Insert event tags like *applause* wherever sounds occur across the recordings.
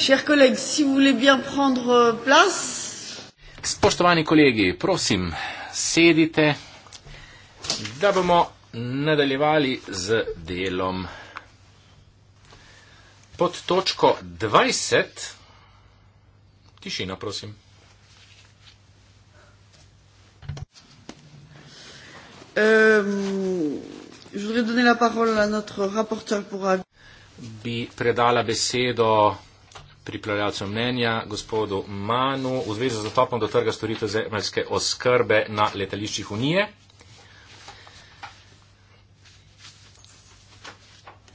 Chers collègues, si vous voulez bien prendre euh, place. Spoštovani kolegi, prosim, sedite, da bomo nadaljevali z delom. Pod točko 20. Tišina, prosim. Um, Bi predala besedo pripravljalcu mnenja, gospodu Manu, v zvezi z dostopom do trga storitev zemljske oskrbe na letališčih Unije.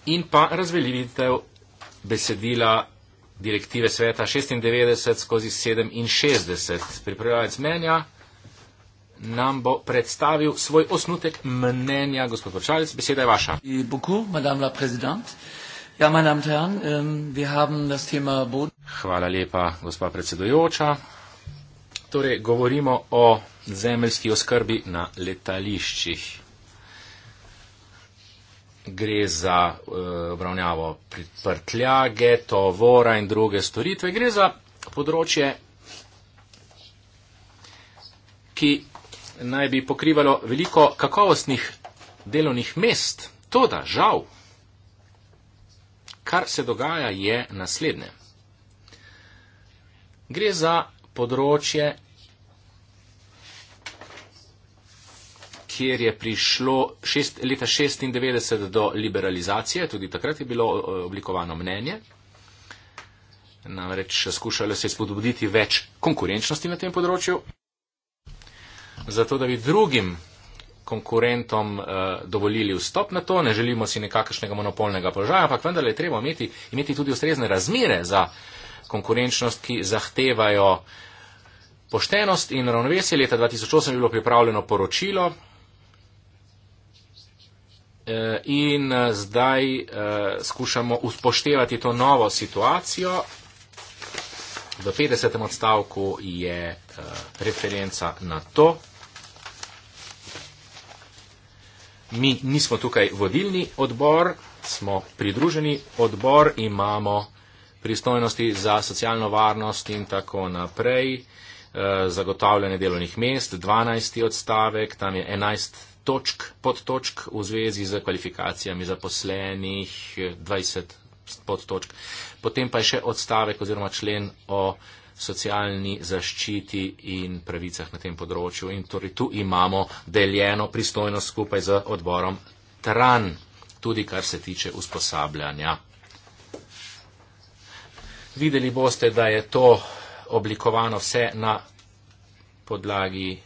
In pa razveljavitev besedila direktive sveta 96 skozi 67. Pripravljalec mnenja nam bo predstavil svoj osnutek mnenja, gospod Počalec, beseda je vaša. Hvala, madame la prezidente. Ja, meine Damen und Herren, ähm, wir haben das Thema Boden. Hvala lepa, gospa predsedujoča. Torej, govorimo o zemeljski oskrbi na letališčih. Gre za eh, obravnavo prtljage, tovora in druge storitve. Gre za področje, ki naj bi pokrivalo veliko kakovostnih delovnih mest. Toda, žal, Kar se dogaja je naslednje. Gre za področje, kjer je prišlo šest, leta 1996 do liberalizacije, tudi takrat je bilo eh, oblikovano mnenje. Namreč skušalo se je spodbuditi več konkurenčnosti na tem področju, zato da bi drugim konkurentom uh, dovolili vstop na to, ne želimo si nekakšnega monopolnega položaja, ampak vendar je treba imeti, imeti tudi ustrezne razmere za konkurenčnost, ki zahtevajo poštenost in ravnovesje. Leta 2008 je bilo pripravljeno poročilo uh, in eh, zdaj uh, skušamo uspoštevati to novo situacijo. V 50. odstavku je uh, referenca na to. mi nismo tukaj vodilni odbor, smo pridruženi odbor, imamo pristojnosti za socialno varnost in tako naprej, eh, zagotavljanje delovnih mest, 12. odstavek, tam je 11 točk pod točk v zvezi z kvalifikacijami zaposlenih, 20 pod točk. Potem pa je še odstavek oziroma člen o socialni zaščiti in pravicah na tem področju. In torej tu imamo deljeno pristojnost skupaj z odborom TRAN, tudi kar se tiče usposabljanja. Videli boste, da je to oblikovano vse na podlagi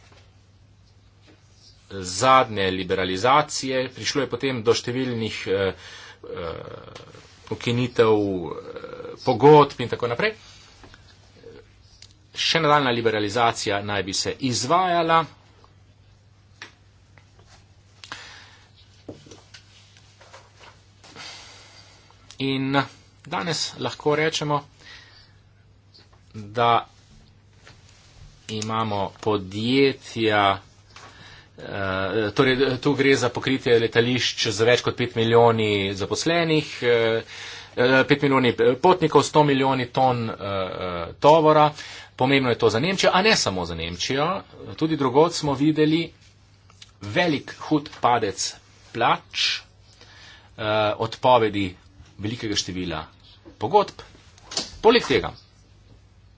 zadnje liberalizacije. Prišlo je potem do številnih eh, eh, ukinitev eh, eh, pogodb in tako naprej še nadaljna liberalizacija naj bi se izvajala. In danes lahko rečemo, da imamo podjetja, eh, torej tu gre za pokritje letališč z več kot 5 milijoni zaposlenih, 5 eh, eh, milijoni potnikov, 100 milijoni ton tovora, Pomembno je to za Nemčijo, a ne samo za Nemčijo. Tudi drugod smo videli velik hud padec plač, eh, odpovedi velikega števila pogodb. Poleg tega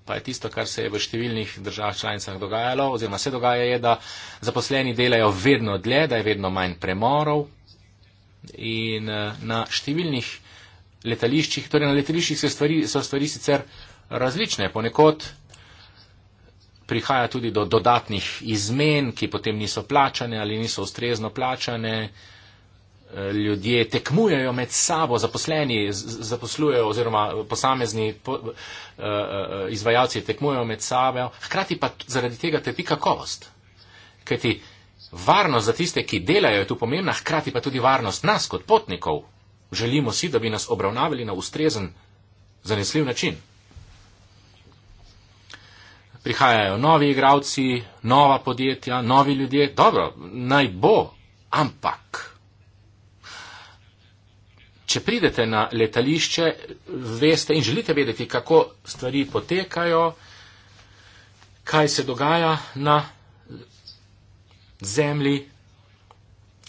pa je tisto, kar se je v številnih državah članicah dogajalo, oziroma se dogaja, je, da zaposleni delajo vedno dlje, da je vedno manj premorov in eh, na številnih letališčih, torej na letališčih so stvari, so stvari sicer različne. Ponekod prihaja tudi do dodatnih izmen, ki potem niso plačane ali niso ustrezno plačane. Ljudje tekmujejo med sabo, zaposleni zaposlujejo oziroma posamezni po, eh, eh, izvajalci tekmujejo med sabo, hkrati pa zaradi tega trpi kakovost. Kajti varnost za tiste, ki delajo, je tu pomembna, hkrati pa tudi varnost nas kot potnikov. Želimo si, da bi nas obravnavali na ustrezen, zanesljiv način prihajajo novi igravci, nova podjetja, novi ljudje. Dobro, naj bo, ampak. Če pridete na letališče, veste in želite vedeti, kako stvari potekajo, kaj se dogaja na zemlji.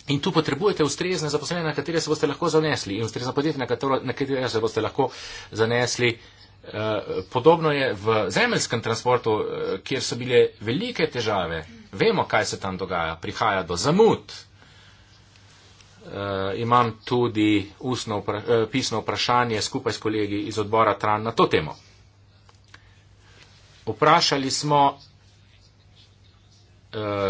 In tu potrebujete ustrezne zaposlene, na katere se boste lahko zanesli in ustrezne podjetje, na, na katere se boste lahko zanesli. Uh, Eh, podobno je v zemeljskem transportu, eh, kjer so bile velike težave. Vemo, kaj se tam dogaja. Prihaja do zamud. Eh, imam tudi usno, pisno vprašanje skupaj s kolegi iz odbora Tran na to temo. Vprašali smo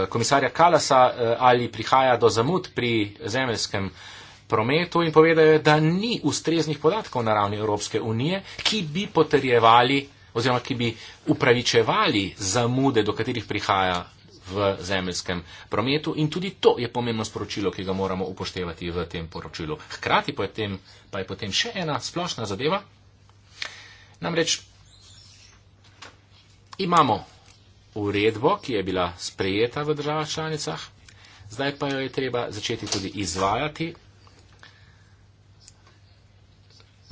komisarja Kalasa, ali prihaja do zamud pri zemeljskem transportu prometu in povedajo, da ni ustreznih podatkov na ravni Evropske unije, ki bi potrjevali oziroma ki bi upravičevali zamude, do katerih prihaja v zemljskem prometu in tudi to je pomembno sporočilo, ki ga moramo upoštevati v tem poročilu. Hkrati pa je, tem, pa je potem še ena splošna zadeva. Namreč imamo uredbo, ki je bila sprejeta v državah članicah, zdaj pa jo je treba začeti tudi izvajati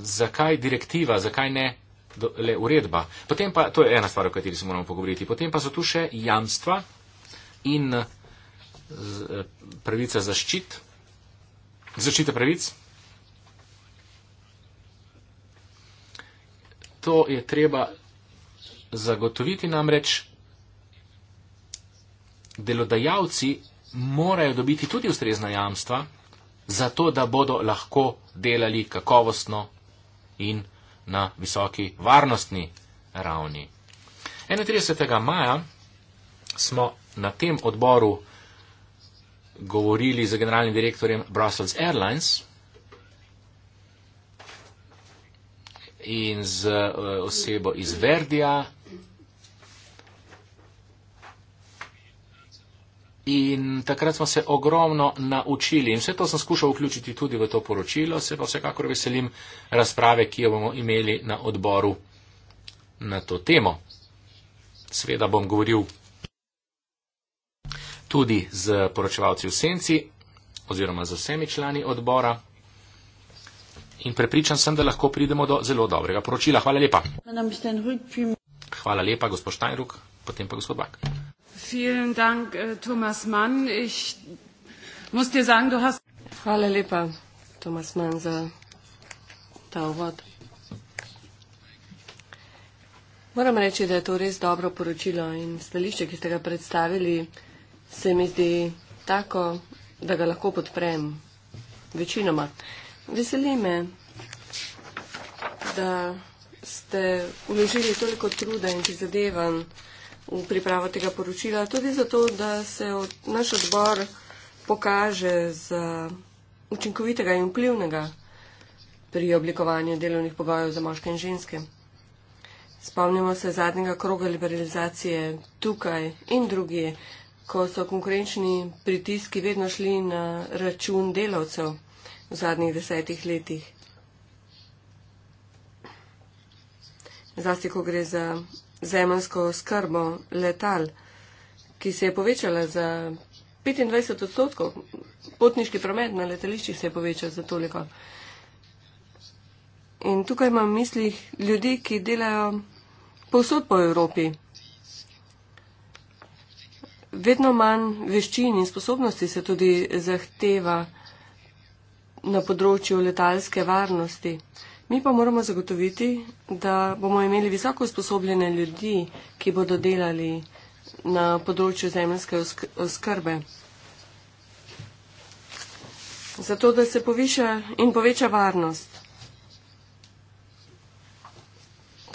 zakaj direktiva, zakaj ne do, le uredba. Potem pa, to je ena stvar, o kateri se moramo pogovoriti, potem pa so tu še jamstva in z, eh, pravica zaščit, zaščita pravic. To je treba zagotoviti namreč. Delodajalci morajo dobiti tudi ustrezna jamstva, zato da bodo lahko delali kakovostno in na visoki varnostni ravni. 31. maja smo na tem odboru govorili z generalnim direktorjem Brussels Airlines in z eh, osebo iz Verdija, In takrat smo se ogromno naučili in vse to sem skušal vključiti tudi v to poročilo, se pa vsekakor veselim razprave, ki jo bomo imeli na odboru na to temo. Sveda bom govoril tudi z poročevalci v senci oziroma z vsemi člani odbora. In prepričan sem, da lahko pridemo do zelo dobrega poročila. Hvala lepa. Hvala lepa, gospod Štajnruk, potem pa gospod Bak. Vielen Dank, äh, Thomas Mann. Ich muss dir sagen, du hast. Hvala lepa, Thomas Mann, za ta uvod. Moram reči, da je to res dobro poročilo in stališče, ki ste ga predstavili, se mi zdi tako, da ga lahko podprem večinoma. Veseli me, da ste uložili toliko truda in prizadevanj v pripravo tega poročila, tudi zato, da se od, naš odbor pokaže za učinkovitega in vplivnega pri oblikovanju delovnih pogojev za moške in ženske. Spomnimo se zadnjega kroga liberalizacije tukaj in drugi, ko so konkurenčni pritiski vedno šli na račun delavcev v zadnjih desetih letih. Zlasti, ko gre za zemljsko skrbo letal, ki se je povečala za 25 odstotkov, potniški promet na letališčih se je povečal za toliko. In tukaj imam v mislih ljudi, ki delajo povsod po Evropi. Vedno manj veščin in sposobnosti se tudi zahteva na področju letalske varnosti. Mi pa moramo zagotoviti, da bomo imeli visoko usposobljene ljudi, ki bodo delali na področju zemljske oskrbe. Zato, da se poviša in poveča varnost.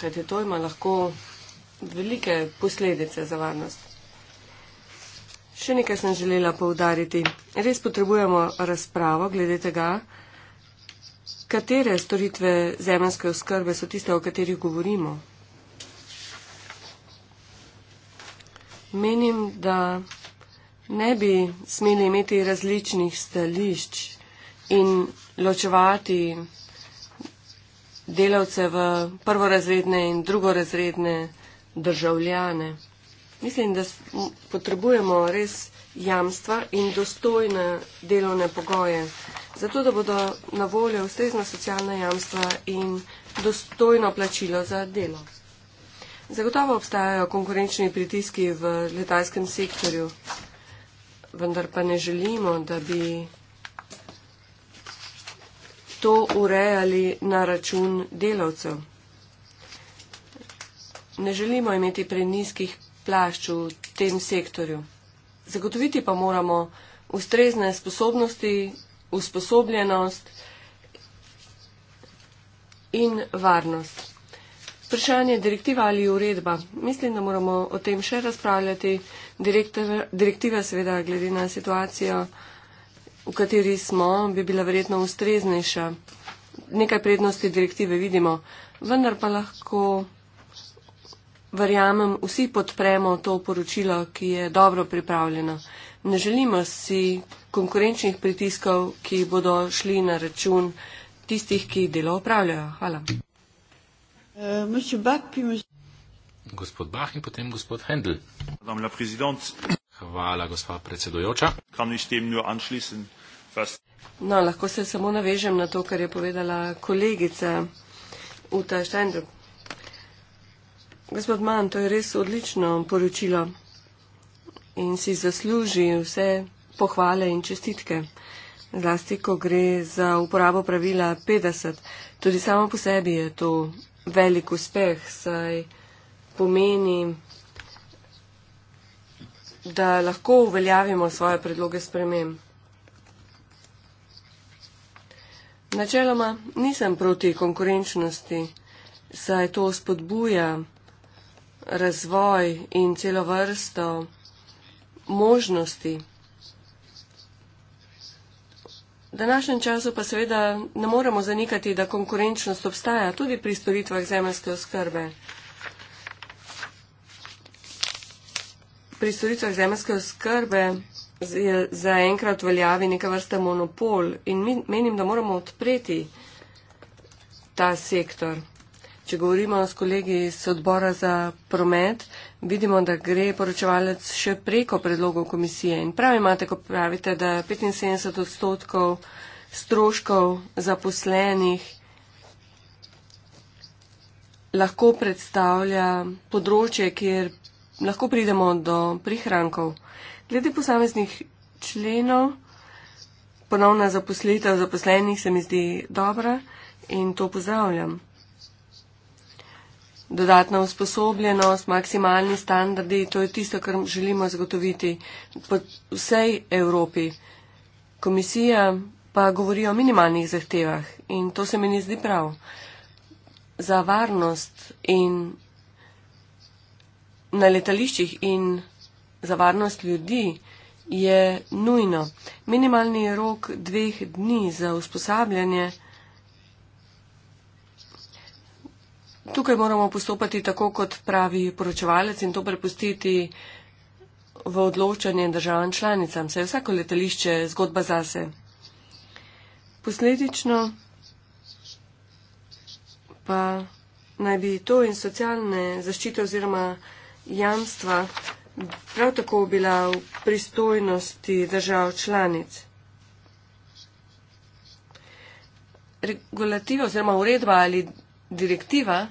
Kajte, to ima lahko velike posledice za varnost. Še nekaj sem želela poudariti. Res potrebujemo razpravo glede tega, Katere storitve zemljske oskrbe so tiste, o katerih govorimo? Menim, da ne bi smeli imeti različnih stališč in ločevati delavce v prvorazredne in drugorazredne državljane. Mislim, da potrebujemo res jamstva in dostojne delovne pogoje zato da bodo na voljo ustrezna socialna jamstva in dostojno plačilo za delo. Zagotovo obstajajo konkurenčni pritiski v letalskem sektorju, vendar pa ne želimo, da bi to urejali na račun delavcev. Ne želimo imeti preniskih plašč v tem sektorju. Zagotoviti pa moramo ustrezne sposobnosti usposobljenost in varnost. Vprašanje je direktiva ali uredba. Mislim, da moramo o tem še razpravljati. Direktor, direktiva seveda glede na situacijo, v kateri smo, bi bila verjetno ustreznejša. Nekaj prednosti direktive vidimo, vendar pa lahko, verjamem, vsi podpremo to poročilo, ki je dobro pripravljeno ne želimo si konkurenčnih pritiskov, ki bodo šli na račun tistih, ki delo upravljajo. Hvala. Eh, gospod Bach in potem gospod Hendl. Hvala, gospa predsedojoča. No, lahko se samo navežem na to, kar je povedala kolegica Uta Štajndruk. Gospod Mann, to je res odlično poročilo in si zasluži vse pohvale in čestitke. Zlasti, ko gre za uporabo pravila 50, tudi samo po sebi je to velik uspeh, saj pomeni, da lahko uveljavimo svoje predloge spremem. Načeloma nisem proti konkurenčnosti, saj to spodbuja razvoj in celo vrsto možnosti. V današnjem času pa seveda ne moremo zanikati, da konkurenčnost obstaja tudi pri storitvah zemljske oskrbe. Pri storitvah zemljske oskrbe je zaenkrat veljavi neka vrsta monopol in menim, da moramo odpreti ta sektor. Če govorimo s kolegi iz odbora za promet, eh, vidimo, da gre poročevalec še preko predlogov komisije. In prav imate, ko pravite, da 75 odstotkov stroškov zaposlenih lahko predstavlja področje, kjer lahko pridemo do prihrankov. Glede posameznih členov, ponovna zaposlitev zaposlenih se mi zdi dobra in to pozdravljam dodatna usposobljenost, maksimalni standardi, to je tisto, kar želimo zagotoviti po vsej Evropi. Komisija pa govori o minimalnih zahtevah in to se mi ne zdi prav. Za varnost in na letališčih in za varnost ljudi je nujno minimalni rok dveh dni za usposabljanje. Tukaj moramo postopati tako, kot pravi poročevalec in to prepustiti v odločanje državam članicam. Se je vsako letališče zgodba zase. Posledično pa naj bi to in socialne zaščite oziroma jamstva prav tako bila v pristojnosti držav članic. Regulativa oziroma uredba ali direktiva,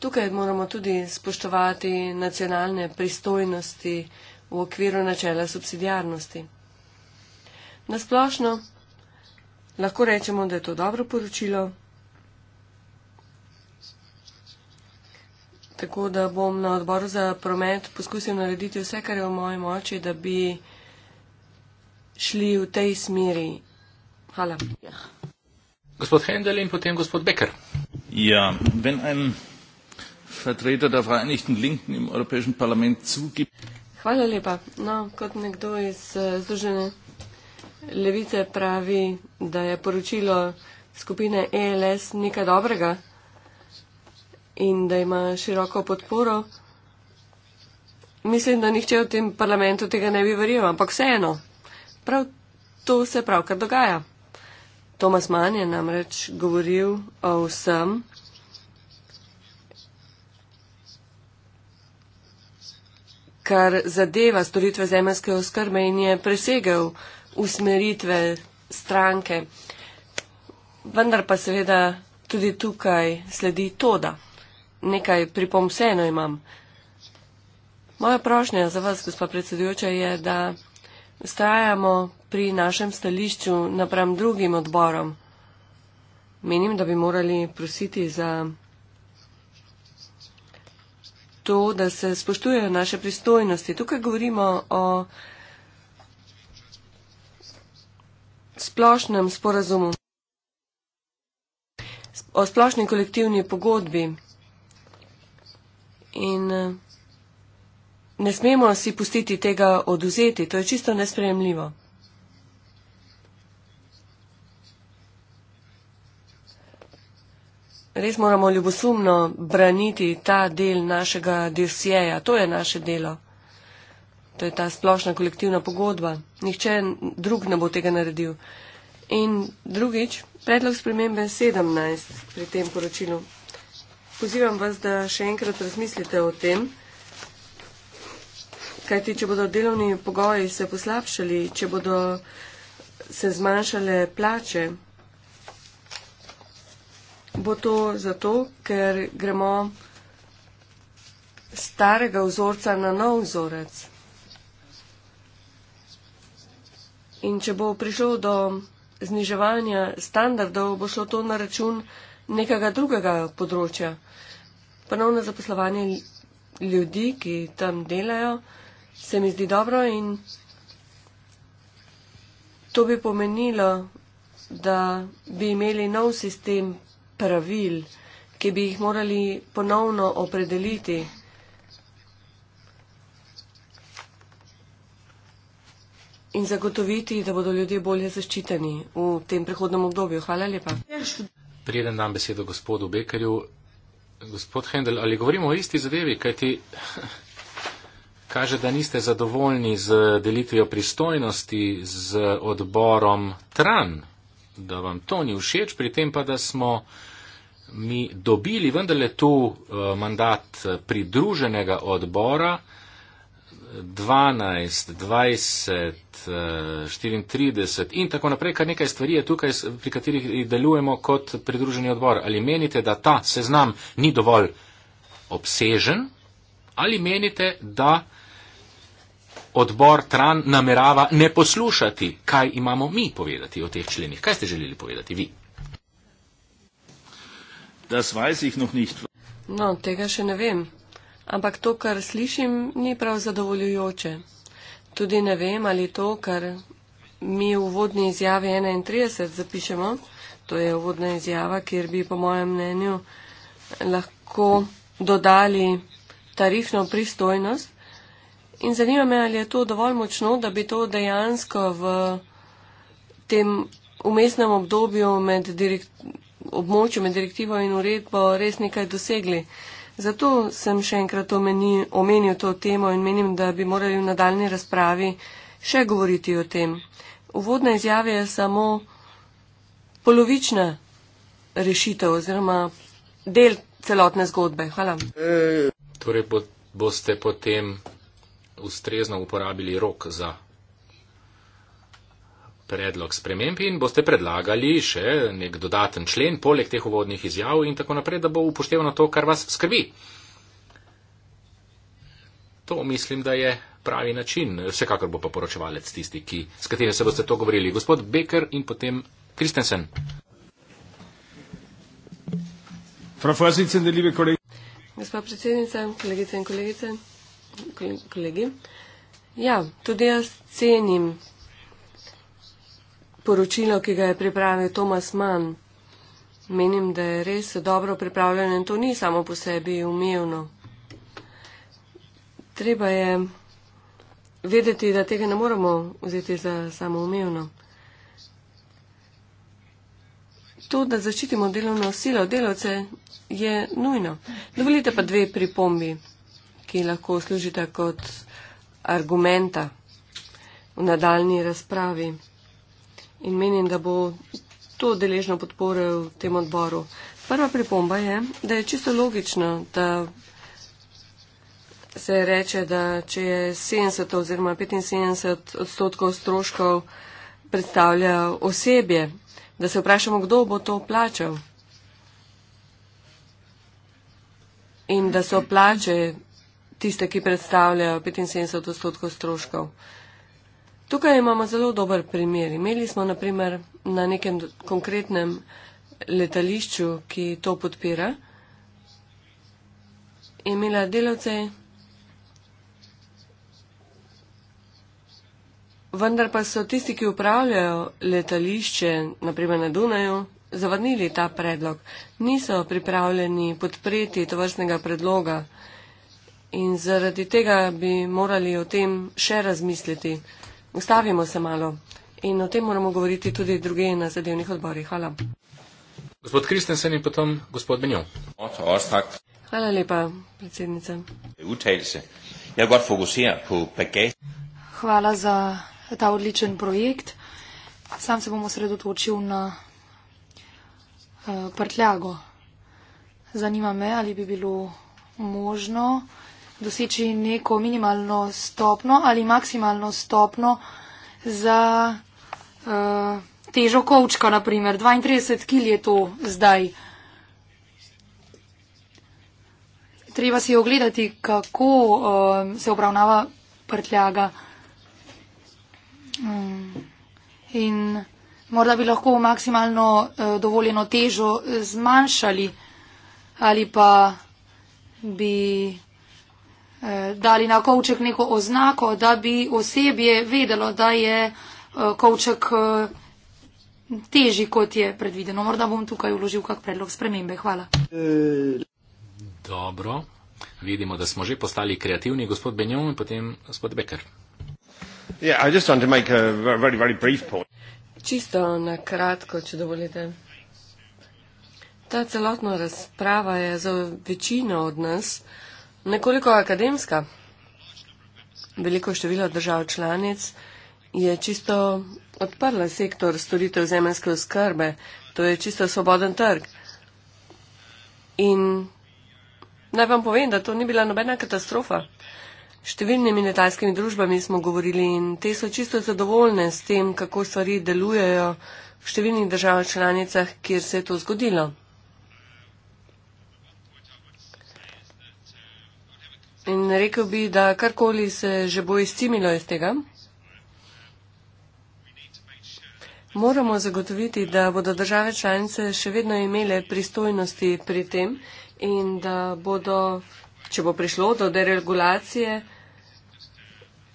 tukaj moramo tudi spoštovati nacionalne pristojnosti v okviru načela subsidijarnosti. Nasplošno lahko rečemo, da je to dobro poročilo. Tako da bom na odboru za promet poskusil narediti vse, kar je v moji moči, da bi šli v tej smeri. Hvala. Gospod Hendel in potem gospod Becker. Ja, wenn ein Vertreter der Vereinigten Linken im Europäischen Parlament zugibt. Hvala lepa. No, kot nekdo iz eh, Združene levice pravi, da je poročilo skupine ELS nekaj dobrega in da ima široko podporo. Mislim, da nihče v tem parlamentu tega ne bi verjel, ampak vseeno. Prav to se pravkar dogaja. Tomas Mann je namreč govoril o vsem. kar zadeva storitve zemljske oskrbe in je presegel usmeritve stranke. Vendar pa seveda tudi tukaj sledi to, da nekaj pripom vseeno imam. Moja prošnja za vas, gospod predsedujoča, je, da Vztrajamo pri našem stališču napram drugim odborom. Menim, da bi morali prositi za to, da se spoštujejo naše pristojnosti. Tukaj govorimo o splošnem sporazumu, o splošni kolektivni pogodbi. In, uh, ne smemo si pustiti tega oduzeti, to je čisto nespremljivo. Res moramo ljubosumno braniti ta del našega dosjeja, to je naše delo. To je ta splošna kolektivna pogodba. Nihče drug ne bo tega naredil. In drugič, predlog spremembe 17 pri tem poročilu. Pozivam vas, da še enkrat razmislite o tem. Kajti, če bodo delovni pogoji se poslabšali, če bodo se zmanjšale plače, bo to zato, ker gremo starega vzorca na nov vzorec. In če bo prišlo do zniževanja standardov, bo šlo to na račun nekega drugega področja. Ponovno zaposlovanje ljudi, ki tam delajo, se mi zdi dobro in to bi pomenilo, da bi imeli nov sistem pravil, ki bi jih morali ponovno opredeliti. In zagotoviti, da bodo ljudje bolje zaščiteni v tem prehodnem obdobju. Hvala lepa. Prijeden dan besedo gospodu Bekarju. Gospod Hendel, ali govorimo o isti zadevi, kajti *laughs* kaže, da niste zadovoljni z delitvijo pristojnosti z odborom Tran, da vam to ni všeč, pri tem pa, da smo mi dobili vendarle tu eh, mandat eh, pridruženega odbora 12, 20, 34 in tako naprej, kar nekaj stvari je tukaj, pri katerih delujemo kot pridruženi odbor. Ali menite, da ta seznam ni dovolj obsežen? Ali menite, da odbor Tran namerava ne poslušati, kaj imamo mi povedati o teh členih. Kaj ste želeli povedati vi? No, tega še ne vem. Ampak to, kar slišim, ni prav zadovoljujoče. Tudi ne vem, ali to, kar mi v vodni izjavi 31 zapišemo, to je vodna izjava, kjer bi po mojem mnenju lahko dodali tarifno pristojnost, In zanima me, ali je to dovolj močno, da bi to dejansko v tem umestnem obdobju med območjem, med direktivo in uredbo res nekaj dosegli. Zato sem še enkrat omenil, omenil to temo in menim, da bi morali v nadaljni razpravi še govoriti o tem. Uvodna izjava je samo polovična rešitev oziroma del celotne zgodbe. Hvala. E, torej bo, boste potem ustrezno uporabili rok za predlog sprememb in boste predlagali še nek dodaten člen poleg teh uvodnih izjav in tako naprej, da bo upoštevano to, kar vas skrbi. To mislim, da je pravi način. Vsekakor bo pa poročevalec tisti, ki, s katerim se boste to govorili. Gospod Becker in potem Kristensen. Gospod predsednica, kolegice in kolegice kolegi. Ja, tudi jaz cenim poročilo, ki ga je pripravil Tomas Mann. Menim, da je res dobro pripravljeno in to ni samo po sebi umevno. Treba je vedeti, da tega ne moramo vzeti za samo umevno. To, da zaščitimo delovno silo delovce, je nujno. Dovolite pa dve pripombi ki lahko služita kot argumenta v nadaljni razpravi. In menim, da bo to deležno podpore v tem odboru. Prva pripomba je, da je čisto logično, da se reče, da če je 70 oziroma 75 odstotkov stroškov predstavlja osebje, da se vprašamo, kdo bo to plačal. In da so plače tiste, ki predstavljajo 75 odstotkov stroškov. Tukaj imamo zelo dober primer. Imeli smo naprimer na nekem konkretnem letališču, ki to podpira, je imela delavce, vendar pa so tisti, ki upravljajo letališče, naprimer na Dunaju, zavrnili ta predlog. Niso pripravljeni podpreti tovrstnega predloga in zaradi tega bi morali o tem še razmisliti. Ustavimo se malo in o tem moramo govoriti tudi druge na zadevnih odborih. Hvala. Gospod Kristensen in potem gospod Benjov. Hvala lepa, predsednica. Er Hvala za ta odličen projekt. Sam se bom osredotočil na eh, prtljago. Zanima me, ali bi bilo možno doseči neko minimalno stopno ali maksimalno stopno za uh, težo kovčka, naprimer. 32 kg je to zdaj. Treba si ogledati, kako uh, se obravnava prtljaga. Um, in morda bi lahko maksimalno uh, dovoljeno težo zmanjšali ali pa bi Eh, dali na kovček neko oznako, da bi osebje vedelo, da je eh, kovček eh, teži, kot je predvideno. Morda bom tukaj vložil kak predlog spremembe. Hvala. Dobro. Vidimo, da smo že postali kreativni, gospod Benjom in potem gospod Becker. Yeah, very, very Čisto na kratko, če dovolite. Ta celotna razprava je za večino od nas uh, Nekoliko akademska. Veliko število držav članic je čisto odprla sektor storitev zemljske oskrbe. To je čisto svoboden trg. In naj vam povem, da to ni bila nobena katastrofa. Številnimi letalskimi družbami smo govorili in te so čisto zadovoljne s tem, kako stvari delujejo v številnih državah članicah, kjer se je to zgodilo. In rekel bi, da karkoli se že bo izcimilo iz tega, moramo zagotoviti, da bodo države članice še vedno imele pristojnosti pri tem in da bodo, če bo prišlo do deregulacije,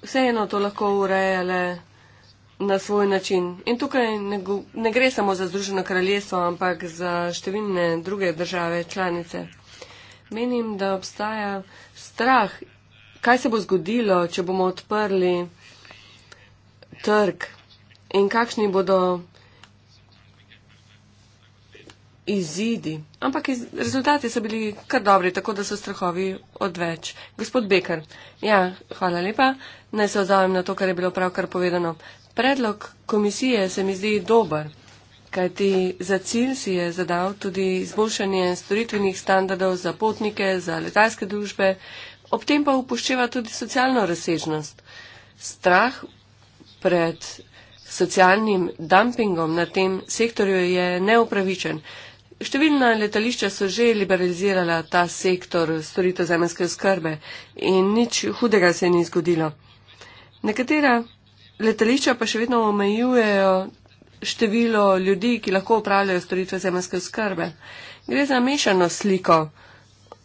vseeno to lahko urejale na svoj način. In tukaj ne, ne gre samo za Združeno kraljestvo, ampak za številne druge države članice. Menim, da obstaja strah, kaj se bo zgodilo, če bomo odprli trg in kakšni bodo izidi. Ampak iz, rezultati so bili kar dobri, tako da so strahovi odveč. Gospod Beker, ja, hvala lepa. Naj se odzovem na to, kar je bilo pravkar povedano. Predlog komisije se mi zdi dober kajti za cilj si je zadal tudi izboljšanje storitvenih standardov za potnike, za letalske družbe, ob tem pa upošteva tudi socialno razsežnost. Strah pred socialnim dumpingom na tem sektorju je neupravičen. Številna letališča so že liberalizirala ta sektor storitev zemljske skrbe in nič hudega se ni zgodilo. Nekatera letališča pa še vedno omejujejo število ljudi, ki lahko upravljajo storitve zemljske skrbe. Gre za mešano sliko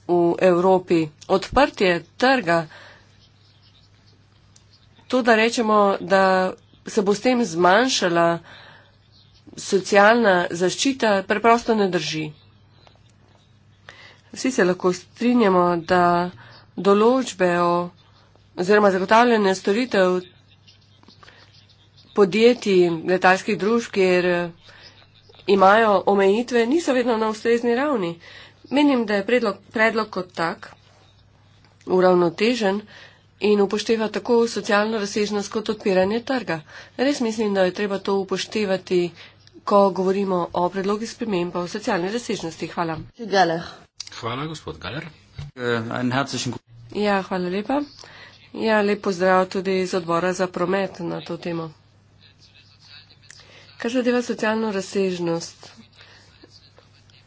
v Evropi. Odprtje trga, to da rečemo, da se bo s tem zmanjšala socialna zaščita, preprosto ne drži. Vsi se lahko strinjamo, da določbe o oziroma zagotavljanje storitev podjetij, letalskih družb, kjer eh, imajo omejitve, niso vedno na ustrezni ravni. Menim, da je predlog, predlog kot tak uravnotežen in upošteva tako socialno razsežnost kot odpiranje trga. Res mislim, da je treba to upoštevati, ko govorimo o predlogi sprememb o socialni razsežnosti. Hvala. Galer. Hvala, gospod Galer. Eh, ja, hvala lepa. Ja, lep pozdrav tudi iz odbora za promet na to temo. Kar zadeva socialno razsežnost,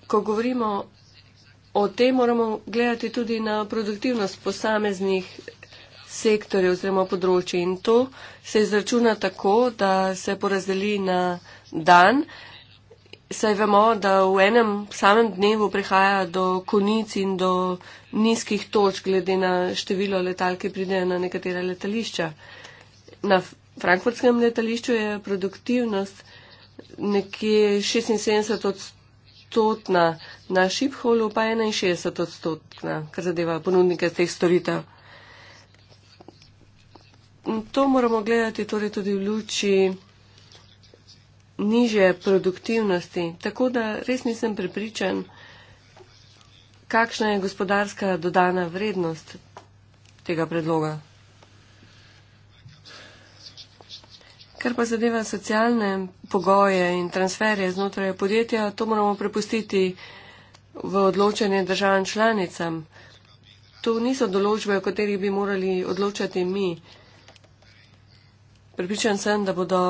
ko govorimo o tem, moramo gledati tudi na produktivnost posameznih sektorjev oziroma področji. In to se izračuna tako, da se porazdeli na dan. Saj vemo, da v enem samem dnevu prihaja do konic in do nizkih točk, glede na število letal, ki pridejo na nekatera letališča. Na frankfurtskem letališču je produktivnost nekje 76 odstotna, na Šipholu pa 61 odstotna, kar zadeva ponudnike teh storitev. To moramo gledati torej tudi v luči niže produktivnosti, tako da res nisem prepričan, kakšna je gospodarska dodana vrednost tega predloga. Ker pa zadeva socialne pogoje in transferje znotraj podjetja, to moramo prepustiti v odločanje državam članicam. To niso določbe, o katerih bi morali odločati mi. Pripričan sem, da bodo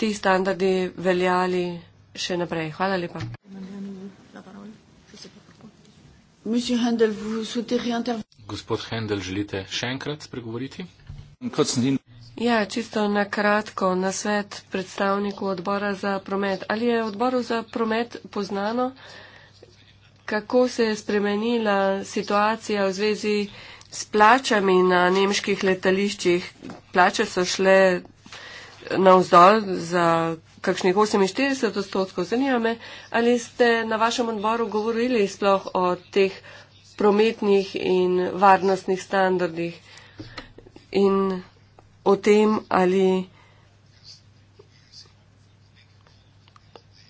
ti standardi veljali še naprej. Hvala lepa. Gospod Hendel, želite še enkrat spregovoriti? Ja, čisto na kratko, na svet predstavniku odbora za promet. Ali je odboru za promet poznano, kako se je spremenila situacija v zvezi s plačami na nemških letališčih? Plače so šle navzdol za kakšnih 48 odstotkov. Zanima me, ali ste na vašem odboru govorili sploh o teh prometnih in varnostnih standardih. In o tem, ali.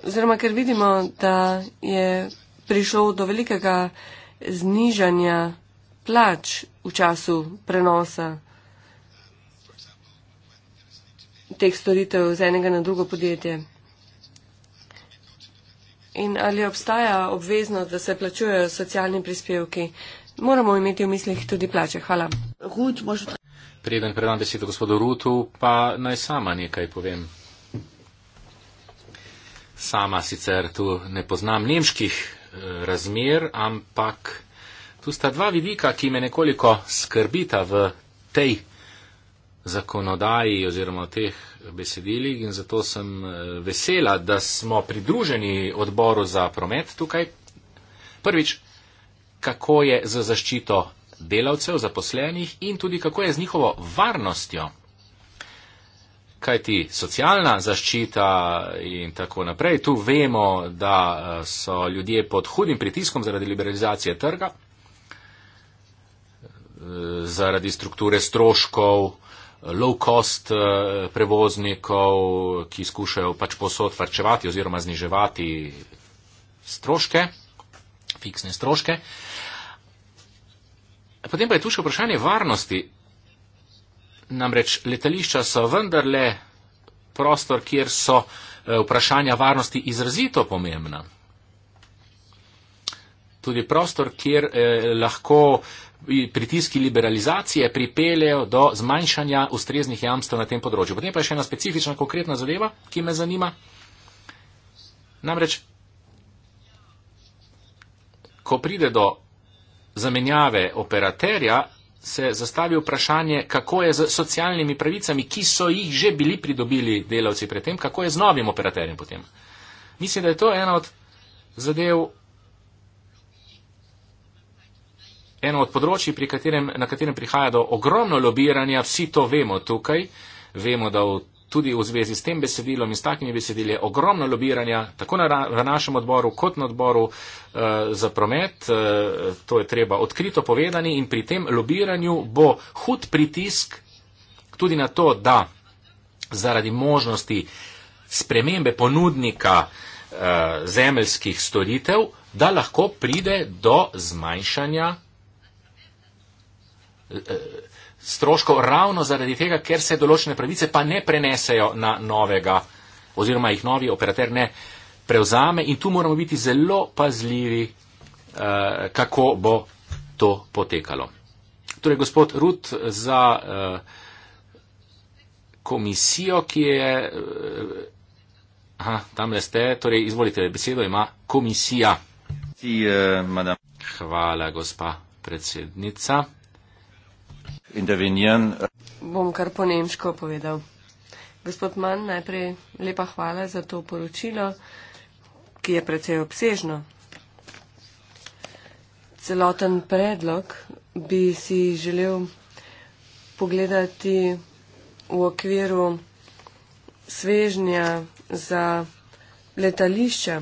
Oziroma, ker vidimo, da je prišlo do velikega znižanja plač v času prenosa teh storitev z enega na drugo podjetje. In ali obstaja obveznost, da se plačujejo socialni prispevki? Moramo imeti v mislih tudi plače. Hvala. Preden predam besedo gospodu Rutu, pa naj sama nekaj povem. Sama sicer tu ne poznam nemških eh, razmer, ampak tu sta dva vidika, ki me nekoliko skrbita v tej zakonodaji oziroma v teh besedilih in zato sem eh, vesela, da smo pridruženi odboru za promet tukaj. Prvič, kako je za zaščito delavcev, zaposlenih in tudi kako je z njihovo varnostjo. Kaj ti socialna zaščita in tako naprej, tu vemo, da eh, so ljudje pod hudim pritiskom zaradi liberalizacije trga, eh, zaradi strukture stroškov, eh, low cost prevoznikov, ki skušajo pač posod varčevati oziroma zniževati stroške, fiksne stroške. Potem pa je tu še vprašanje varnosti. Namreč letališča so vendarle prostor, kjer so eh, vprašanja varnosti izrazito pomembna. Tudi prostor, kjer eh, lahko eh, pritiski liberalizacije pripeljejo do zmanjšanja ustreznih jamstv na tem področju. Potem pa je še ena specifična, konkretna zadeva, ki me zanima. Namreč, ko pride do zamenjave operaterja se zastavi vprašanje, kako je z socialnimi pravicami, ki so jih že bili pridobili delavci predtem, kako je z novim operaterjem potem. Mislim, da je to ena od zadev, eno od področji, katerem, na katerem prihaja do ogromno lobiranja, vsi to vemo tukaj, vemo, da v tudi v zvezi s tem besedilom in s takimi besedili je ogromno lobiranja, tako na, v našem odboru kot na odboru eh, za promet. Eh, to je treba odkrito povedati in pri tem lobiranju bo hud pritisk tudi na to, da zaradi možnosti spremembe ponudnika eh, zemeljskih storitev, da lahko pride do zmanjšanja. Eh, stroškov ravno zaradi tega, ker se določene pravice pa ne prenesejo na novega oziroma jih novi operater ne prevzame in tu moramo biti zelo pazljivi, eh, kako bo to potekalo. Torej, gospod Rut za eh, komisijo, ki je. Eh, aha, tam le ste, torej izvolite besedo, ima komisija. Hvala, gospa predsednica intervenieren. Bom kar po nemško povedal. Gospod Mann, najprej lepa hvala za to poročilo, ki je precej obsežno. Celoten predlog bi si želel pogledati v okviru svežnja za letališča.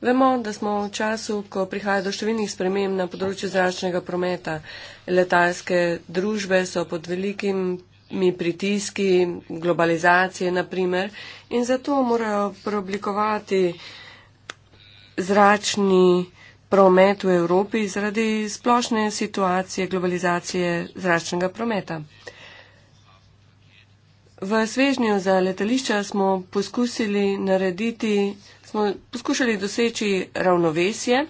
Vemo, da smo v času, ko prihaja do številnih sprememb na področju zračnega prometa. Letalske družbe so pod velikimi pritiski globalizacije, naprimer, in zato morajo preoblikovati zračni promet v Evropi zaradi splošne situacije globalizacije zračnega prometa. V svežnju za letališča smo poskusili narediti smo poskušali doseči ravnovesje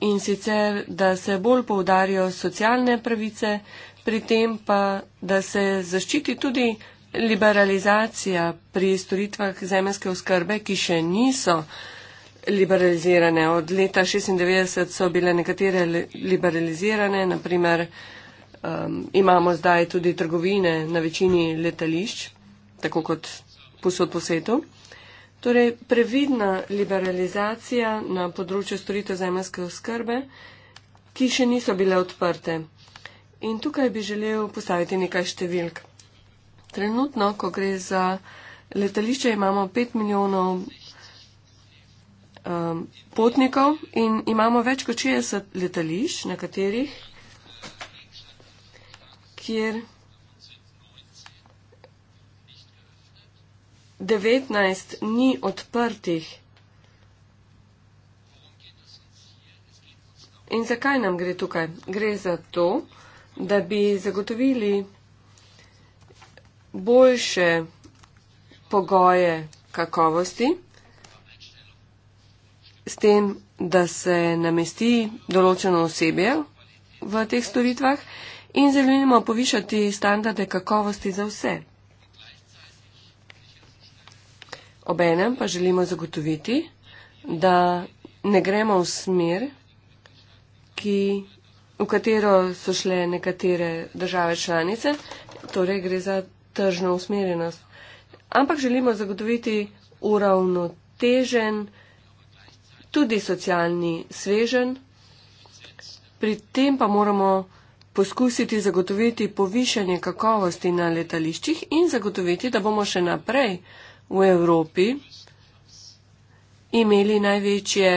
in sicer, da se bolj poudarijo socialne pravice, pri tem pa, da se zaščiti tudi liberalizacija pri storitvah zemljske oskrbe, ki še niso liberalizirane. Od leta 96 so bile nekatere liberalizirane, naprimer um, imamo zdaj tudi trgovine na večini letališč, tako kot posod po svetu. Torej, previdna liberalizacija na področju storitev zemljske oskrbe, ki še niso bile odprte. In tukaj bi želel postaviti nekaj številk. Trenutno, ko gre za letališče, imamo 5 milijonov um, potnikov in imamo več kot 60 letališč, na katerih, kjer 19 ni odprtih. In zakaj nam gre tukaj? Gre za to, da bi zagotovili boljše pogoje kakovosti s tem, da se namesti določeno osebje v teh storitvah in želimo povišati standarde kakovosti za vse. Obenem pa želimo zagotoviti, da ne gremo v smer, ki, v katero so šle nekatere države članice, torej gre za tržno usmerjenost. Ampak želimo zagotoviti uravnotežen, tudi socialni svežen. Pri tem pa moramo poskusiti zagotoviti povišanje kakovosti na letališčih in zagotoviti, da bomo še naprej v Evropi imeli največje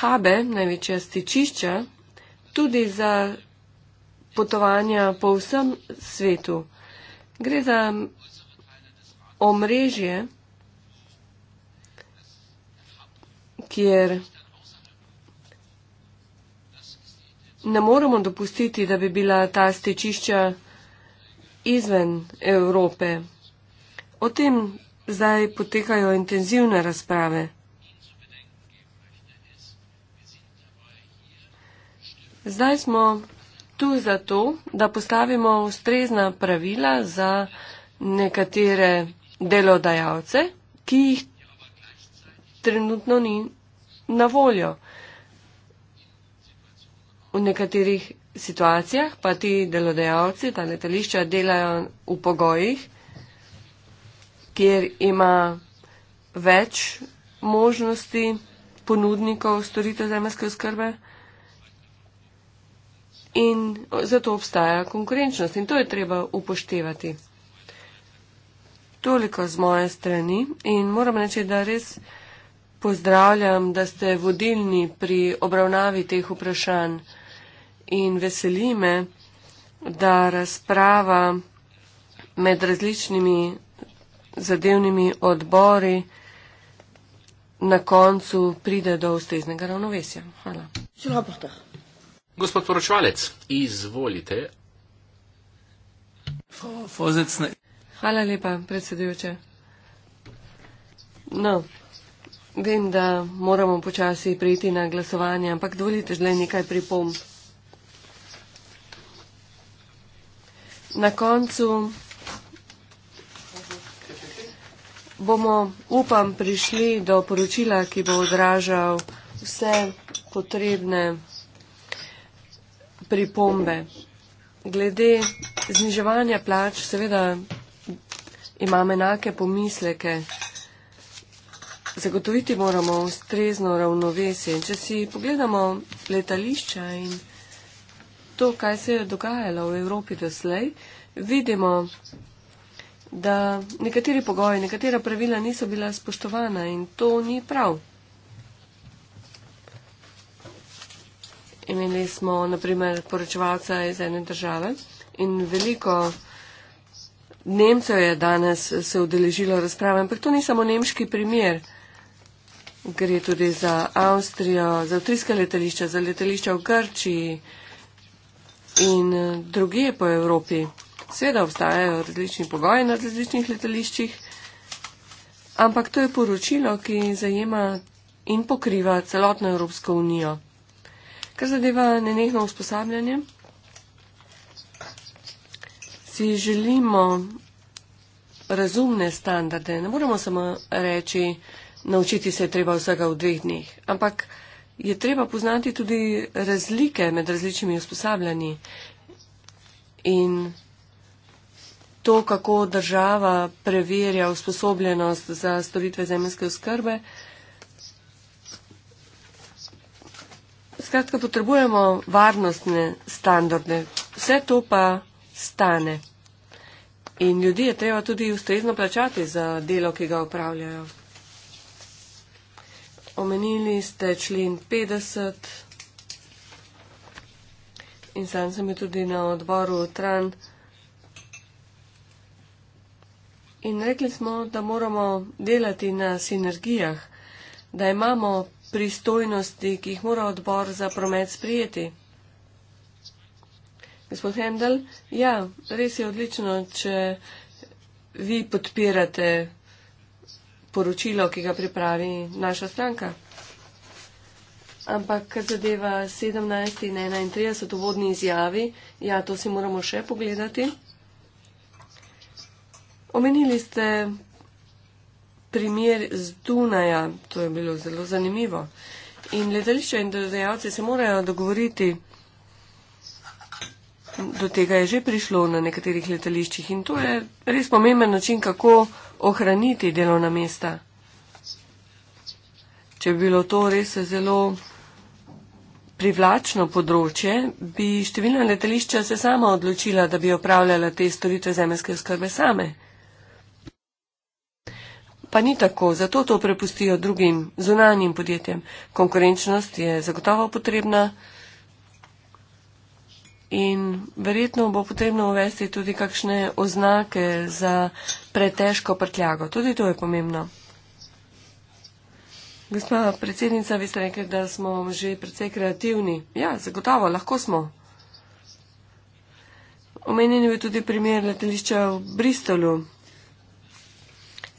habe, največja stičišča, tudi za potovanja po vsem svetu. Gre za omrežje, kjer ne moremo dopustiti, da bi bila ta stečišča izven Evrope. O tem zdaj potekajo intenzivne razprave. Zdaj smo tu zato, da postavimo ustrezna pravila za nekatere delodajalce, ki jih trenutno ni na voljo. V nekaterih situacijah pa ti delodajalci, ta letališča, delajo v pogojih, kjer ima več možnosti ponudnikov storitev zemljske oskrbe. In zato obstaja konkurenčnost in to je treba upoštevati. Toliko z moje strani in moram reči, da res pozdravljam, da ste vodilni pri obravnavi teh vprašanj in veseli me, da razprava med različnimi zadevnimi odbori na koncu pride do ustreznega ravnovesja. Hvala. Gospod poročevalec, izvolite. Hvala lepa, predsedujoče. No, vem, da moramo počasi prijeti na glasovanje, ampak dovolite zdaj nekaj pripomb. Na koncu bomo, upam, prišli do poročila, ki bo odražal vse potrebne pripombe. Glede zniževanja plač, seveda imam enake pomisleke. Zagotoviti moramo ustrezno ravnovesje. Če si pogledamo letališča in to, kaj se je dogajalo v Evropi doslej, vidimo, da nekateri pogoji, nekatera pravila niso bila spoštovana in to ni prav. Imeli smo, naprimer, poročevalca iz ene države in veliko Nemcev je danes se udeležilo razprave, ampak to ni samo nemški primer. Gre tudi za Avstrijo, za avstrijska letališča, za letališča v Grčiji in eh, druge po Evropi. Seveda obstajajo različni pogoji na različnih letališčih, ampak to je poročilo, ki zajema in pokriva celotno Evropsko unijo. Kar zadeva nenehno usposabljanje, si želimo razumne standarde. Ne moremo samo reči, naučiti se je treba vsega v dveh dneh, ampak je treba poznati tudi razlike med različnimi usposabljanji. In to, kako država preverja usposobljenost za storitve zemljske oskrbe. Skratka, potrebujemo varnostne standarde. Vse to pa stane. In ljudi je treba tudi ustrezno plačati za delo, ki ga upravljajo. Omenili ste člen 50 in sam sem je tudi na odboru Tran. In rekli smo, da moramo delati na sinergijah, da imamo pristojnosti, ki jih mora odbor za promet sprijeti. Gospod Hendel, ja, res je odlično, če vi podpirate poročilo, ki ga pripravi naša stranka. Ampak, kar zadeva 17 in 31 vodni izjavi, ja, to si moramo še pogledati. Omenili ste primer z Dunaja, to je bilo zelo zanimivo. In letališče in delodajalci se morajo dogovoriti, do tega je že prišlo na nekaterih letališčih in to je res pomemben način, kako ohraniti delovna mesta. Če bi bilo to res zelo privlačno področje, bi številna letališča se sama odločila, da bi opravljala te storitve zemljske skrbe same pa ni tako, zato to prepustijo drugim zunanjim podjetjem. Konkurenčnost je zagotovo potrebna in verjetno bo potrebno uvesti tudi kakšne oznake za pretežko prtljago. Tudi to je pomembno. Gospa predsednica, vi ste rekli, da smo že precej kreativni. Ja, zagotovo, lahko smo. Omenjen je tudi primer letališča v Bristolu.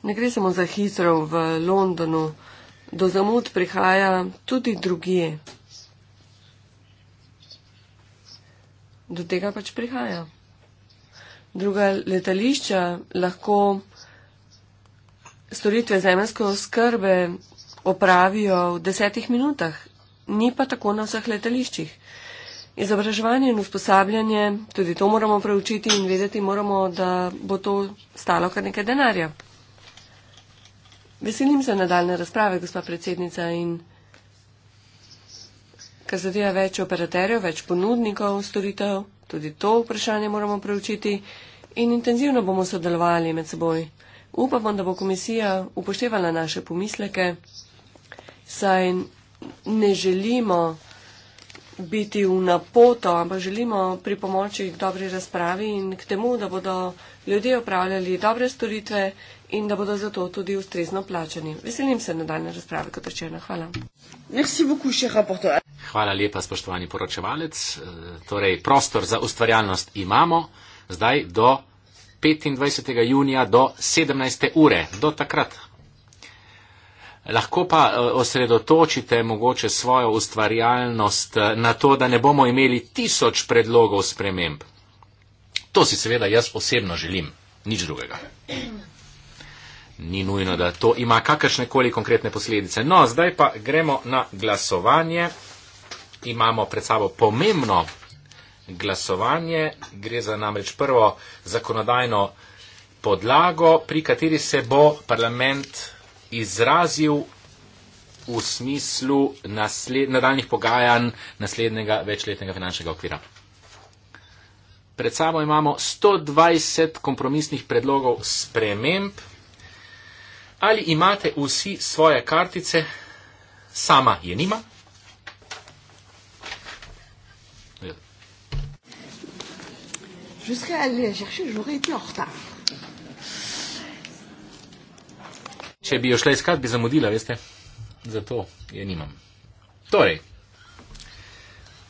Ne gre samo za hitro v Londonu, do zamud prihaja tudi drugje. Do tega pač prihaja. Druga letališča lahko storitve zemljske oskrbe opravijo v desetih minutah, ni pa tako na vseh letališčih. Izobraževanje in usposabljanje, tudi to moramo preučiti in vedeti moramo, da bo to stalo kar nekaj denarja. Veselim se nadaljne razprave, gospa predsednica, in kar zadeva več operaterjev, več ponudnikov storitev, tudi to vprašanje moramo preučiti in intenzivno bomo sodelovali med seboj. Upamo, da bo komisija upoštevala naše pomisleke, saj ne želimo biti v napoto, ampak želimo pripomoči k dobri razpravi in k temu, da bodo ljudje opravljali dobre storitve in da bodo zato tudi ustrezno plačani. Veselim se nadaljne razprave, kot rečeno. Hvala. Hvala lepa, spoštovani poročevalec. Eh, torej, prostor za ustvarjalnost imamo zdaj do 25. junija do 17. ure, do takrat. Lahko pa eh, osredotočite mogoče svojo ustvarjalnost eh, na to, da ne bomo imeli tisoč predlogov sprememb. To si seveda jaz osebno želim, nič drugega ni nujno, da to ima kakršne koli konkretne posledice. No, zdaj pa gremo na glasovanje. Imamo pred sabo pomembno glasovanje. Gre za namreč prvo zakonodajno podlago, pri kateri se bo parlament izrazil v smislu nasled, nadaljnih pogajanj naslednjega večletnega finančnega okvira. Pred sabo imamo 120 kompromisnih predlogov sprememb, Ali imate vsi svoje kartice? Sama je nima. Ja. Če bi jo šla iskat, bi zamudila, veste? Zato je nimam. Torej,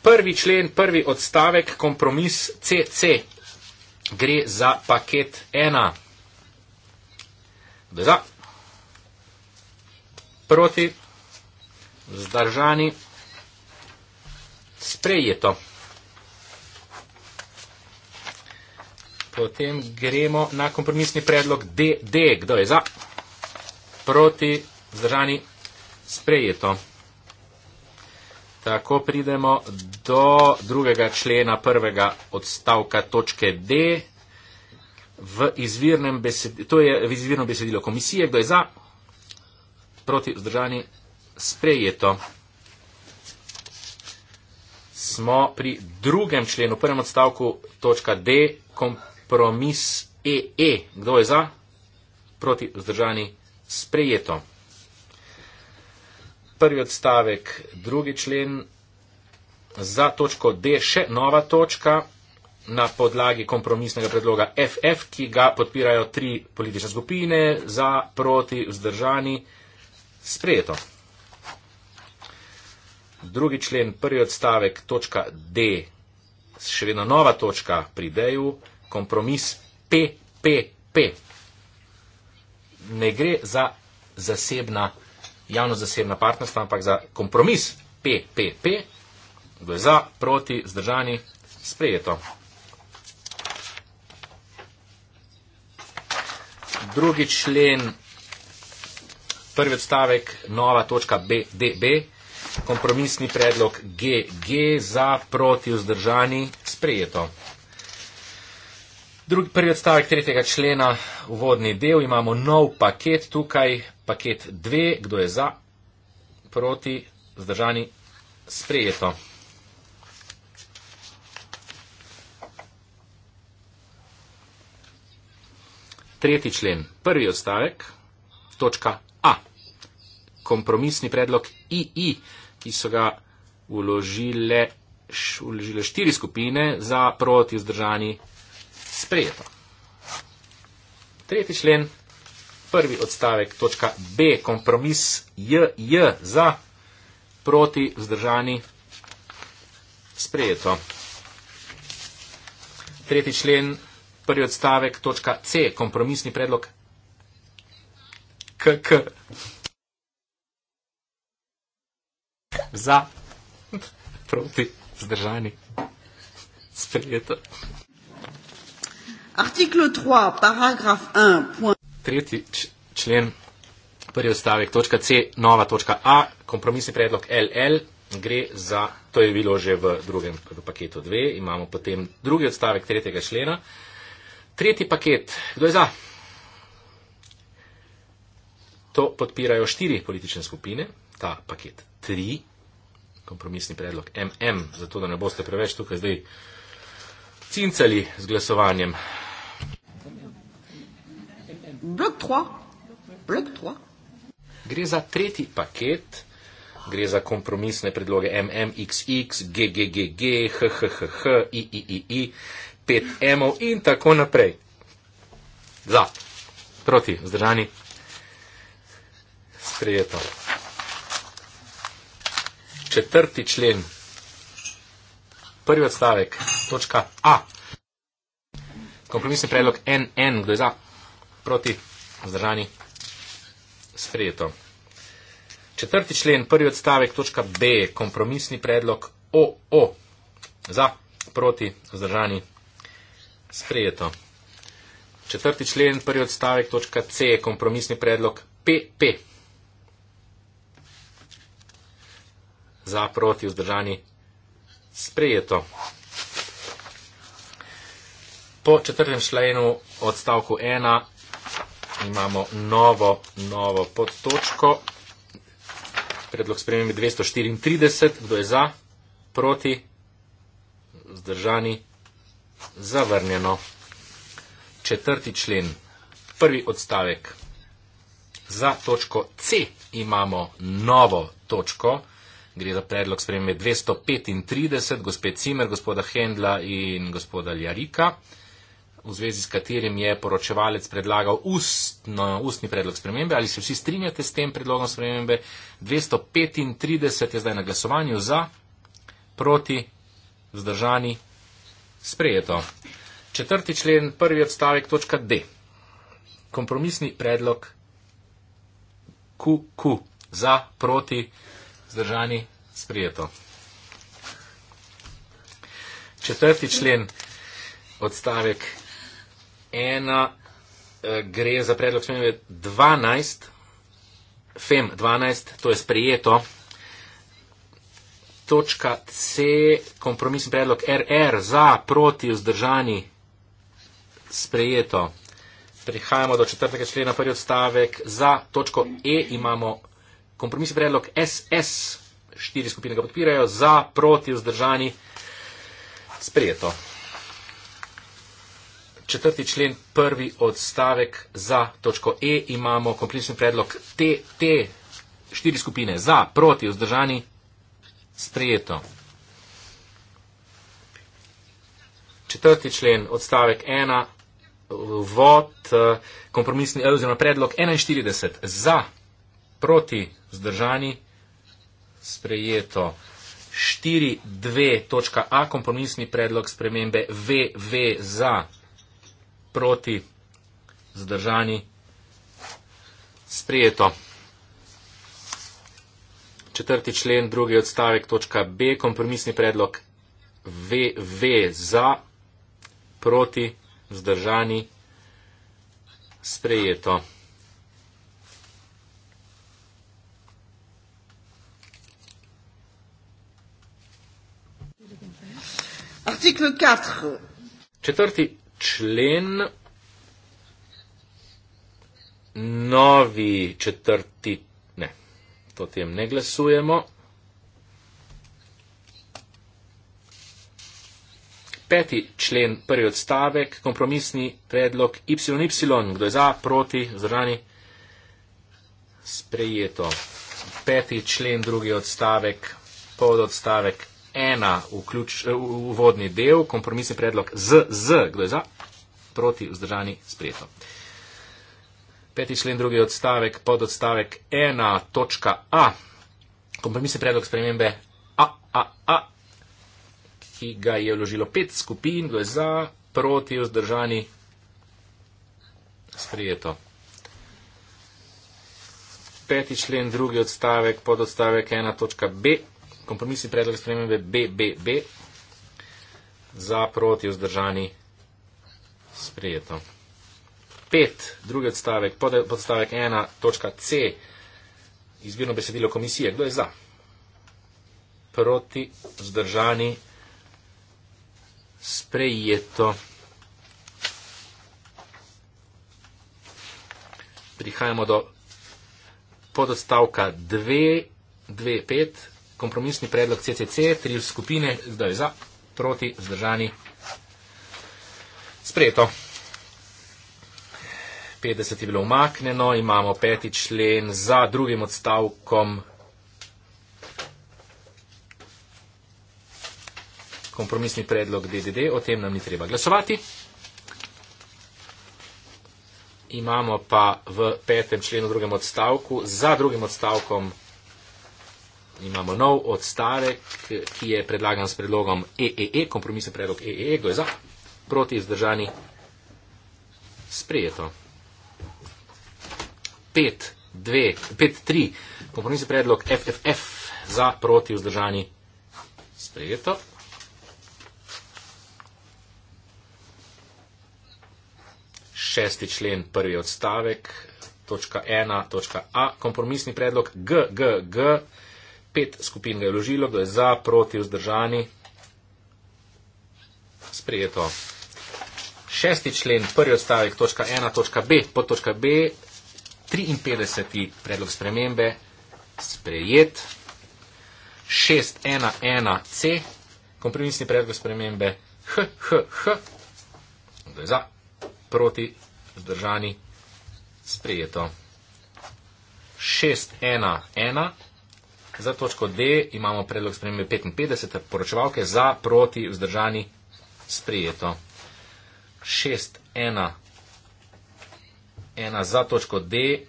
prvi člen, prvi odstavek, kompromis CC. Gre za paket 1. Da, proti, vzdržani, sprejeto. Potem gremo na kompromisni predlog DD. Kdo je za? Proti, vzdržani, sprejeto. Tako pridemo do drugega člena prvega odstavka točke D. V izvirnem besedilu, to je v izvirnem besedilu komisije, kdo je za, proti vzdržani sprejeto. Smo pri drugem členu, prvem odstavku, točka D, kompromis EE. E. Kdo je za? Proti vzdržani sprejeto. Prvi odstavek, drugi člen. Za točko D še nova točka na podlagi kompromisnega predloga FF, ki ga podpirajo tri politične skupine, za, proti, vzdržani. Sprejeto. Drugi člen, prvi odstavek, točka D, še vedno nova točka pri D-ju, kompromis PPP. Ne gre za zasebna, javno-zasebna partnerstva, ampak za kompromis PPP. Kdo je za, proti, zdržani, sprejeto. Drugi člen, prvi odstavek, nova točka BDB, kompromisni predlog GG za proti vzdržani sprejeto. Drugi, prvi odstavek tretjega člena, uvodni del, imamo nov paket tukaj, paket 2, kdo je za, proti, zdržani, sprejeto. Tretji člen, prvi odstavek, točka A kompromisni predlog II, ki so ga uložile, uložile štiri skupine za proti vzdržani sprejeto. Tretji člen, prvi odstavek, točka B, kompromis JJ za proti vzdržani sprejeto. Tretji člen, prvi odstavek, točka C, kompromisni predlog KK. za, *laughs* proti, zdržani, sprejeto. Artikel 3, paragraf 1. Tretji člen, prvi odstavek, točka C, nova točka A, kompromisni predlog LL, gre za, to je bilo že v drugem paketu 2, imamo potem drugi odstavek tretjega člena. Tretji paket, kdo je za? To podpirajo štiri politične skupine, ta paket 3 kompromisni predlog MM, zato da ne boste preveč tukaj zdaj cincali z glasovanjem. Blok 3. Blok 3. Gre za tretji paket, gre za kompromisne predloge MMXX, GGGG, HHH, IIII, 5M in tako naprej. Za, proti, zdržani, sprejeto četrti člen, prvi odstavek, točka A. Kompromisni predlog NN, kdo je za, proti, vzdržani, sprejeto. Četrti člen, prvi odstavek, točka B. Kompromisni predlog OO, za, proti, vzdržani, sprejeto. Četrti člen, prvi odstavek, točka C. Kompromisni predlog PP. za, proti, vzdržani, sprejeto. Po četrtem členu odstavku 1 imamo novo, novo podtočko. Predlog sprememb je 234. Kdo je za, proti, vzdržani, zavrnjeno. Četrti člen, prvi odstavek. Za točko C imamo novo točko, Gre za predlog spremembe 235 gospe Cimer, gospoda Hendla in gospoda Ljarika, v zvezi s katerim je poročevalec predlagal ustno, ustni predlog spremembe. Ali se vsi strinjate s tem predlogom spremembe? 235 je zdaj na glasovanju za, proti, vzdržani, sprejeto. Četrti člen, prvi odstavek, točka D. Kompromisni predlog QQ za, proti, vzdržani. Zdržani, sprijeto. Četrti člen, odstavek ena, eh, gre za predlog smeje 12, FEM 12, to je sprijeto. Točka C, kompromisni predlog RR za, proti, vzdržani, sprijeto. Prihajamo do četrtega člena, prvi odstavek za točko E imamo kompromisni predlog SS, štiri skupine ga podpirajo, za, proti, vzdržani, sprejeto. Četrti člen, prvi odstavek za točko E imamo kompromisni predlog TT, štiri skupine za, proti, vzdržani, sprejeto. Četrti člen, odstavek 1, vod, eh, kompromisni, eh, oziroma predlog 41 za proti zdržani sprejeto 4.2.a kompromisni predlog spremembe VV za proti zdržani sprejeto. Četrti člen, drugi odstavek, točka B, kompromisni predlog VV za proti zdržani sprejeto. Article 4. Četrti člen, novi četrti, ne, o tem ne glasujemo. Peti člen, prvi odstavek, kompromisni predlog YY, kdo je za, proti, zrani, sprejeto. Peti člen, drugi odstavek, pod odstavek, ena vključ, eh, uvodni del, kompromisni predlog z, z, kdo je za, proti vzdržani sprejeto. Peti člen, drugi odstavek, pod odstavek ena, točka A, kompromisni predlog spremembe A, A, A, ki ga je vložilo pet skupin, kdo je za, proti vzdržani sprejeto. Peti člen, drugi odstavek, pod odstavek ena, točka B kompromisni predlog spremembe BBB za proti vzdržani sprejeto. Pet, drugi odstavek, podstavek ena, točka C, izbirno besedilo komisije. Kdo je za? Proti vzdržani sprejeto. Prihajamo do podstavka 2, 2, 5, kompromisni predlog CCC, tri skupine, kdo je za, proti, zdržani. Sprejeto. 50 je bilo umaknjeno, imamo peti člen za drugim odstavkom kompromisni predlog DDD, o tem nam ni treba glasovati. Imamo pa v petem členu drugem odstavku za drugim odstavkom kompromisni predlog DDD imamo nov odstavek, ki je predlagan s predlogom EEE, kompromise predlog EEE, e e. kdo je za, proti izdržani, sprejeto. 5-3, kompromise predlog FFF, za, proti izdržani, sprejeto. Šesti člen, prvi odstavek, točka ena, točka A, kompromisni predlog GGG. G, g, Pet skupin ga je vložilo, kdo je za, proti, vzdržani. Sprejeto. Šesti člen, prvi odstavek, točka 1, točka B, pod točka B, 53. predlog spremembe, sprejet. 611C, kompromisni predlog spremembe, HHH, kdo je za, proti, vzdržani, sprejeto. 611. Za točko D imamo predlog spremembe 55, poročevalke za, proti, vzdržani, sprijeto. 6.1. Za točko D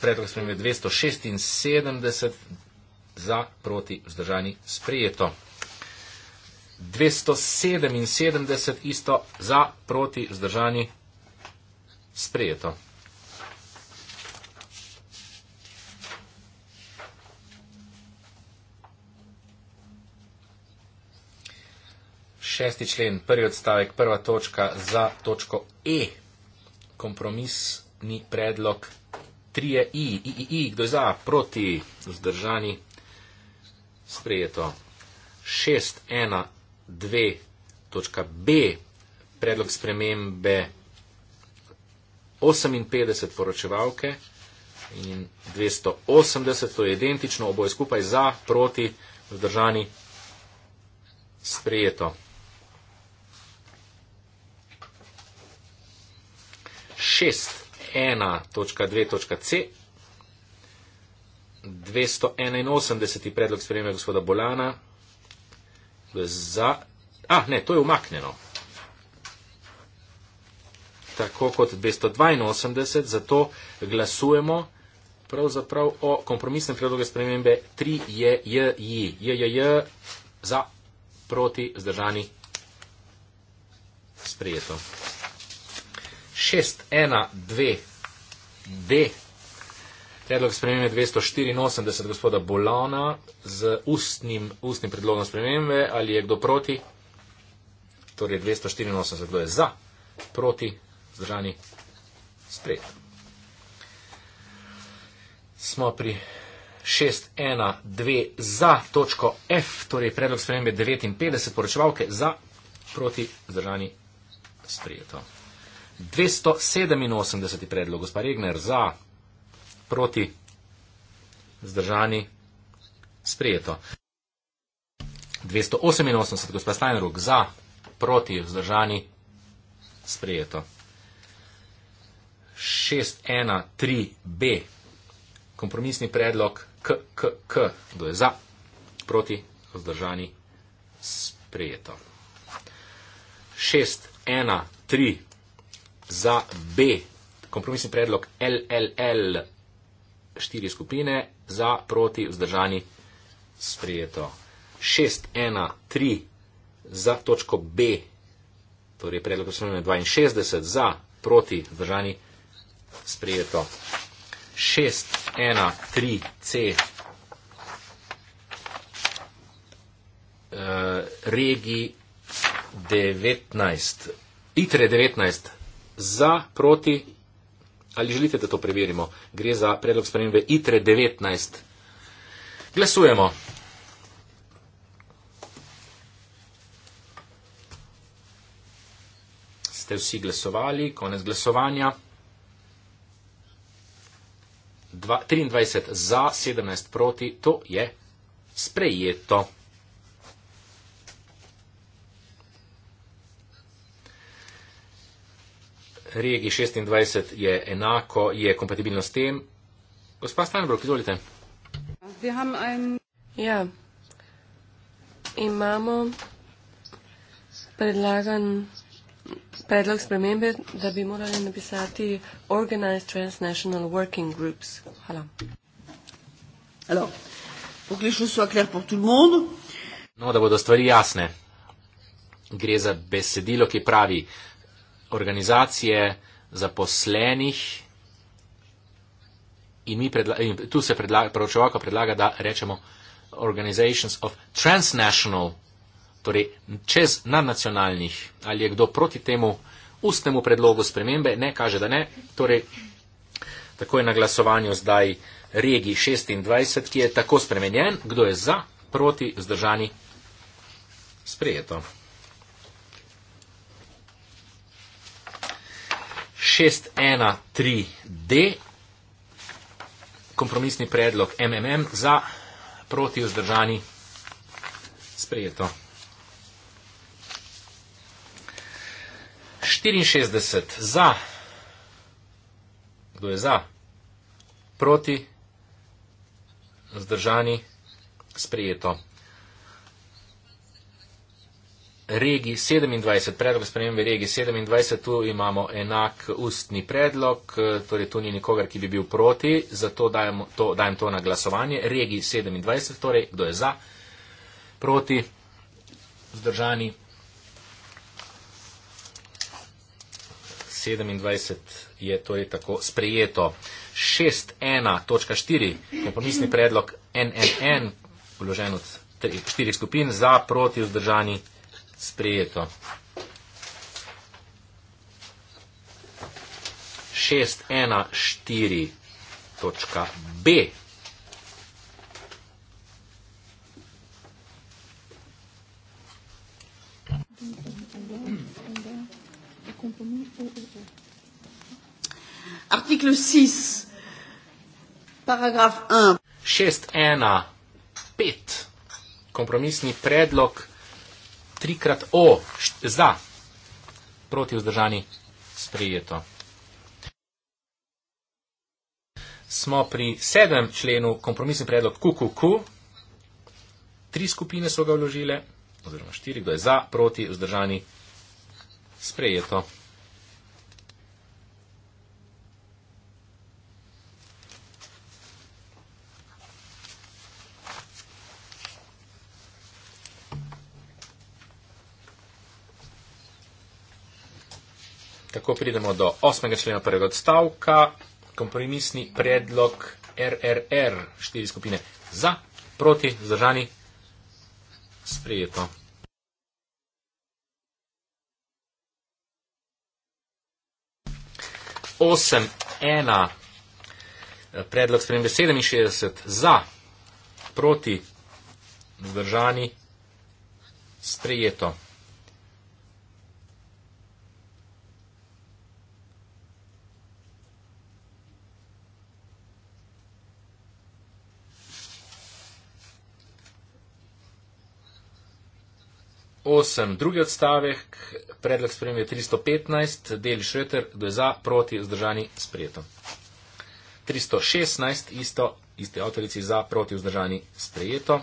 predlog spremembe 276, za, proti, vzdržani, sprijeto. 277 isto za, proti, vzdržani, sprijeto. šesti člen, prvi odstavek, prva točka za točko E. Kompromisni predlog 3i, i, i, kdo je za, proti, vzdržani, sprejeto. 6.1.2. točka B. Predlog spremembe 58 poročevalke in 280, to je identično, oboje skupaj za, proti, vzdržani, sprejeto. 6.1.2.c. 281. predlog spremembe gospoda Bolana. Za. Ah, ne, to je umaknjeno. Tako kot 282, zato glasujemo pravzaprav o kompromisnem predlogu spremembe 3 je ji. Je ji za proti zdržani sprejeto. 612D. Predlog spremembe 284 gospoda Bolona z ustnim, ustnim predlogom spremembe. Ali je kdo proti? Torej 284, kdo je za? Proti? Zdržani? Sprejet. Smo pri 612 za točko F, torej predlog spremembe 59 poročevalke za, proti zdržani sprejeto. 287 predlog, gospa Regner, za, proti, zdržani, sprejeto. 288, gospa Steinrug, za, proti, vzdržani, sprejeto. 613b, kompromisni predlog, KKK, kdo je za, proti, vzdržani, sprejeto. 613 za B, kompromisni predlog LLL, štiri skupine, za, proti, vzdržani, sprejeto. 6-1-3 za točko B, torej predlog osnovne 62, za, proti, vzdržani, sprejeto. 6-1-3-C. Uh, eh, regi 19, ITRE 19, za, proti, ali želite, da to preverimo? Gre za predlog spremembe ITRE 19. Glasujemo. Ste vsi glasovali, konec glasovanja. 23 za, 17 proti, to je sprejeto. regiji 26 je enako, je kompatibilno s tem. Gospa Stanbrok, izvolite. Ja, imamo predlagan predlog spremembe, da bi morali napisati Organized Transnational Working Groups. Hvala. No, da bodo stvari jasne. Gre za besedilo, ki pravi, organizacije zaposlenih in, predla, in tu se proročevalka predlaga, da rečemo organizations of transnational, torej čez nadnacionalnih. Ali je kdo proti temu ustnemu predlogu spremembe? Ne, kaže, da ne. Torej, tako je na glasovanju zdaj regiji 26, ki je tako spremenjen. Kdo je za, proti, zdržani? Sprejeto. 613D, kompromisni predlog MMM za proti vzdržani sprejeto. 64 za, kdo je za, proti vzdržani sprejeto regiji 27, predlog spremembe regiji 27, tu imamo enak ustni predlog, eh, torej tu ni nikogar, ki bi bil proti, zato dajem to, dajem to na glasovanje. Regiji 27, torej kdo je za, proti, vzdržani 27 je torej tako sprejeto. 6.1.4, kompromisni predlog NNN, vložen od štirih skupin, za, proti, vzdržani 27 sprijeto. 614.b. Article 6, paragraphe 1. 6.1.5. Compromis ni prédloque trikrat o, za, proti vzdržani, sprejeto. Smo pri sedmem členu kompromisni predlog QQQ. Tri skupine so ga vložile, oziroma štiri, kdo je za, proti, vzdržani, sprejeto. Tako pridemo do osmega člena prvega odstavka, kompromisni predlog RRR, štiri skupine za, proti, zdržani, sprejeto. Osem, ena, predlog spremembe 67 za, proti, zdržani, sprejeto. 8, drugi odstavek, predlog sprejem je 315, del Šreter, kdo je za, proti, vzdržani, sprejeto. 316, isto, iste avtorici, za, proti, vzdržani, sprejeto.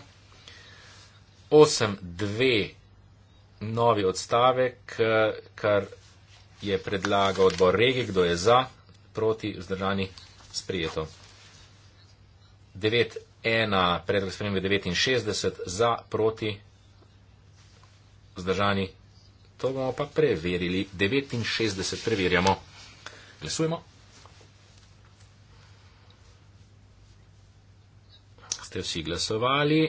8, 2, novi odstavek, kar je predlagal odbor regi, kdo je za, proti, vzdržani, sprejeto. 9, 1, predlog sprejem je 69, za, proti, vzdržani, sprejeto vzdržani. To bomo pa preverili. 69 preverjamo. Glasujemo. Ste vsi glasovali?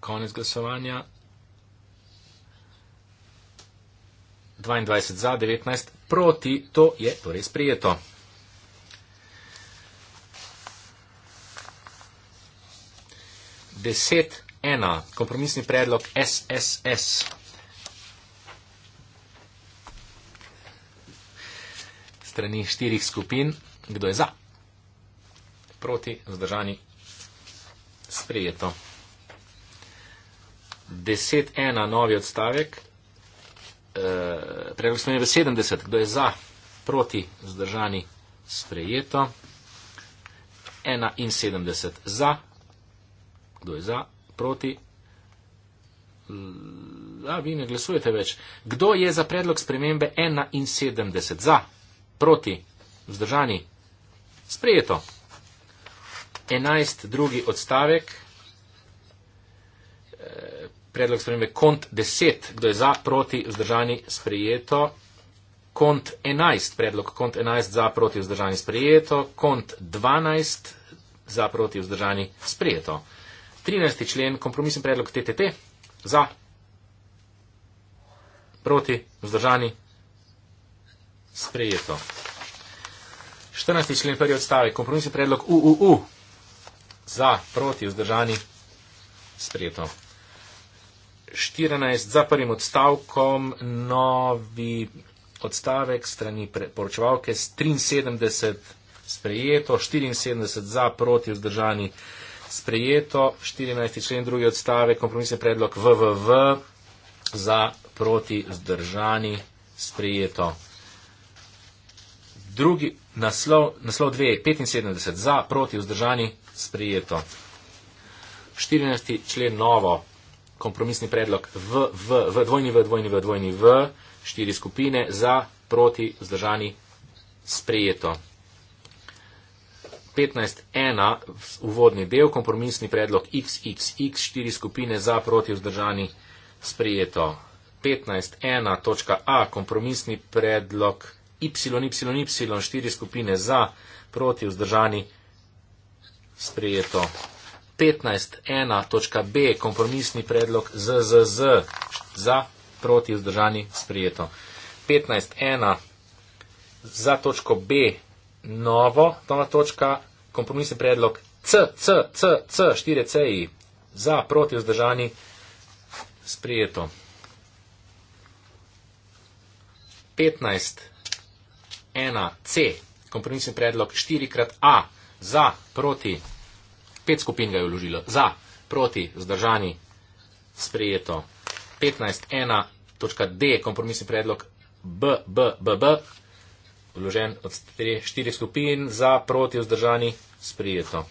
Konec glasovanja. 22 za, 19 proti, to je torej sprijeto. Deset ena, kompromisni predlog SSS. Strani štirih skupin, kdo je za, proti, zdržani, sprejeto. 10.1. novi odstavek, e, predlog smeje v 70, kdo je za, proti, zdržani, sprejeto. 71 za, kdo je za, proti. A vi ne glasujete več. Kdo je za predlog spremembe 71? Za, proti, vzdržani. Sprejeto. 11. drugi odstavek. Eh, predlog spremembe kont 10. Kdo je za, proti, vzdržani. Sprejeto. Kont 11. Predlog kont 11. Za, proti, vzdržani. Sprejeto. Kont 12. Za, proti, vzdržani. Sprejeto. 13. člen, kompromisen predlog TTT za, proti, vzdržani, sprejeto. 14. člen, prvi odstavek, kompromisen predlog UUU za, proti, vzdržani, sprejeto. 14. za prvim odstavkom, novi odstavek strani poročevalke, 73 sprejeto, 74 za, proti, vzdržani, sprejeto sprejeto, 14. člen, drugi odstave, kompromisni predlog VVV za proti zdržani sprejeto. Drugi naslov, naslov 2, 75 za proti vzdržani sprejeto. 14. člen novo, kompromisni predlog v, v, v, dvojni v, dvojni v, dvojni v, štiri skupine za proti vzdržani sprejeto. 15.1 uvodni del, kompromisni predlog XXX, štiri skupine za proti vzdržani sprejeto. 15.1.a kompromisni predlog YYY, štiri skupine za proti vzdržani sprejeto. 15.1.b kompromisni predlog ZZZ za proti vzdržani sprejeto. 15.1 za točko B novo, nova točka kompromisni predlog C, C, C, C, 4 CI za proti vzdržani sprijeto. 15, 1, C, kompromisni predlog 4 krat A za proti, pet skupin ga je vložilo, za proti vzdržani sprijeto. 15, 1, točka D, kompromisni predlog B, B, B, B. Vložen od 4 skupin za proti vzdržani sprijeto sprijeto.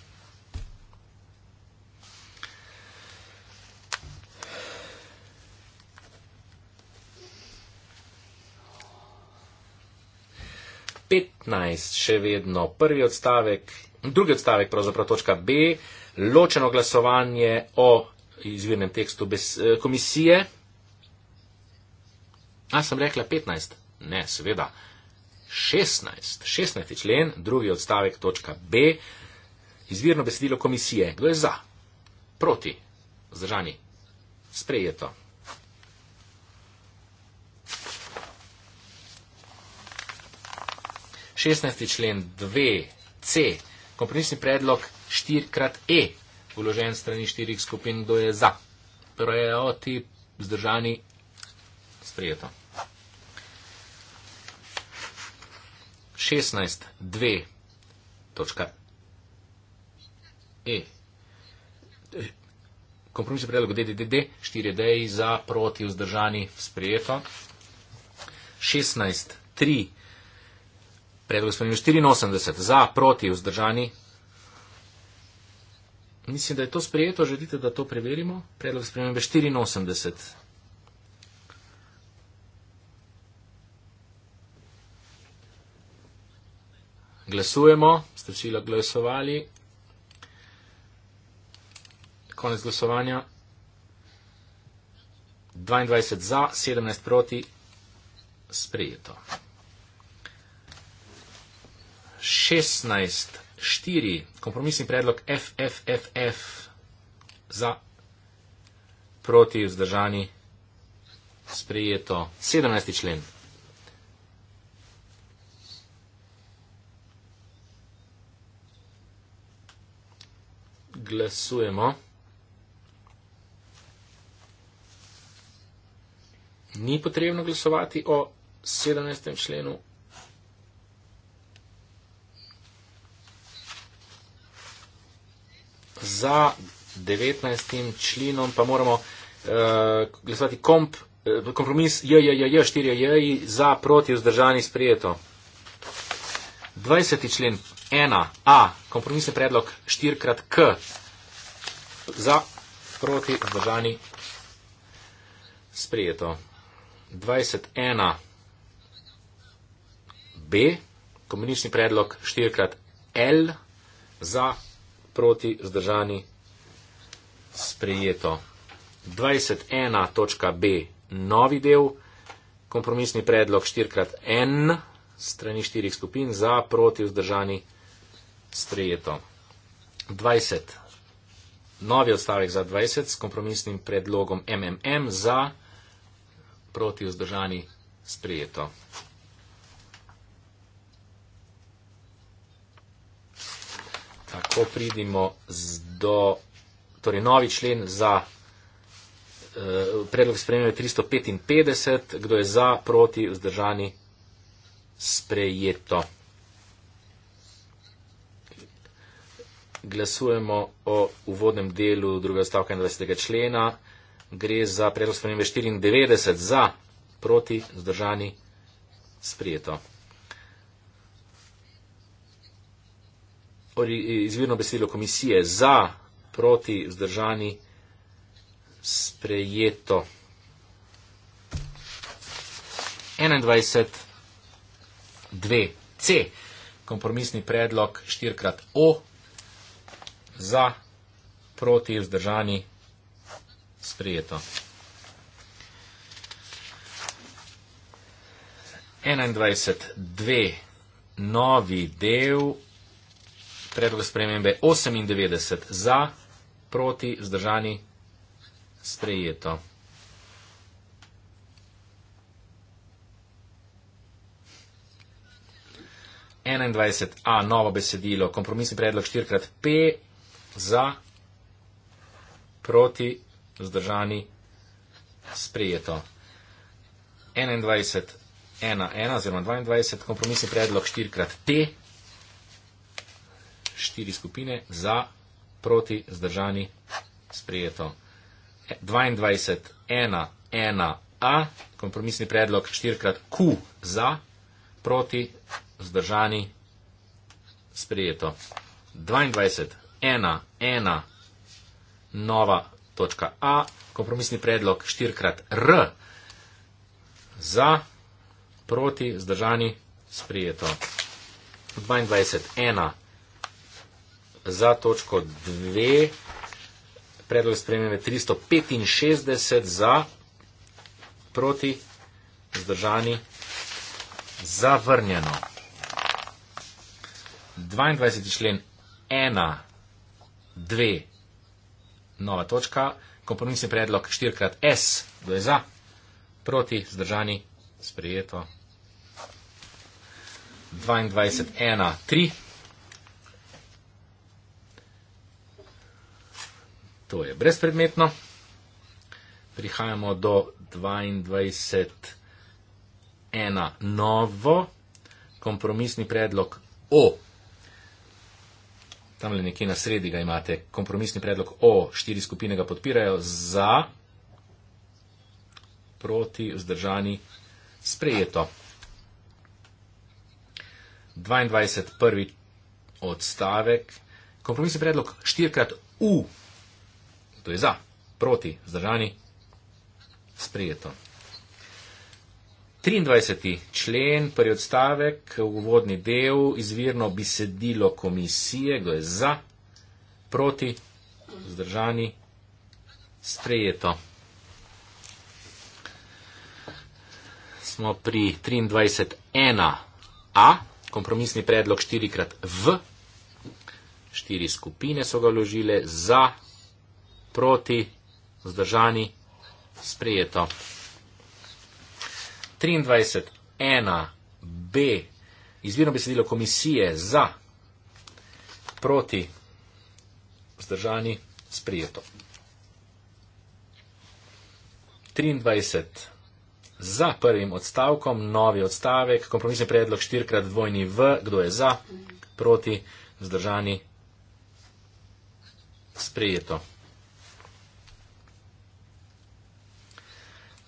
Petnajst še vedno prvi odstavek, drugi odstavek pravzaprav točka B, ločeno glasovanje o izvirnem tekstu bez, eh, komisije. A sem rekla petnajst? Ne, seveda. 16. 16. člen, drugi odstavek, točka B, izvirno besedilo komisije. Kdo je za? Proti? Zdržani? Sprejeto. Šestnajsti člen 2c, kompromisni predlog 4xe, uložen strani štirih skupin, kdo je za? Proti, zdržani, sprejeto. 16, 2, točka E. Kompromis je predlog DDDD, 4 DEJ za proti vzdržani sprejeto. 16, 3, predlog spremenil 84 za proti vzdržani. Mislim, da je to sprejeto, želite, da to preverimo? Predlog spremenil 84. glasujemo, ste vsi glasovali. Konec glasovanja. 22 za, 17 proti, sprejeto. 16.4. Kompromisni predlog FFFF za proti vzdržani sprejeto. 17. člen. glasujemo. Ni potrebno glasovati o 17. členu. Za 19. členom pa moramo uh, glasovati komp, uh, kompromis JJJ4 JJ za proti vzdržani sprijeto. 20. člen ena a, kompromisen predlog štirikrat k za proti vzdržani sprejeto. 21 b, kompromisni predlog štirikrat l za proti vzdržani sprejeto. 21.b, novi del, kompromisni predlog 4x n, strani štirih skupin, za proti vzdržani sprejeto sprejeto. 20. Novi odstavek za 20 s kompromisnim predlogom MMM za proti vzdržani sprejeto. Tako pridimo do, torej novi člen za eh, predlog spremljanja 355, kdo je za, proti, vzdržani, sprejeto. glasujemo o uvodnem delu druge stavke 21. člena. Gre za predlog spremembe 94 za proti zdržani sprijeto. Izvirno besedilo komisije za proti zdržani sprejeto. 21.2c. Kompromisni predlog 4x o za, proti, vzdržani, sprijeto. 21, dve, novi del, predlog spremembe 98, za, proti, vzdržani, sprijeto. Enaindvajset a novo besedilo, kompromisni predlog štirikrat p za, proti, vzdržani, sprejeto. 21, 1, 1 oziroma 22, kompromisni predlog 4x T, 4 skupine za, proti, vzdržani, sprejeto. 22, 1, 1, A, kompromisni predlog 4x Q za, proti, vzdržani, sprejeto. 22, ena, ena, nova točka A, kompromisni predlog štirikrat R, za, proti, zdržani, sprijeto. 22, ena, za točko 2, predlog spremembe 365, za, proti, zdržani, zavrnjeno. 22. člen 1. 2, nova točka, kompromisni predlog 4xS, kdo je za, proti, zdržani, sprejeto. 22.1.3, to je brezpredmetno. Prihajamo do 22.1. novo, kompromisni predlog O tam le nekje na sredi ga imate, kompromisni predlog O, štiri skupine ga podpirajo za, proti, vzdržani, sprejeto. 22. prvi odstavek. Kompromisni predlog 4 krat U, to je za, proti, vzdržani, sprejeto. 23. člen, prvi odstavek, uvodni del, izvirno besedilo komisije, kdo je za, proti, zdržani, sprejeto. Smo pri 23.1a, kompromisni predlog 4xv, štiri skupine so ga vložile, za, proti, zdržani, sprejeto. 23.1b izvirno besedilo komisije za proti vzdržani sprijeto. 23 za prvim odstavkom, novi odstavek, kompromisni predlog 4x dvojni v, kdo je za, proti, vzdržani, sprejeto.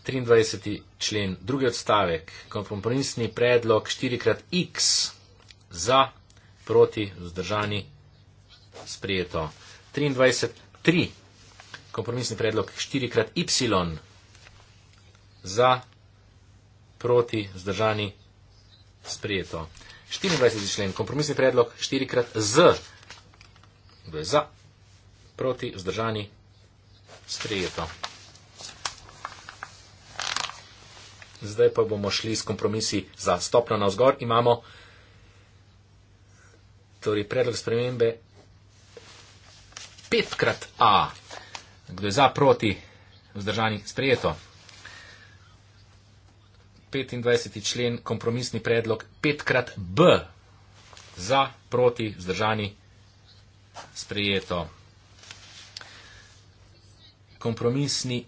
23. člen, drugi odstavek, kompromisni predlog 4x za, proti, vzdržani, sprijeto. 23.3. Kompromisni predlog 4xy za, proti, vzdržani, sprijeto. 24. člen, kompromisni predlog 4xz za, proti, vzdržani, sprijeto. Zdaj pa bomo šli s kompromisi za stopno na vzgor. Imamo torej predlog spremembe 5xA. Kdo je za, proti, vzdržani, sprejeto. 25. člen, kompromisni predlog 5xB. Za, proti, vzdržani, sprejeto. Kompromisni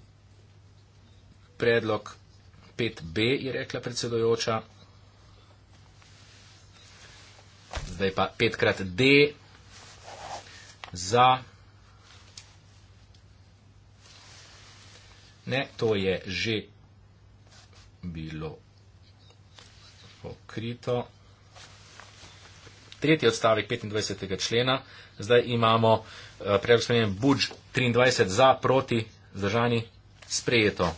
predlog 5xB. 5b, je rekla predsedojoča. Zdaj pa 5 krat d za. Ne, to je že bilo pokrito. Tretji odstavek 25. člena. Zdaj imamo eh, predlog spremenjen budž 23 za, proti, zdržani, sprejeto.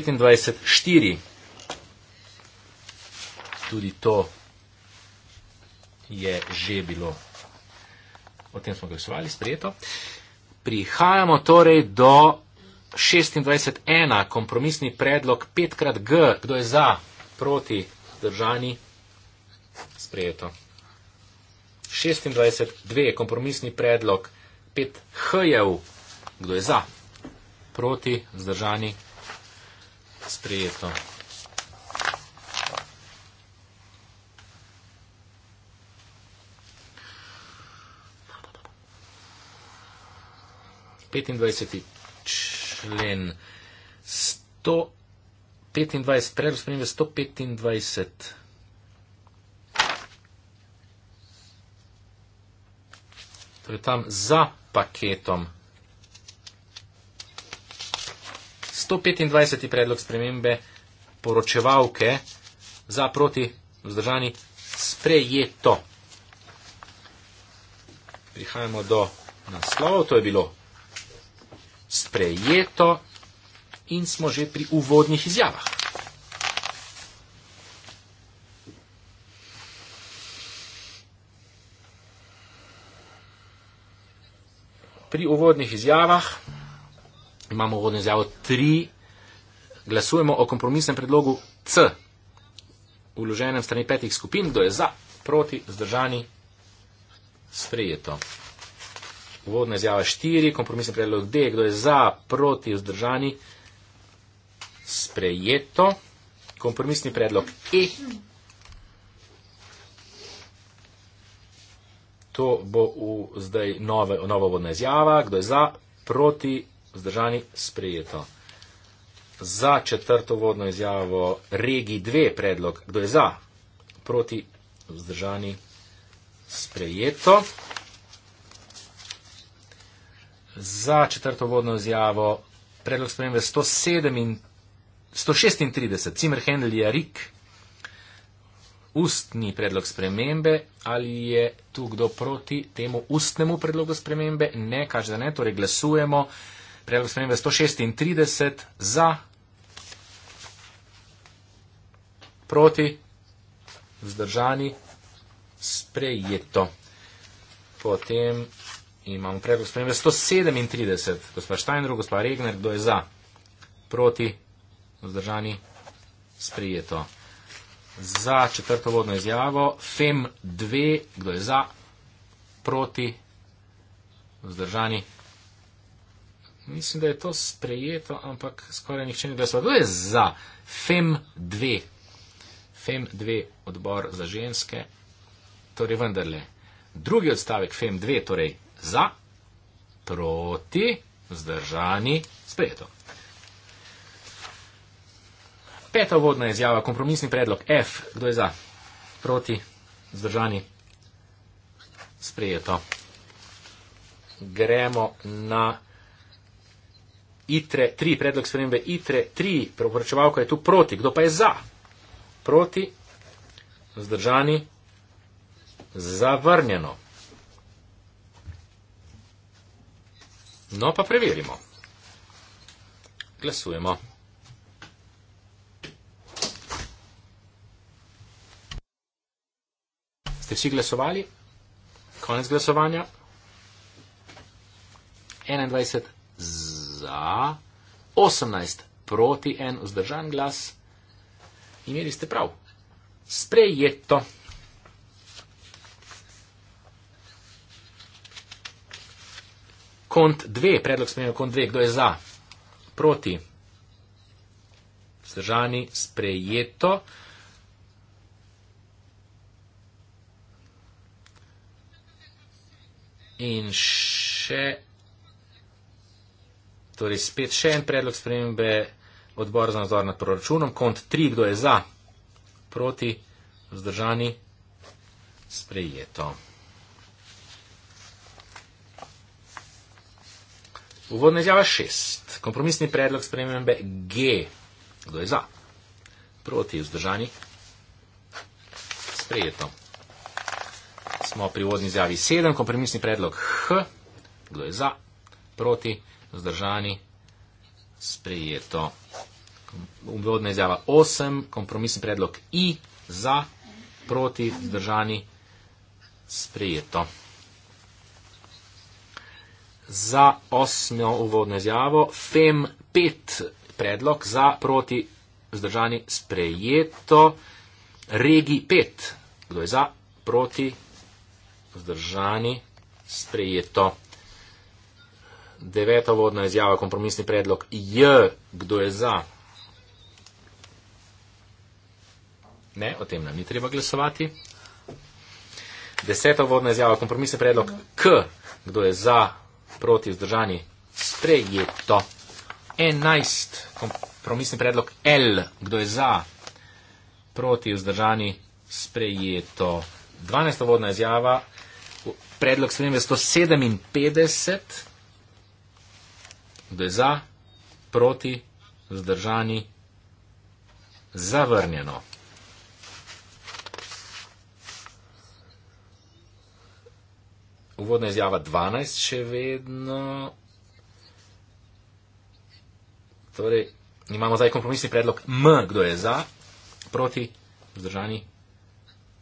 25.4. Tudi to je že bilo. O tem smo glasovali, sprejeto. Prihajamo torej do 26.1. kompromisni predlog 5xg. Kdo je za, proti, držani? Sprejeto. 26.2. kompromisni predlog 5hjev. Kdo je za, proti, zdržani? sprejeto. Člen 125, predlog spremembe 125. Torej tam za paketom 125. predlog spremembe poročevalke za proti vzdržani sprejeto. Prihajamo do naslova, to je bilo sprejeto in smo že pri uvodnih izjavah. Pri uvodnih izjavah imamo vodno izjavo 3, glasujemo o kompromisnem predlogu C, uloženem strani petih skupin, kdo je za, proti, zdržani, sprejeto. Vodna izjava 4, kompromisni predlog D, kdo je za, proti, vzdržani, sprejeto. Kompromisni predlog E. To bo v zdaj nove, nova vodna izjava, kdo je za, proti, vzdržani, sprejeto. Za četrto vodno izjavo regi dve predlog, kdo je za, proti, vzdržani, sprejeto. Za četrto vodno izjavo predlog spremembe 136, Cimer Hendel je Rik, ustni predlog spremembe, ali je tu kdo proti temu ustnemu predlogu spremembe, ne, kaže da ne, torej glasujemo predlog spremembe 136 za, proti, vzdržani, sprejeto. Potem imamo predlog spremembe 137, gospod Štajner, gospod Regner, kdo je za, proti, vzdržani, sprejeto. Za četrto vodno izjavo, FEM 2, kdo je za, proti, vzdržani, sprejeto. Mislim, da je to sprejeto, ampak skoraj nihče ni glasoval. To je za FEM2, FEM2 odbor za ženske. Torej, vendarle, drugi odstavek FEM2, torej za, proti, zdržani, sprejeto. Peta vodna izjava, kompromisni predlog F, kdo je za, proti, zdržani, sprejeto. Gremo na. ITRE 3, predlog spremembe ITRE 3, pravoporočevalka je tu proti. Kdo pa je za? Proti, zdržani, zavrnjeno. No pa preverimo. Glasujemo. Ste vsi glasovali? Konec glasovanja. 21 z za, 18 proti en vzdržan glas. Imeli ste prav. Sprejeto. Kont 2, predlog sprejeto kont 2, kdo je za? Proti. Vzdržani, sprejeto. In še Torej, spet še en predlog spremembe odbora za nadzor nad proračunom. Kont 3, kdo je za, proti, vzdržani, sprejeto. Uvodna izjava 6. Kompromisni predlog spremembe G. Kdo je za? Proti, vzdržani, sprejeto. Smo pri uvodni izjavi 7. Kompromisni predlog H. Kdo je za? Proti vzdržani, sprejeto. Uvodna izjava 8, kompromisni predlog I za, proti, vzdržani, sprejeto. Za osmo uvodno izjavo FEM 5 predlog za, proti, vzdržani, sprejeto. Regi 5, kdo je za, proti, vzdržani, sprejeto deveta vodna izjava, kompromisni predlog J, kdo je za. Ne, o tem nam ni treba glasovati. Deseta vodna izjava, kompromisni predlog K, kdo je za, proti vzdržani, sprejeto. Enajst, kompromisni predlog L, kdo je za, proti vzdržani, sprejeto. Dvanajsta vodna izjava, predlog spremembe 157 da je za, proti, zdržani, zavrnjeno. Uvodna izjava 12 še vedno. Torej, imamo zdaj kompromisni predlog M, kdo je za, proti, zdržani,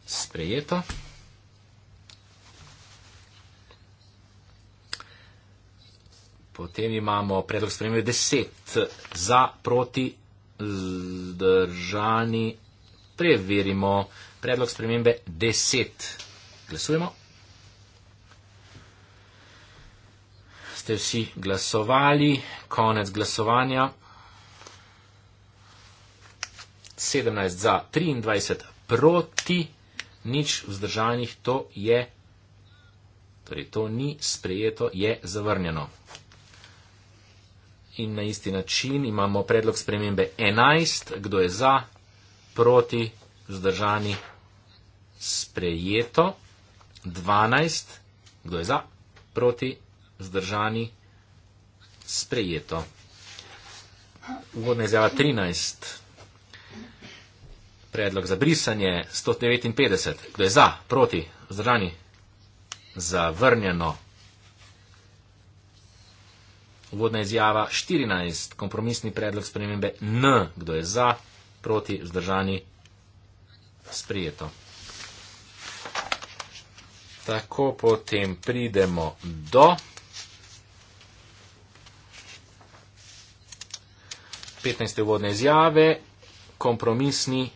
sprejeto. Potem imamo predlog spremembe 10 za, proti, zdržani. Preverimo predlog spremembe 10. Glasujemo. Ste vsi glasovali, konec glasovanja. 17 za, 23 proti, nič vzdržanih, to je, torej to ni sprejeto, je zavrnjeno in na isti način imamo predlog spremembe 11. Kdo je za, proti, vzdržani, sprejeto. 12. Kdo je za, proti, vzdržani, sprejeto. Uvodna izjava 13. Predlog za brisanje 159. Kdo je za, proti, vzdržani, zavrnjeno. Uvodna izjava 14, kompromisni predlog spremembe N, kdo je za, proti, vzdržani, sprijeto. Tako potem pridemo do 15. uvodne izjave, kompromisni,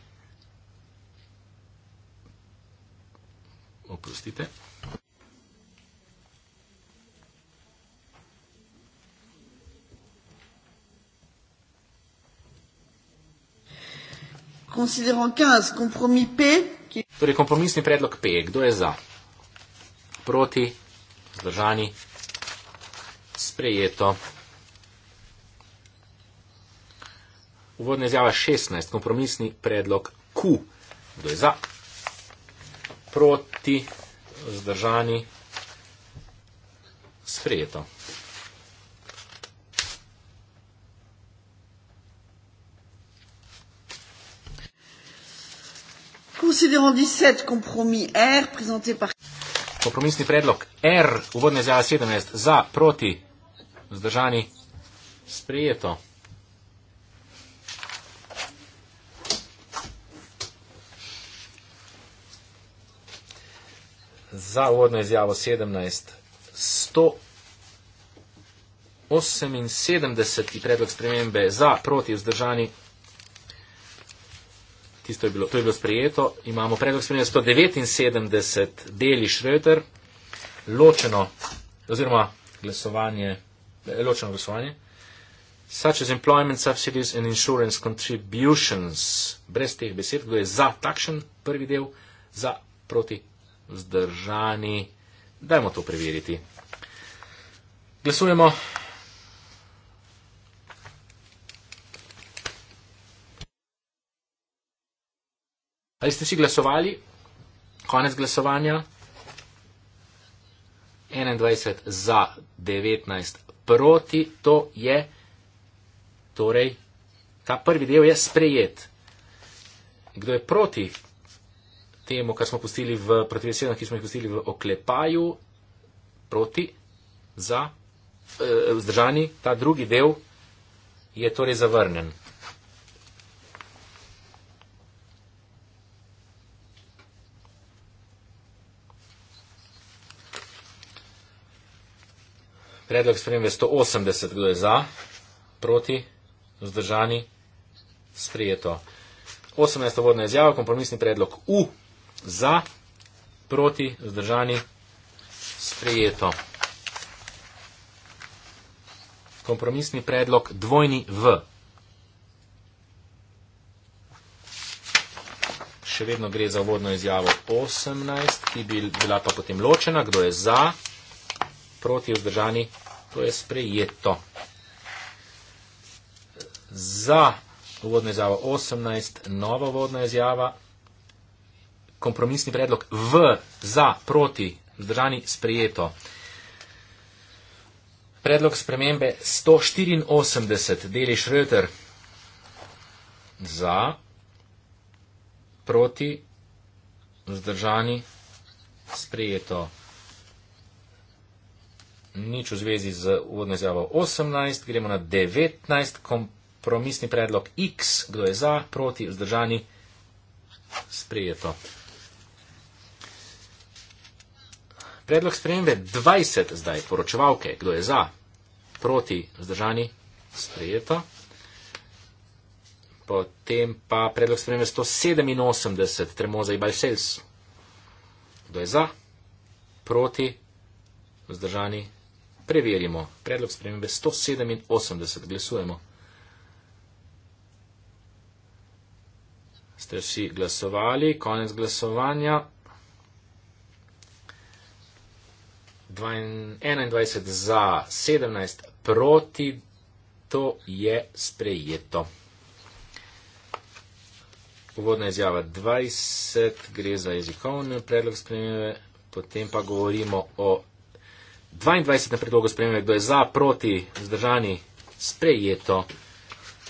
oprostite, Considérant 15, compromis P. Qui... Torej, kompromisni predlog P. Kdo je za? Proti, zdržani, sprejeto. Uvodna izjava 16, kompromisni predlog Q. Kdo je za? Proti, zdržani, sprejeto. considérant 17 compromis R présenté par. Kompromisni predlog R, uvodna izjava 17, za, proti, vzdržani, sprijeto. Za uvodno izjavo 17, 178 predlog spremembe, za, proti, vzdržani, sprijeto tisto je bilo, to je bilo sprejeto. Imamo predlog spremenja 179 deli Schröter, ločeno, oziroma glasovanje, eh, ločeno glasovanje. Such as employment subsidies and insurance contributions. Brez teh besed, kdo je za takšen prvi del, za proti vzdržani. Dajmo to preveriti. Glasujemo. Ali ste vsi glasovali? Konec glasovanja. 21 za, 19 proti, to je. Torej, ta prvi del je sprejet. Kdo je proti temu, kar smo pustili v protivesenju, ki smo jih pustili v oklepaju, proti, za, eh, vzdržani, eh, ta drugi del je torej zavrnen. Predlog spremembe 180, kdo je za, proti, vzdržani, sprijeto. 18. vodna izjava, kompromisni predlog U, za, proti, vzdržani, sprijeto. Kompromisni predlog dvojni V. Še vedno gre za vodno izjavo 18, ki bi bila pa potem ločena, kdo je za proti vzdržani, to je sprejeto. Za uvodno izjavo 18, nova uvodna izjava, kompromisni predlog v, za, proti, vzdržani, sprejeto. Predlog spremembe 184, deli Šröter, za, proti, vzdržani, sprejeto nič v zvezi z uvodno izjavo 18, gremo na 19, kompromisni predlog X, kdo je za, proti, vzdržani, sprejeto. Predlog spremembe 20 zdaj, poročevalke, kdo je za, proti, vzdržani, sprejeto. Potem pa predlog spremembe 187, Tremoza i Balsels, kdo je za, proti, vzdržani, sprejeto. Preverimo. Predlog spremembe 187. Glasujemo. Ste vsi glasovali? Konec glasovanja. 21 za 17 proti. To je sprejeto. Uvodna izjava 20 gre za jezikovni predlog spremembe, potem pa govorimo o 22 na predlogu spremembe, kdo je za, proti, zdržani, sprejeto.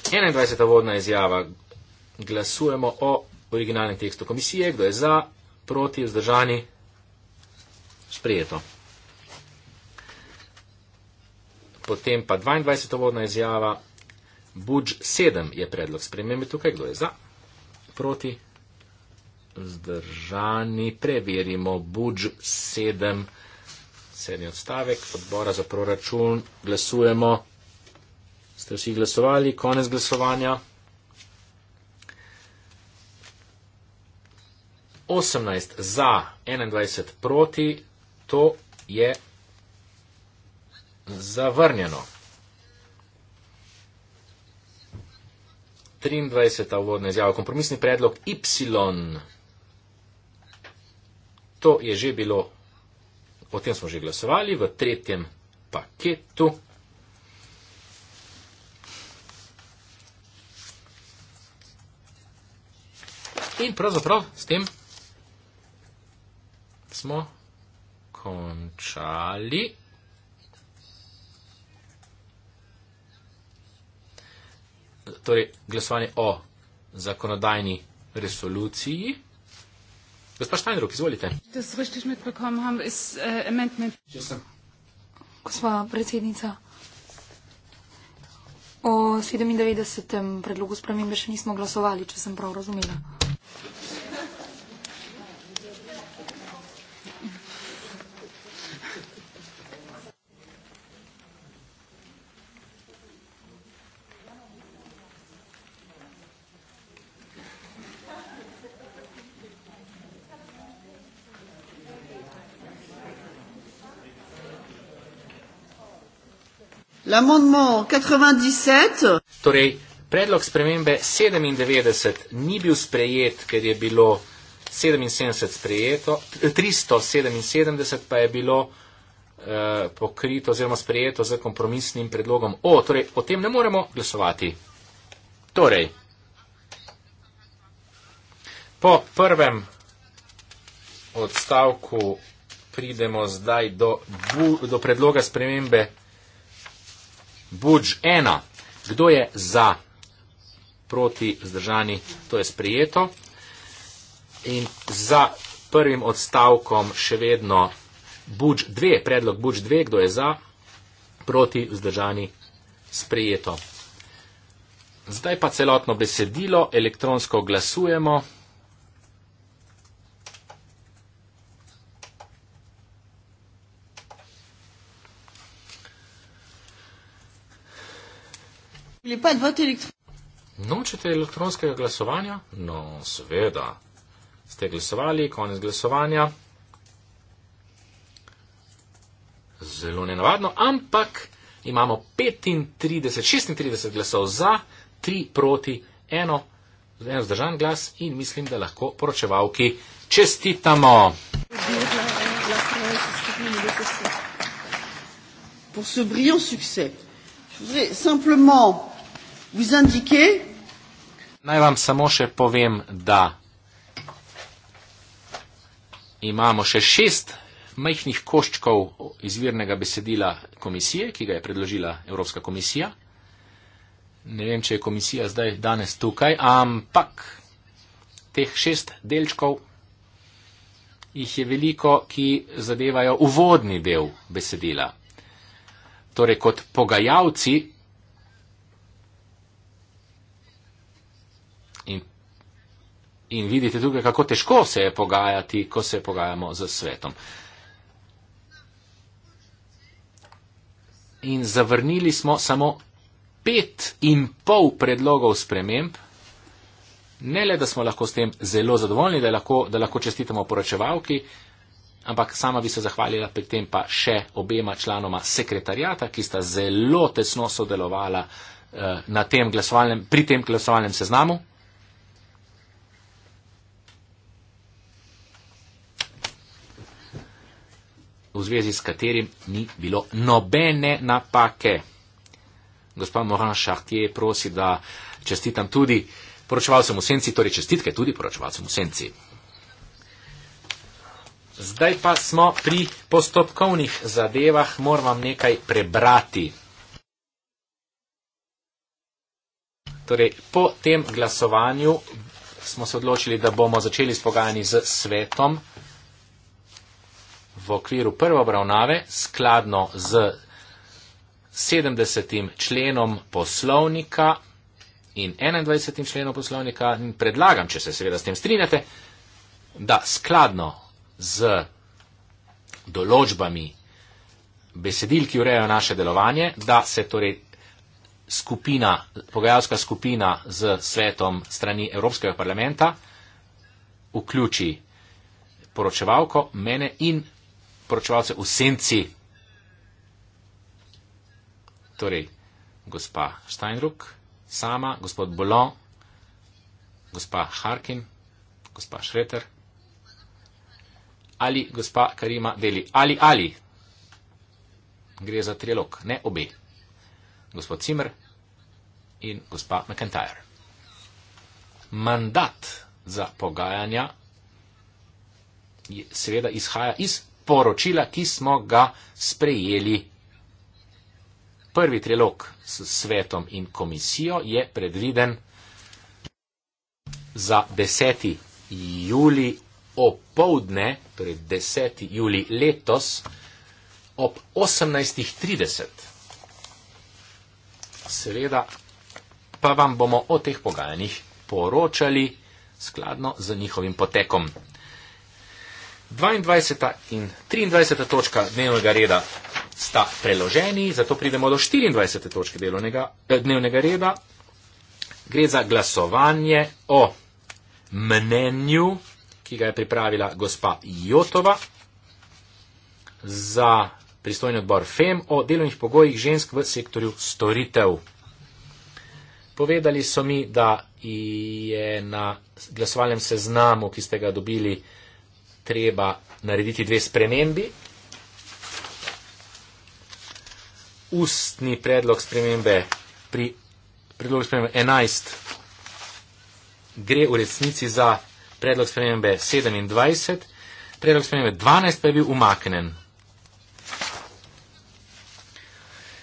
21. vodna izjava. Glasujemo o originalnem tekstu komisije, kdo je za, proti, vzdržani, sprejeto. Potem pa 22. vodna izjava, budž 7 je predlog spremembe tukaj, kdo je za, proti, vzdržani, preverimo budž 7 sedmi odstavek odbora za proračun. Glasujemo. Ste vsi glasovali? Konec glasovanja. 18 za, 21 proti, to je zavrnjeno. 23. uvodna izjava. Kompromisni predlog Y. To je že bilo O tem smo že glasovali v tretjem paketu. In pravzaprav s tem smo končali. Torej, glasovanje o zakonodajni resoluciji. Gospa Štajnrok, izvolite. Äh, Gospa predsednica, o 97. predlogu spremembe še nismo glasovali, če sem prav razumela. 97. Torej, predlog spremembe 97 ni bil sprejet, ker je bilo 77 sprejeto, 377 eh, pa je bilo eh, pokrito oziroma sprejeto z kompromisnim predlogom. O, torej, o tem ne moremo glasovati. Torej, po prvem odstavku pridemo zdaj do, do predloga spremembe Budž ena. Kdo je za proti vzdržani, to je sprijeto. In za prvim odstavkom še vedno budž dve, predlog budž dve, kdo je za proti vzdržani sprijeto. Zdaj pa celotno besedilo, elektronsko glasujemo. Ali pa dvoti elektronski? Nočete elektronskega glasovanja? No, seveda. Ste glasovali, konec glasovanja. Zelo nenavadno, ampak imamo 35, 36 glasov za, 3 proti, 1 en zdržan glas in mislim, da lahko poročevalki čestitamo. Pour ce brillant succès. Naj vam samo še povem, da imamo še šest majhnih koščkov izvirnega besedila komisije, ki ga je predložila Evropska komisija. Ne vem, če je komisija zdaj danes tukaj, ampak teh šest delčkov jih je veliko, ki zadevajo uvodni del besedila torej kot pogajalci in, in vidite tukaj, kako težko se je pogajati, ko se pogajamo z svetom. In zavrnili smo samo pet in pol predlogov sprememb. Ne le, da smo lahko s tem zelo zadovoljni, da lahko, da lahko čestitamo poročevalki, ampak sama bi se zahvalila pri tem pa še obema članoma sekretarjata, ki sta zelo tesno sodelovala eh, tem pri tem glasovalnem seznamu. v zvezi s katerim ni bilo nobene napake. Gospod Moran Šartier prosi, da čestitam tudi poročevalcem v senci, torej čestitke tudi poročevalcem v senci. Zdaj pa smo pri postopkovnih zadevah, moram vam nekaj prebrati. Torej, po tem glasovanju smo se odločili, da bomo začeli s pogajanji z svetom v okviru prve obravnave, skladno z 70. členom poslovnika in 21. členom poslovnika. Predlagam, če se seveda s tem strinjate, da skladno z določbami besedil, ki urejajo naše delovanje, da se torej skupina, pogajalska skupina z svetom strani Evropskega parlamenta vključi poročevalko, mene in poročevalce v senci. Torej, gospa Steinruck, sama, gospod Bolon, gospa Harkin, gospa Šreter ali gospa Karima Deli. Ali ali. Gre za trilog, ne obe. Gospod Cimer in gospa McIntyre. Mandat za pogajanja seveda izhaja iz poročila, ki smo ga sprejeli. Prvi trilog s svetom in komisijo je predviden za 10. juli opoldne, torej 10. juli letos, ob 18.30. Seveda pa vam bomo o teh pogajanjih poročali skladno z njihovim potekom. 22. in 23. točka dnevnega reda sta preloženi, zato pridemo do 24. točke delovnega, eh, dnevnega reda. Gre za glasovanje o mnenju ki ga je pripravila gospa Jotova za pristojni odbor FEM o delovnih pogojih žensk v sektorju storitev. Povedali so mi, da je na glasovalnem seznamu, ki ste ga dobili, treba narediti dve spremembi. Ustni predlog spremembe pri predlogu spremembe 11 gre v resnici za predlog spremembe 27, predlog spremembe 12 pa je bil umaknen.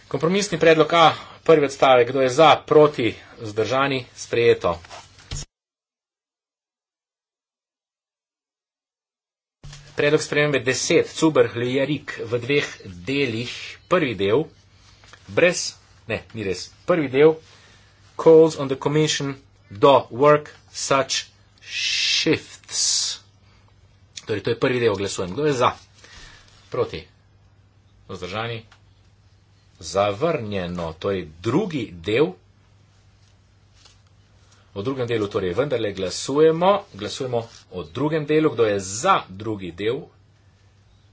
Kompromisni predlog A, prvi odstavek, kdo je za, proti, zdržani, sprejeto. Predlog spremembe 10, Cuber, Lejarik, v dveh delih, prvi del, brez, ne, ni res, prvi del, calls on the commission do work such shifts. Torej, to je prvi del, glasujem. Kdo je za? Proti? Vzdržani? Zavrnjeno. Torej, drugi del. O drugem delu torej vendarle glasujemo. Glasujemo o drugem delu. Kdo je za drugi del?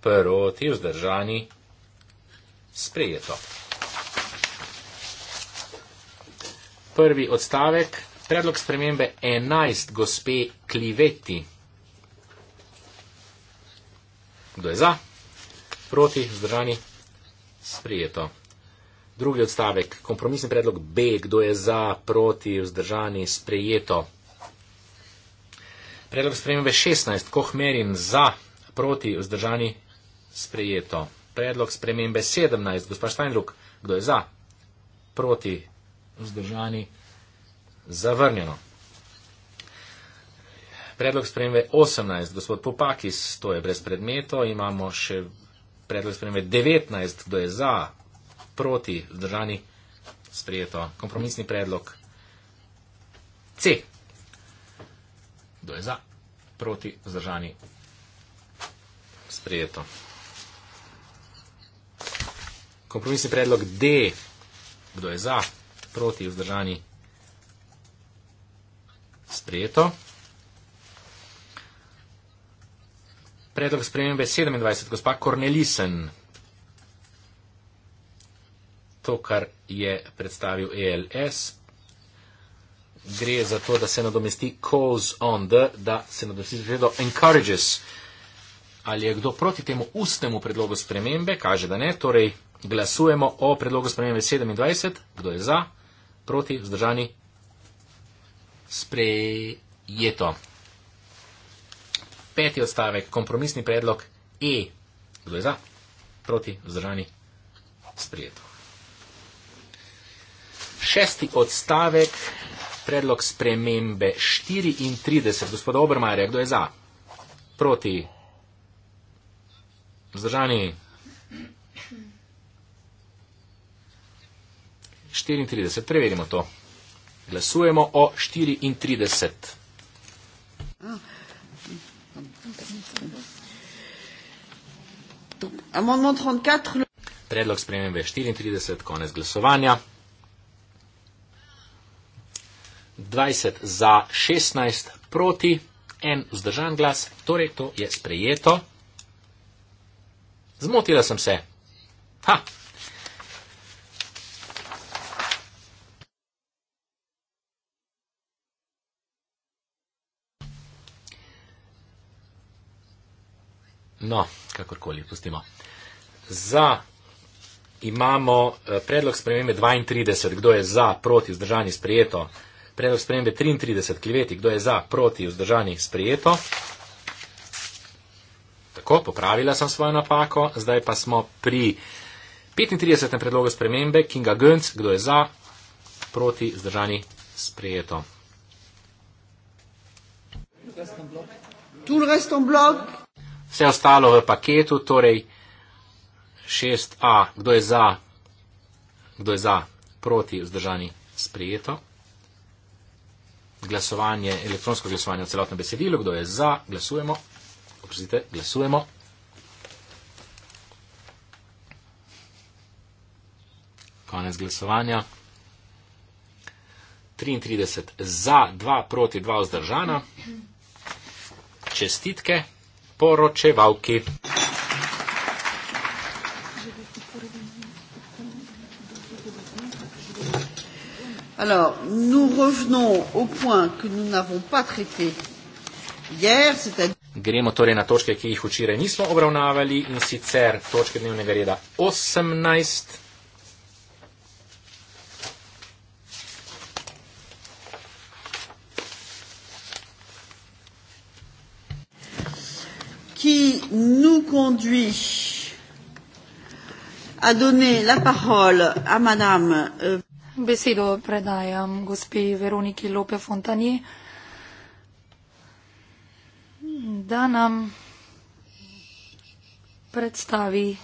Proti? Vzdržani? Sprejeto. Prvi odstavek Predlog spremembe 11, gospe Kliveti. Kdo je za? Proti, zdržani? Sprijeto. Drugi odstavek, kompromisni predlog B, kdo je za, proti, vzdržani, sprejeto. Predlog spremembe 16, koh merim za, proti, vzdržani, sprejeto. Predlog spremembe 17, gospod Štajnruk, kdo je za, proti, vzdržani, sprejeto zavrnjeno. Predlog spremembe 18, gospod Popakis, to je brez predmeto. Imamo še predlog spremembe 19, kdo je za, proti, vzdržani, sprejeto. Kompromisni predlog C. Kdo je za, proti, vzdržani, sprejeto. Kompromisni predlog D. Kdo je za, proti, vzdržani, sprejeto sprejeto. Predlog spremembe 27, gospa Kornelisen. To, kar je predstavil ELS, gre za to, da se nadomesti calls on the, da se nadomesti že do encourages. Ali je kdo proti temu ustnemu predlogu spremembe? Kaže, da ne. Torej, glasujemo o predlogu spremembe 27. Kdo je za? Proti? Zdržani? sprejeto. Peti odstavek, kompromisni predlog E. Kdo je za? Proti, vzdržani, sprejeto. Šesti odstavek, predlog spremembe 34. Gospod Obermajer, kdo je za? Proti, vzdržani. 34. Preverimo to. Glasujemo o 34. Predlog spremembe je 34, konec glasovanja. 20 za 16 proti, en vzdržan glas, torej to je sprejeto. Zmotila sem se. Ha! No, kakorkoli, pustimo. Za imamo eh, predlog spremembe 32, kdo je za, proti, vzdržani, sprejeto. Predlog spremembe 33, kliveti, kdo je za, proti, vzdržani, sprejeto. Tako, popravila sem svojo napako, zdaj pa smo pri 35. predlogu spremembe Kinga Gönc, kdo je za, proti, vzdržani, sprejeto. Tudi resten blok vse ostalo v paketu, torej 6a, kdo je za, kdo je za, proti vzdržani sprejeto. Glasovanje, elektronsko glasovanje o celotnem besedilu, kdo je za, glasujemo. Oprostite, glasujemo. Konec glasovanja. 33 za, 2 proti, 2 vzdržana. Čestitke poročevalki. Alors, nous revenons au point que nous n'avons pas traité hier, c'est-à-dire. Gremo torej na točke, ki jih včeraj nismo obravnavali in sicer točke dnevnega reda 18. nous conduit à donner la parole à madame euh, Besido predajam gospi Veroniki Lope Fontanier, da nam predstavi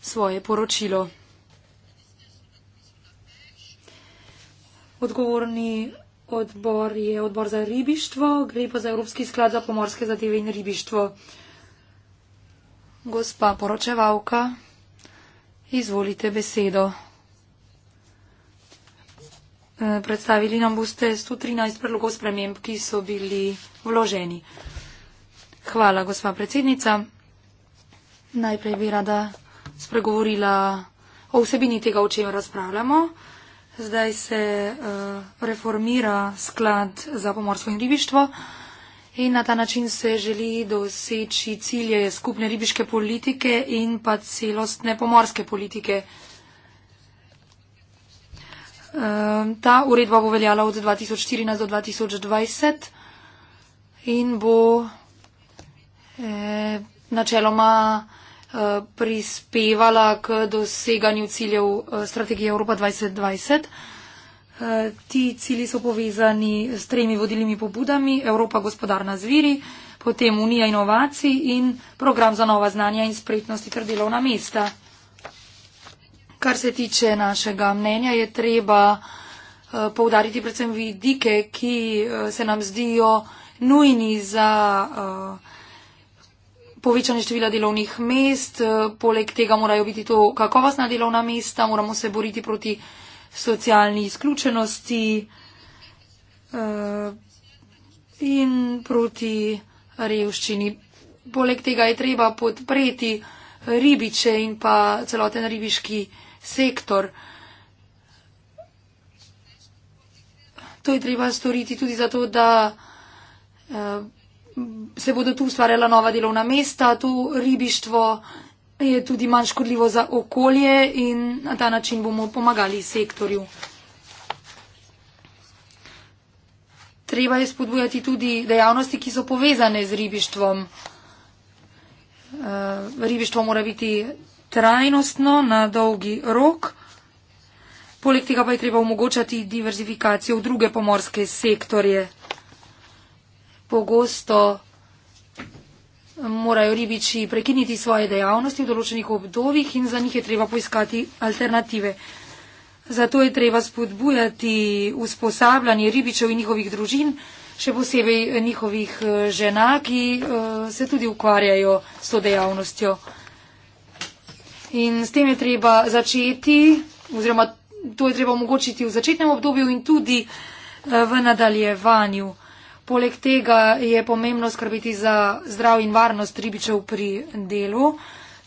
svoje poročilo. Odgovorni odbor je odbor za ribištvo, gre pa za Evropski sklad za pomorske zadeve in ribištvo. Gospa poročevalka, izvolite besedo. E, predstavili nam boste 113 predlogov sprememb, ki so bili vloženi. Hvala, gospa predsednica. Najprej bi rada spregovorila o vsebini tega, o čem razpravljamo. Zdaj se uh, reformira sklad za pomorstvo in ribištvo. Uh, in na ta način se želi doseči cilje skupne ribiške politike in pa celostne pomorske politike. Ehm, ta uredba bo veljala od 2014 do 2020 in bo eh, načeloma eh, prispevala k doseganju ciljev eh, strategije Evropa 2020 ti cili so povezani s tremi vodilnimi pobudami Evropa gospodarna zviri, potem Unija inovacij in program za nova znanja in spretnosti ter delovna mesta. Kar se tiče našega mnenja, je treba eh, poudariti predvsem vidike, ki eh, se nam zdijo nujni za eh, povečanje števila delovnih mest. Poleg tega morajo biti to kakovostna delovna mesta, moramo se boriti proti socialni izključenosti eh, in proti revščini. Poleg tega je treba podpreti ribiče in pa celoten ribiški sektor. To je treba storiti tudi zato, da eh, se bodo tu ustvarjala nova delovna mesta, to ribištvo je tudi manj škodljivo za okolje in na ta način bomo pomagali sektorju. Treba je spodbujati tudi dejavnosti, ki so povezane z ribištvom. Eh, ribištvo mora biti trajnostno na dolgi rok. Poleg tega pa je treba omogočati diverzifikacijo v druge pomorske sektorje. Pogosto morajo ribiči prekiniti svoje dejavnosti v določenih obdobjih in za njih je treba poiskati alternative. Zato je treba spodbujati usposabljanje ribičev in njihovih družin, še posebej njihovih eh, žena, ki eh, se tudi ukvarjajo s to dejavnostjo. In s tem je treba začeti, oziroma to je treba omogočiti v začetnem obdobju in tudi eh, v nadaljevanju. Poleg tega je pomembno skrbeti za zdrav in varnost ribičev pri delu.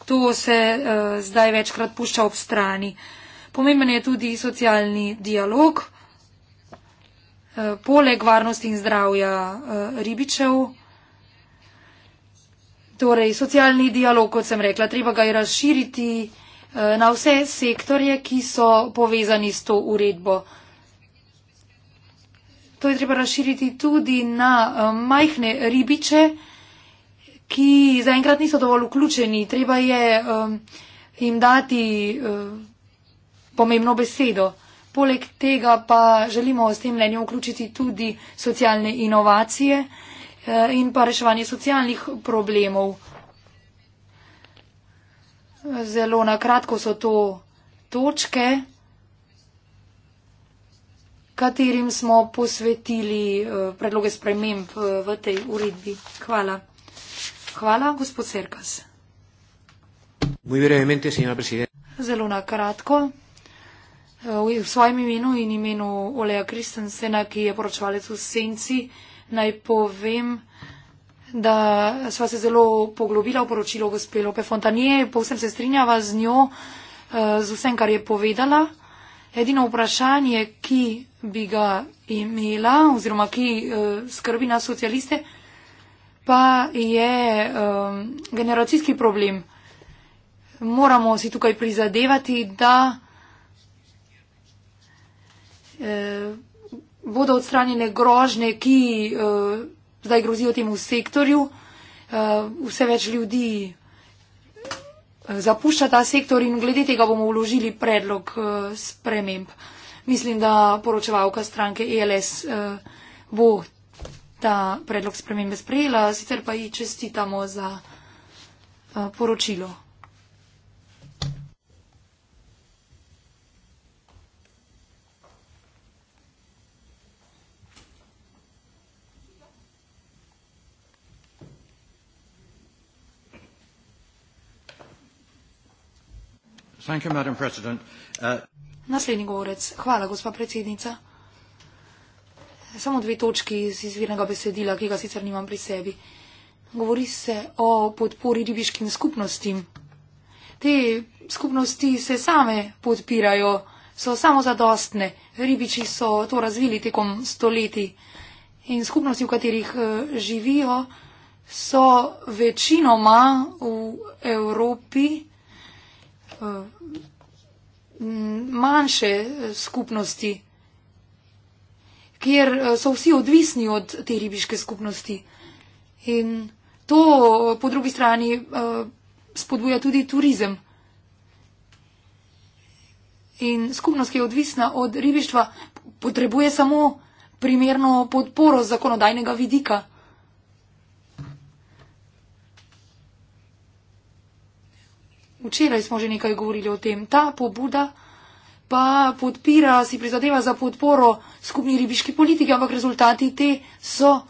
To se uh, zdaj večkrat pušča ob strani. Pomemben je tudi socialni dialog. Eh, poleg varnosti in zdravja eh, ribičev, torej socialni dialog, kot sem rekla, treba ga je razširiti na vse sektorje, ki so povezani s to uredbo to je treba razširiti tudi na eh, majhne ribiče, ki zaenkrat niso dovolj vključeni. Treba je eh, jim dati eh, pomembno besedo. Poleg tega pa želimo s tem mnenjem vključiti tudi socialne inovacije in pa reševanje socialnih problemov. Zelo na kratko so to točke katerim smo posvetili eh, predloge sprememb eh, v tej uredbi. Hvala. Hvala, gospod Serkas. Zelo na kratko. Eh, v svojem imenu in imenu Oleja Kristensena, ki je poročevalec v Senci, naj povem, da sva se zelo poglobila v poročilo gospe Lope Fontanije, povsem se strinjava z njo, z vsem, kar je povedala. Edino vprašanje, ki bi ga imela oziroma ki uh, skrbi na socialiste, pa je um, generacijski problem. Moramo si tukaj prizadevati, da uh, bodo odstranjene grožne, ki uh, zdaj grozijo temu sektorju. Uh, vse več ljudi zapušča ta sektor in glede tega bomo vložili predlog eh, sprememb. Mislim, da poročevalka stranke ELS eh, bo ta predlog spremembe sprejela, sicer pa ji čestitamo za eh, poročilo. Thank you, Madam President. Uh, Naslednji govorec. Hvala, gospa predsednica. Samo dve točki iz izvirnega besedila, ki ga sicer nimam pri sebi. Govori se o podpori ribiškim skupnostim. Te skupnosti se same podpirajo, so samo zadostne. Ribiči so to razvili tekom stoleti in skupnosti, v katerih eh, živijo, so večinoma v Evropi. Eh, manjše eh, skupnosti, kjer eh, so vsi odvisni od te ribiške skupnosti. In to po drugi strani spodbuja tudi turizem. In skupnost, ki je odvisna od ribištva, potrebuje samo primerno podporo zakonodajnega vidika. včeraj smo že nekaj govorili o tem, ta pobuda pa podpira, si prizadeva za podporo skupni ribiški politiki, ampak rezultati te so uh,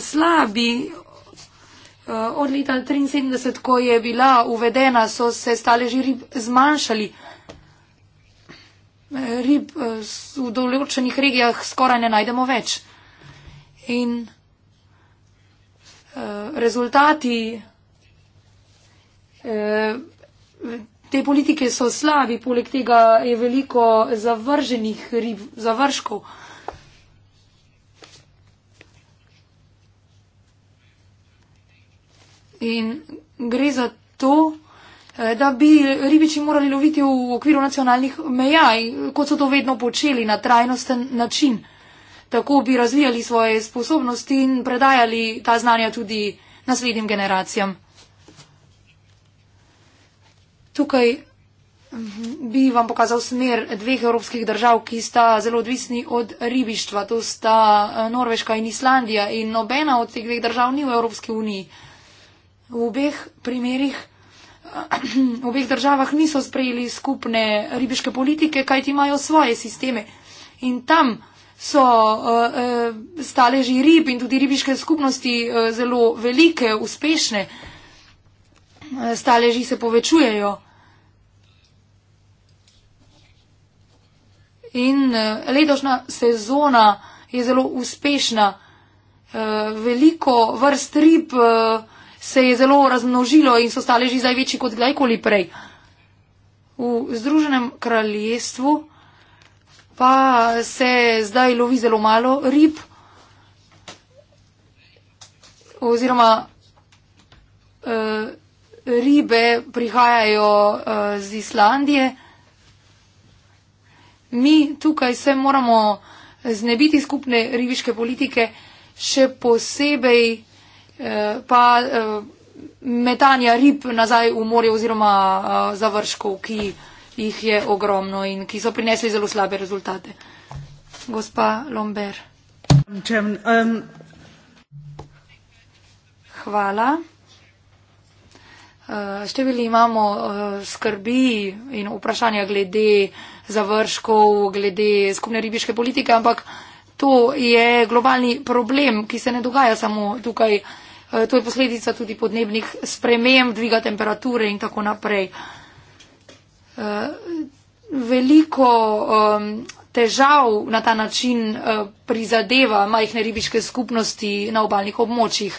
slabi. Uh, od leta 1973, ko je bila uvedena, so se staleži rib zmanjšali. Eh, rib uh, v določenih regijah skoraj ne najdemo več. In uh, rezultati. Uh, te politike so slabi, poleg tega je veliko zavrženih rib, završkov. In gre za to, eh, da bi ribiči morali loviti v okviru nacionalnih meja, kot so to vedno počeli, na trajnosten način. Tako bi razvijali svoje sposobnosti in predajali ta znanja tudi naslednjim generacijam tukaj mhm, bi vam pokazal smer dveh evropskih držav, ki sta zelo odvisni od ribištva. To sta eh, Norveška in Islandija in nobena od teh dveh držav ni v Evropski uniji. V obeh primerjih, *clears throat* v obeh državah niso sprejeli skupne ribiške politike, kajti imajo svoje sisteme. In tam so eh, eh, staleži rib in tudi ribiške skupnosti zelo velike, uspešne. Staleži se povečujejo. In eh, letošnja sezona je zelo uspešna. Eh, veliko vrst rib eh, se je zelo razmnožilo in so stale že zdaj večji kot kdajkoli prej. V Združenem kraljestvu pa se zdaj lovi zelo malo rib oziroma ribe prihajajo z Islandije mi tukaj se moramo znebiti skupne ribiške politike, še posebej eh, pa eh, metanja rib nazaj v morje oziroma eh, završkov, ki jih je ogromno in ki so prinesli zelo slabe rezultate. Gospa Lomber. Um, Hvala. Eh, številni imamo eh, skrbi in vprašanja glede završkov glede skupne ribiške politike, ampak to je globalni problem, ki se ne dogaja samo tukaj. E, to je posledica tudi podnebnih sprememb, dviga temperature in tako naprej. E, veliko težav na ta način e, prizadeva majhne ribiške skupnosti na obalnih območjih.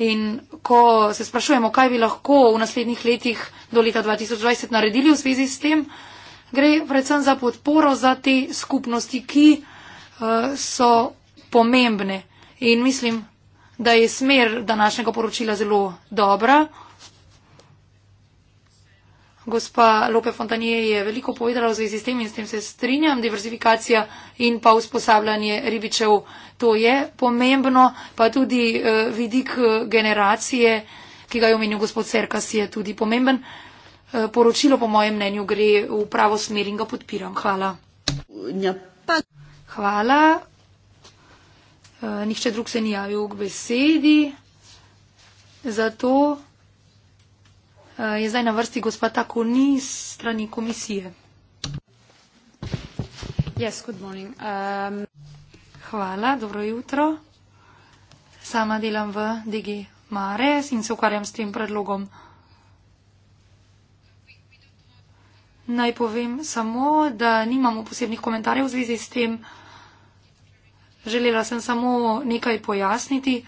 In ko se sprašujemo, kaj bi lahko v naslednjih letih do leta 2020 naredili v zvezi s tem, gre predvsem za podporo za te skupnosti, ki uh, so pomembne. In mislim, da je smer današnjega poročila zelo dobra. Gospa Lope Fontanije je veliko povedala v zvezi s tem in s tem se strinjam. Diverzifikacija in pa usposabljanje ribičev, to je pomembno, pa tudi uh, vidik eh, generacije, ki ga je omenil gospod Serkas, je tudi pomemben. Uh, poročilo po mojem mnenju gre v pravo smer in ga podpiram. Hvala. Hvala. Uh, nihče drug se ni javil k besedi. Zato. Eh, je zdaj na vrsti gospa tako ni strani komisije. Yes, good morning. Um... Hvala, dobro jutro. Sama delam v Digi Mares in se ukvarjam s tem predlogom. Naj povem samo, da nimamo posebnih komentarjev v zvezi s tem. Želela sem samo nekaj pojasniti. Uh,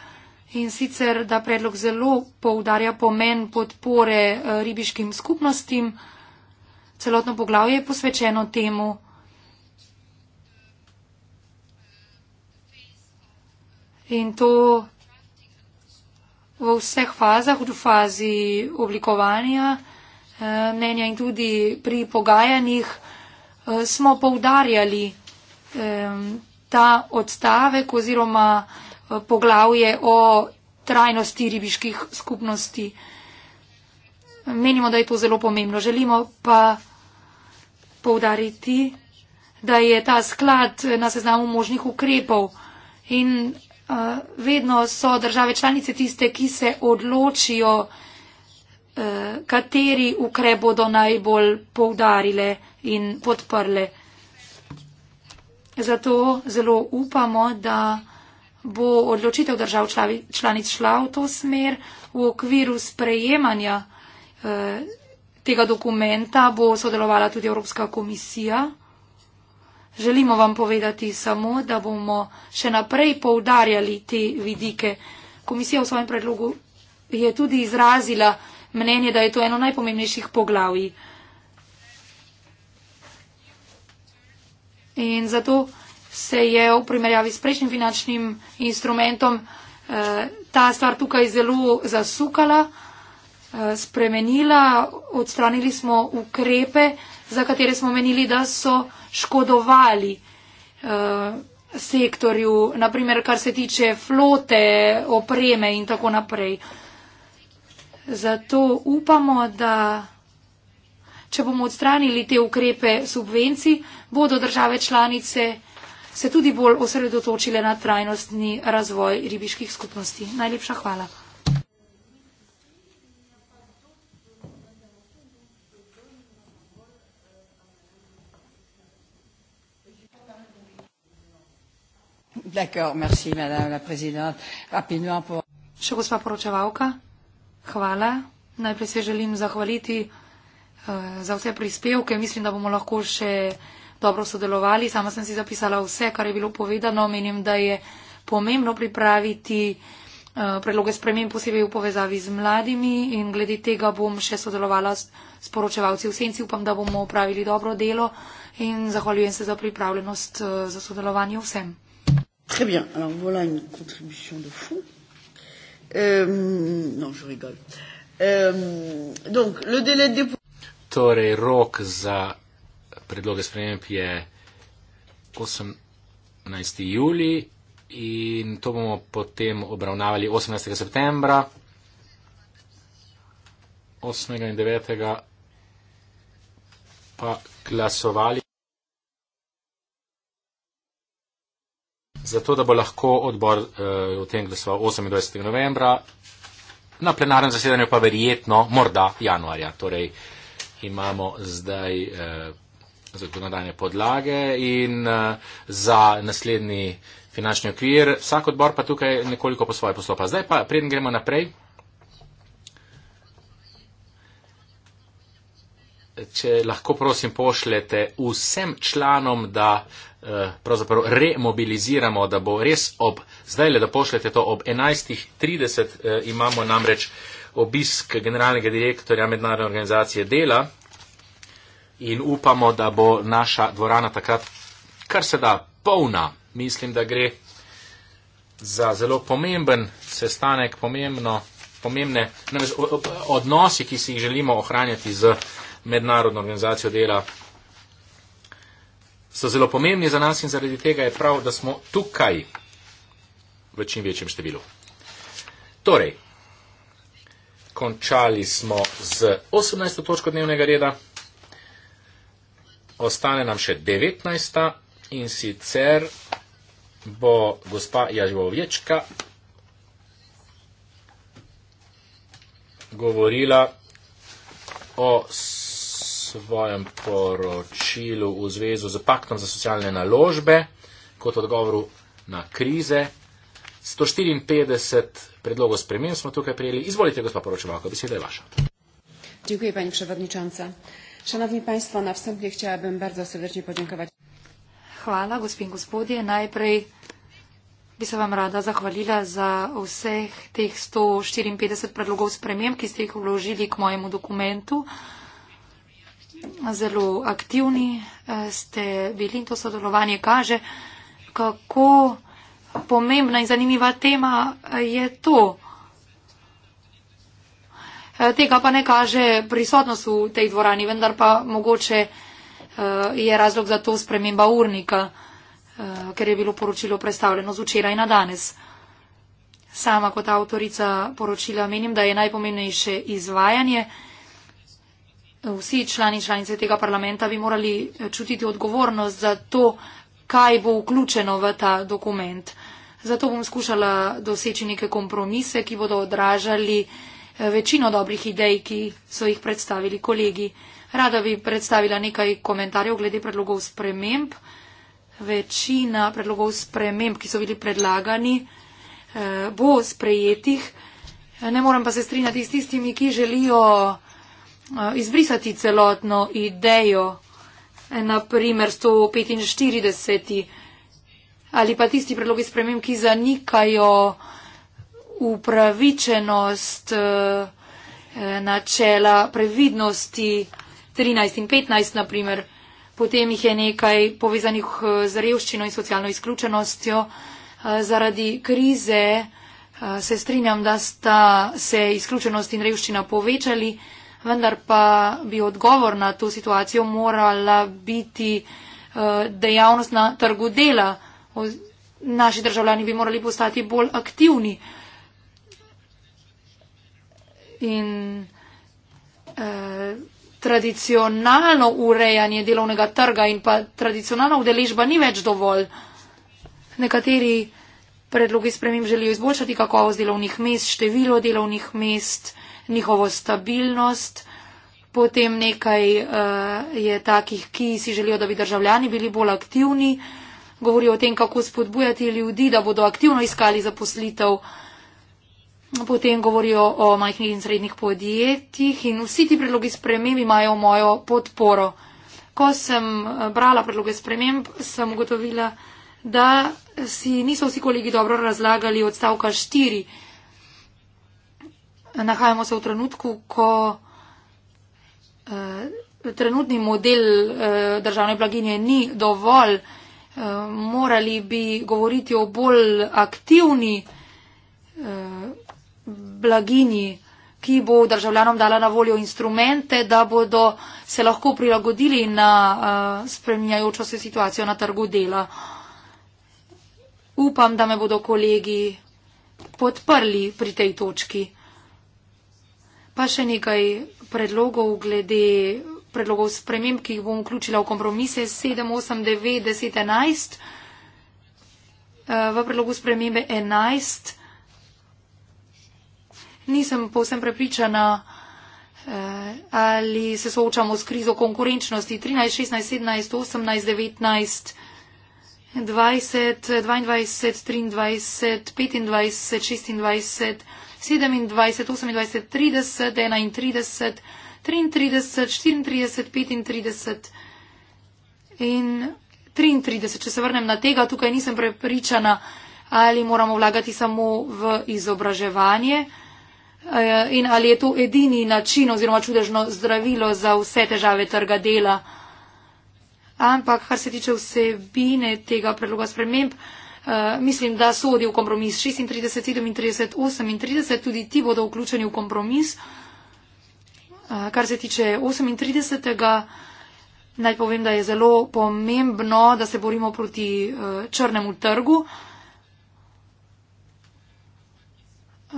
In sicer, da predlog zelo poudarja pomen podpore eh, ribiškim skupnostim. Celotno poglavje je posvečeno temu. In to v vseh fazah, v fazi oblikovanja eh, mnenja in tudi pri pogajanjih eh, smo poudarjali ta odstavek oziroma Eh, poglavje o trajnosti ribiških skupnosti. Menimo, da je to zelo pomembno. Želimo pa povdariti, da je ta sklad na seznamu možnih ukrepov in uh, vedno so države članice tiste, ki se odločijo, uh, kateri ukrep bodo najbolj povdarile in podprle. Zato zelo upamo, da bo odločitev držav člavi, članic šla v to smer. V okviru sprejemanja eh, tega dokumenta bo sodelovala tudi Evropska komisija. Želimo vam povedati samo, da bomo še naprej poudarjali te vidike. Komisija v svojem predlogu je tudi izrazila mnenje, da je to eno najpomembnejših poglavij. In zato se je v primerjavi s prejšnjim finančnim instrumentom eh, ta stvar tukaj zelo zasukala, eh, spremenila, odstranili smo ukrepe, za katere smo menili, da so škodovali eh, sektorju, naprimer, kar se tiče flote, opreme in tako naprej. Zato upamo, da če bomo odstranili te ukrepe subvencij, bodo države članice se tudi bolj osredotočile na trajnostni razvoj ribiških skupnosti. Najlepša hvala. Merci, la pour... Še gospa poročevalka, hvala. Najprej se želim zahvaliti uh, za vse prispevke. Mislim, da bomo lahko še uh, dobro sodelovali. Sama sem si zapisala vse, kar je bilo povedano. Menim, da je pomembno pripraviti eh, predloge spremem, posebej v povezavi z mladimi in glede tega bom še sodelovala s poročevalci v senci. Upam, da bomo upravili dobro delo in zahvaljujem se za pripravljenost eh, za sodelovanje vsem. Très bien, alors voilà une contribution de fond. Euh, non, je rigole. Euh, donc, le délai de dépôt. Torre Rock za predloge sprememb je 18. juli in to bomo potem obravnavali 18. septembra, 8. in 9. pa glasovali. Zato, da bo lahko odbor eh, o tem glasoval 28. novembra, na plenarnem zasedanju pa verjetno morda januarja. Torej imamo zdaj. Eh, zakonodajne podlage in eh, za naslednji finančni okvir. Vsak odbor pa tukaj nekoliko po svoje postopa. Zdaj pa preden gremo naprej. Če lahko prosim pošljete vsem članom, da eh, pravzaprav remobiliziramo, da bo res ob, zdaj le, da pošljete to ob 11.30, eh, imamo namreč obisk generalnega direktorja mednarodne organizacije dela, in upamo, da bo naša dvorana takrat kar se da polna. Mislim, da gre za zelo pomemben sestanek, pomembno, pomembne namreč, odnosi, ki si jih želimo ohranjati z mednarodno organizacijo dela, so zelo pomembni za nas in zaradi tega je prav, da smo tukaj v čim večjem številu. Torej, končali smo z 18. točko dnevnega reda ostane nam še 19. in sicer bo gospa Jažovječka govorila o svojem poročilu v zvezi z paktom za socialne naložbe kot odgovoru na krize. 154 predlogov sprememb smo tukaj prijeli. Izvolite, gospod poročevalko, beseda je vaša. Dziękuję, pani przewodnicząca. Szanowni Państwo, na wstępie chciałabym bardzo serdecznie podziękować. Hvala, gospod in gospodje. Najprej bi se vam rada zahvalila za vseh teh 154 predlogov sprememb, ki ste jih vložili k mojemu dokumentu. Zelo aktivni eh, ste bili in to sodelovanje kaže, kako pomembna in zanimiva tema eh, je to. Eh, tega pa ne kaže prisotnost v tej dvorani, vendar pa mogoče eh, je razlog za to sprememba urnika, eh, ker je bilo poročilo predstavljeno z včeraj na danes. Sama kot avtorica poročila menim, da je najpomembnejše izvajanje. Vsi člani članice tega parlamenta bi morali čutiti odgovornost za to, kaj bo vključeno v ta dokument. Zato bom skušala doseči neke kompromise, ki bodo odražali uh, Eh, večino dobrih idej, ki so jih predstavili kolegi. Rada bi predstavila nekaj komentarjev glede predlogov sprememb. Večina predlogov sprememb, ki so bili predlagani, eh, bo sprejetih. Ne moram pa se strinjati s tistimi, ki želijo eh, izbrisati celotno idejo, naprimer 145 ali pa tisti predlogi sprememb, ki zanikajo upravičenost eh, načela previdnosti 13 in 15, naprimer. Potem jih je nekaj povezanih eh, z revščino in socialno izključenostjo. Eh, zaradi krize se strinjam, da sta se izključenost in revščina povečali, vendar pa bi odgovor na to situacijo morala biti dejavnost na trgu dela. Naši državljani bi morali postati bolj aktivni in eh, tradicionalno urejanje delovnega trga in pa tradicionalna udeležba ni več dovolj. Nekateri predlogi sprememb želijo izboljšati kakovost delovnih mest, število delovnih mest, njihovo stabilnost. Potem nekaj eh, je takih, ki si želijo, da bi državljani bili bolj aktivni. Govorijo o tem, kako spodbujati ljudi, da bodo aktivno iskali zaposlitev potem govorijo o majhnih in srednjih podjetjih in vsi ti predlogi sprememb imajo mojo podporo. Ko sem eh, brala predloge sprememb, sem ugotovila, da si niso vsi kolegi dobro razlagali odstavka 4. Nahajamo se v trenutku, ko eh, trenutni model eh, državne blaginje ni dovolj. Eh, morali bi govoriti o bolj aktivni. Eh, blaginji, ki bo državljanom dala na voljo instrumente, da bodo se lahko prilagodili na eh, spremljajočo se situacijo na trgu dela. Upam, da me bodo kolegi podprli pri tej točki. Pa še nekaj predlogov glede predlogov sprememb, ki jih bom vključila v kompromise 7, 8, 9, 10, 11. V predlogu spremembe 11 nisem povsem prepričana, eh, ali se soočamo s krizo konkurenčnosti 13, 16, 17, 18, 19, 20, 22, 23, 25, 26, 27, 28, 30, 31, 33, 34, 35 in 33. Če se vrnem na tega, tukaj nisem prepričana, ali moramo vlagati samo v izobraževanje. Eh, in ali je to edini način oziroma čudežno zdravilo za vse težave trga dela? Ampak, kar se tiče vsebine tega predloga sprememb, uh, mislim, da sodi v kompromis 36, 37, 38, tudi ti bodo vključeni v kompromis. Uh, kar se tiče 38, naj povem, da je zelo pomembno, da se borimo proti uh, črnemu trgu. Uh,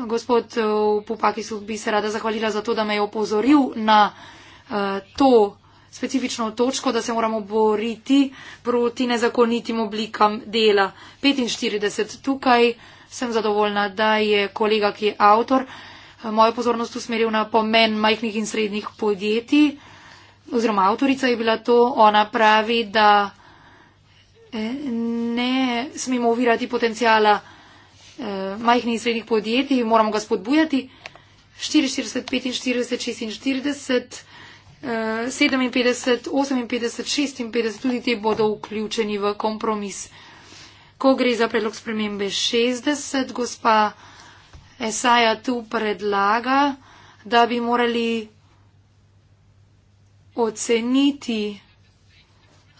Gospod eh, Pupakis, bi se rada zahvalila za to, da me je opozoril na uh, to specifično točko, da se moramo boriti proti nezakonitim oblikam dela. 45. Tukaj sem zadovoljna, da je kolega, ki je avtor, eh, mojo pozornost usmeril na pomen majhnih in srednjih podjetij, oziroma avtorica je bila to, ona pravi, da ne smemo uvirati potencijala. Eh, majhnih in srednjih podjetij, moramo ga spodbujati. 44, 45, 46, 57, 58, 56, tudi te bodo vključeni v kompromis. Ko gre za predlog spremembe 60, gospa Esaja tu predlaga, da bi morali oceniti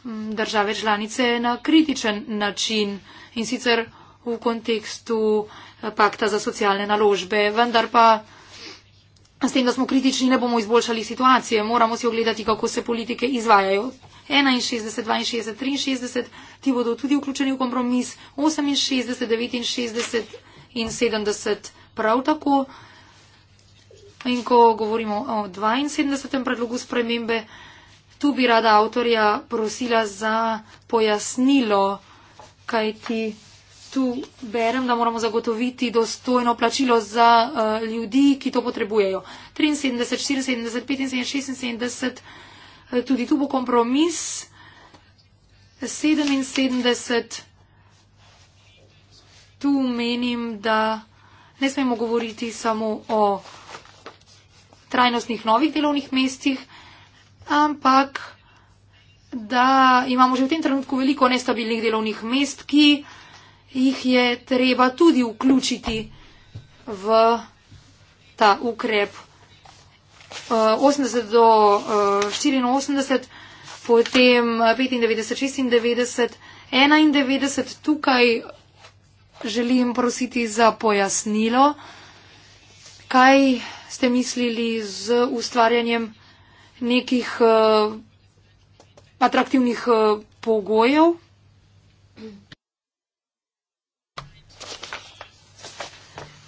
mm, države članice na kritičen način in sicer v kontekstu eh, pakta za socialne naložbe. Vendar pa s tem, da smo kritični, ne bomo izboljšali situacije. Moramo si ogledati, kako se politike izvajajo. 61, 62, 63, ti bodo tudi vključeni v kompromis. 68, 69 in 70 prav tako. In ko govorimo o 72. predlogu spremembe, tu bi rada avtorja prosila za pojasnilo, kaj ti tu berem, da moramo zagotoviti dostojno plačilo za uh, ljudi, ki to potrebujejo. 73, 74, 75, 76, uh, tudi tu bo kompromis. 77, tu menim, da ne smemo govoriti samo o trajnostnih novih delovnih mestih, ampak da imamo že v tem trenutku veliko nestabilnih delovnih mest, ki jih je treba tudi vključiti v ta ukrep. 80 eh, do 84, eh, potem 95, 96, 91. Tukaj želim prositi za pojasnilo, kaj ste mislili z ustvarjanjem nekih uh, atraktivnih uh, pogojev.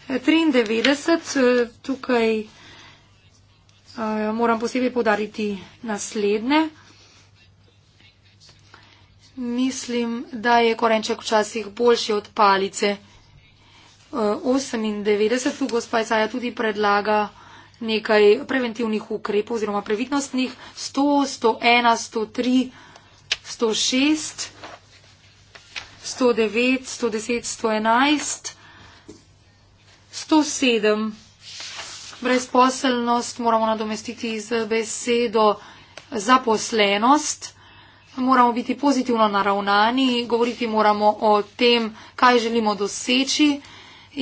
93, eh, tukaj eh, moram posebej podariti naslednje. Mislim, da je korenček včasih boljši od palice. 98, eh, tu gospa Isaja tudi predlaga nekaj preventivnih ukrepov oziroma previdnostnih. 100, 101, 103, 106, 109, 110, 111. 107. Brezposelnost moramo nadomestiti z besedo zaposlenost. Moramo biti pozitivno naravnani, govoriti moramo o tem, kaj želimo doseči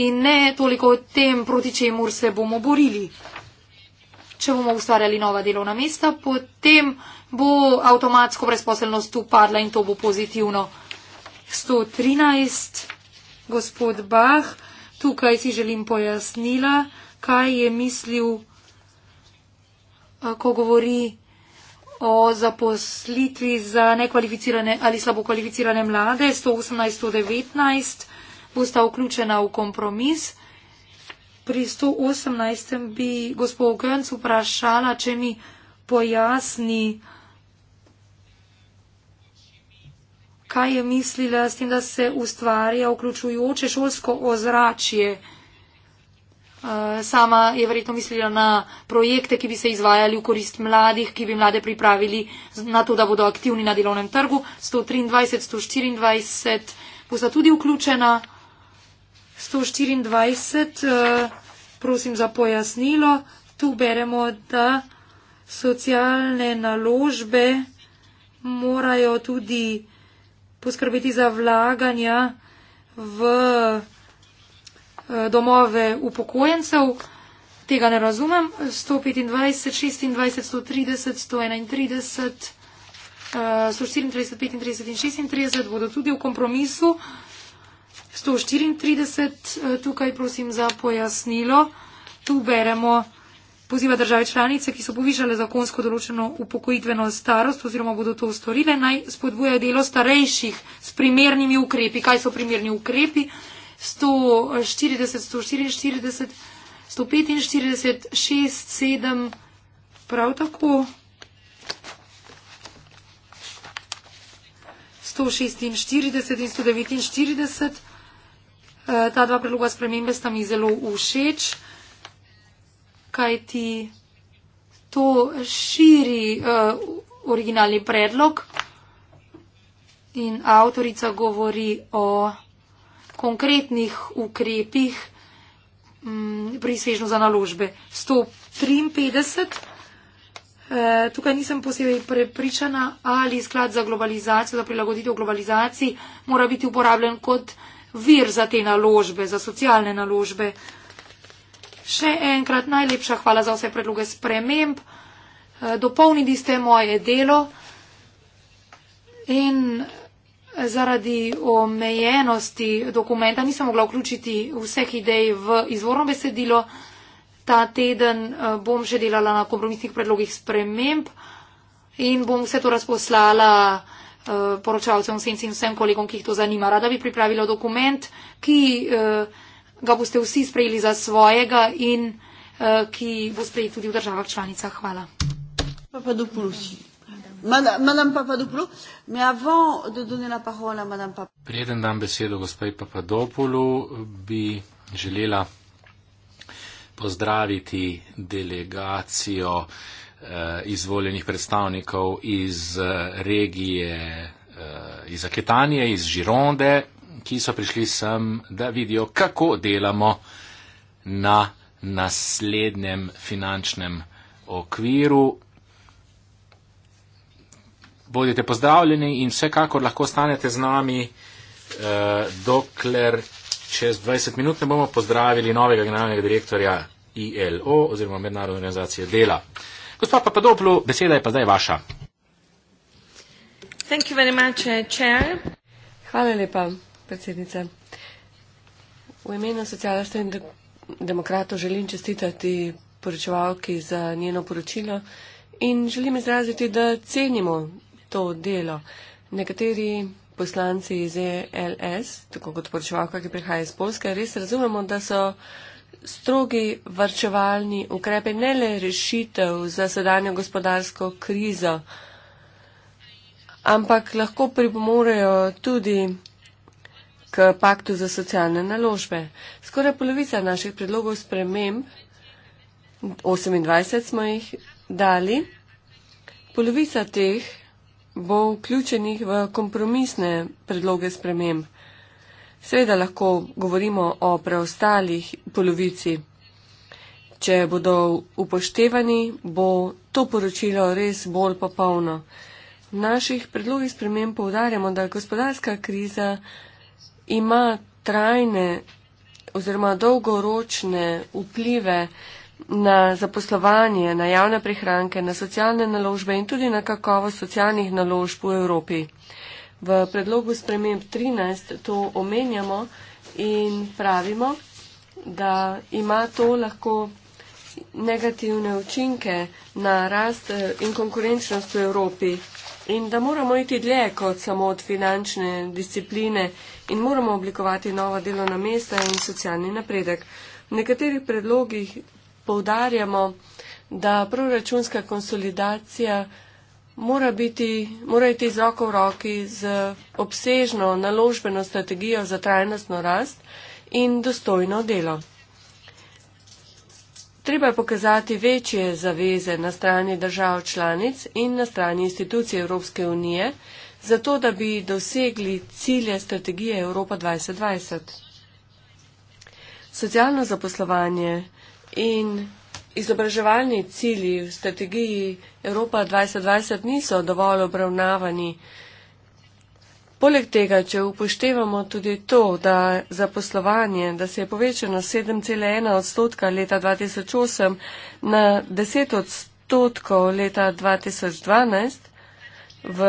in ne toliko o tem, proti čemu se bomo borili. Če bomo ustvarjali nova delovna mesta, potem bo avtomatsko brezposelnost upadla in to bo pozitivno. 113. Gospod Bach tukaj si želim pojasnila, kaj je mislil, ko govori o zaposlitvi za nekvalificirane ali slabo kvalificirane mlade. 118-119 bosta vključena v kompromis. Pri 118 bi gospod Gönc vprašala, če mi pojasni, kaj je mislila s tem, da se ustvarja vključujoče šolsko ozračje. Eh, sama je verjetno mislila na projekte, ki bi se izvajali v korist mladih, ki bi mlade pripravili na to, da bodo aktivni na delovnem trgu. 123, 124 bo sta tudi vključena. 124, eh, prosim za pojasnilo. Tu beremo, da socialne naložbe morajo tudi poskrbeti za vlaganja v eh, domove upokojencev. Tega ne razumem. 125, 26, 130, 131, 134, 35 in 36 bodo tudi v kompromisu. 134 eh, tukaj prosim za pojasnilo. Tu beremo poziva države članice, ki so povišale zakonsko določeno upokojitveno starost oziroma bodo to ustorile, naj spodbujajo delo starejših s primernimi ukrepi. Kaj so primerni ukrepi? 140, 144, 145, 6, 7, prav tako. 146 in 149. Eh, ta dva predloga spremembe sta mi zelo všeč kaj ti to širi uh, originalni predlog. In avtorica govori o konkretnih ukrepih um, pri svežnju za naložbe. 153. Eh, tukaj nisem posebej prepričana, ali sklad za globalizacijo, za prilagoditev globalizaciji mora biti uporabljen kot vir za te naložbe, za socialne naložbe. Uh, Še enkrat najlepša hvala za vse predloge sprememb. Eh, dopolnili ste moje delo in zaradi omejenosti dokumenta nisem mogla vključiti vseh idej v izvorno besedilo. Ta teden eh, bom še delala na kompromisnih predlogih sprememb in bom vse to razposlala eh, poročalcem vsem in vsem kolegom, ki jih to zanima. Rada bi pripravila dokument, ki. Uh, ga boste vsi sprejeli za svojega in uh, ki bo sprejet tudi v državah članicah. Hvala. Preden dam besedo gospodin Papadopoulou, bi želela pozdraviti delegacijo eh, izvoljenih predstavnikov iz eh, regije eh, iz Aketanije, iz Žironde, ki so prišli sem, da vidijo, kako delamo na naslednjem finančnem okviru. Bodite pozdravljeni in vsekakor lahko stanete z nami, eh, dokler čez 20 minut ne bomo pozdravili novega generalnega direktorja ILO oziroma Mednarodne organizacije dela. Gospod Papadoplu, beseda je pa zdaj vaša. Eh, Hvala lepa predsednica. V imenu socialistov in demokratov želim čestitati poročevalki za njeno poročilo in želim izraziti, da cenimo to delo. Nekateri poslanci iz ELS, tako kot poročevalka, ki prihaja iz Polske, res razumemo, da so strogi varčevalni ukrepe ne le rešitev za sedanjo gospodarsko krizo, ampak lahko pripomorejo tudi k paktu za socialne naložbe. Skoraj polovica naših predlogov sprememb, 28 smo jih dali, polovica teh bo vključenih v kompromisne predloge sprememb. Seveda lahko govorimo o preostalih polovici. Če bodo upoštevani, bo to poročilo res bolj popolno. V naših predlogih sprememb poudarjamo, da gospodarska kriza ima trajne oziroma dolgoročne vplive na zaposlovanje, na javne prihranke, na socialne naložbe in tudi na kakovost socialnih naložb v Evropi. V predlogu sprememb 13 to omenjamo in pravimo, da ima to lahko negativne učinke na rast eh, in konkurenčnost v Evropi in da moramo iti dlje kot samo od finančne discipline in moramo oblikovati nova delovna mesta in socialni napredek. V nekaterih predlogih poudarjamo, da proračunska konsolidacija mora, biti, mora iti z roko v roki z obsežno naložbeno strategijo za trajnostno rast in dostojno delo. Treba je pokazati večje zaveze na strani držav članic in na strani institucij Evropske unije, zato da bi dosegli cilje strategije Evropa 2020. Socialno zaposlovanje in izobraževalni cilji v strategiji Evropa 2020 niso dovolj obravnavani. Poleg tega, če upoštevamo tudi to, da zaposlovanje, da se je povečalo 7,1 odstotka leta 2008 na 10 odstotkov leta 2012, v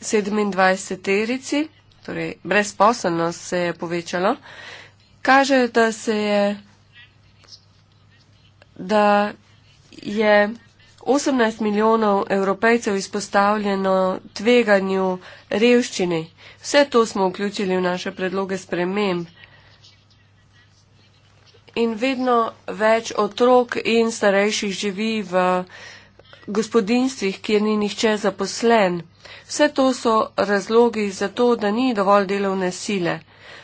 27-terici, torej brezposelnost se je povečalo, kaže, da se je, da je 18 milijonov evropejcev izpostavljeno tveganju revščini. Vse to smo vključili v naše predloge sprememb. In vedno več otrok in starejših živi v gospodinstvih, kjer ni nihče zaposlen. Vse to so razlogi za to, da ni dovolj delovne sile.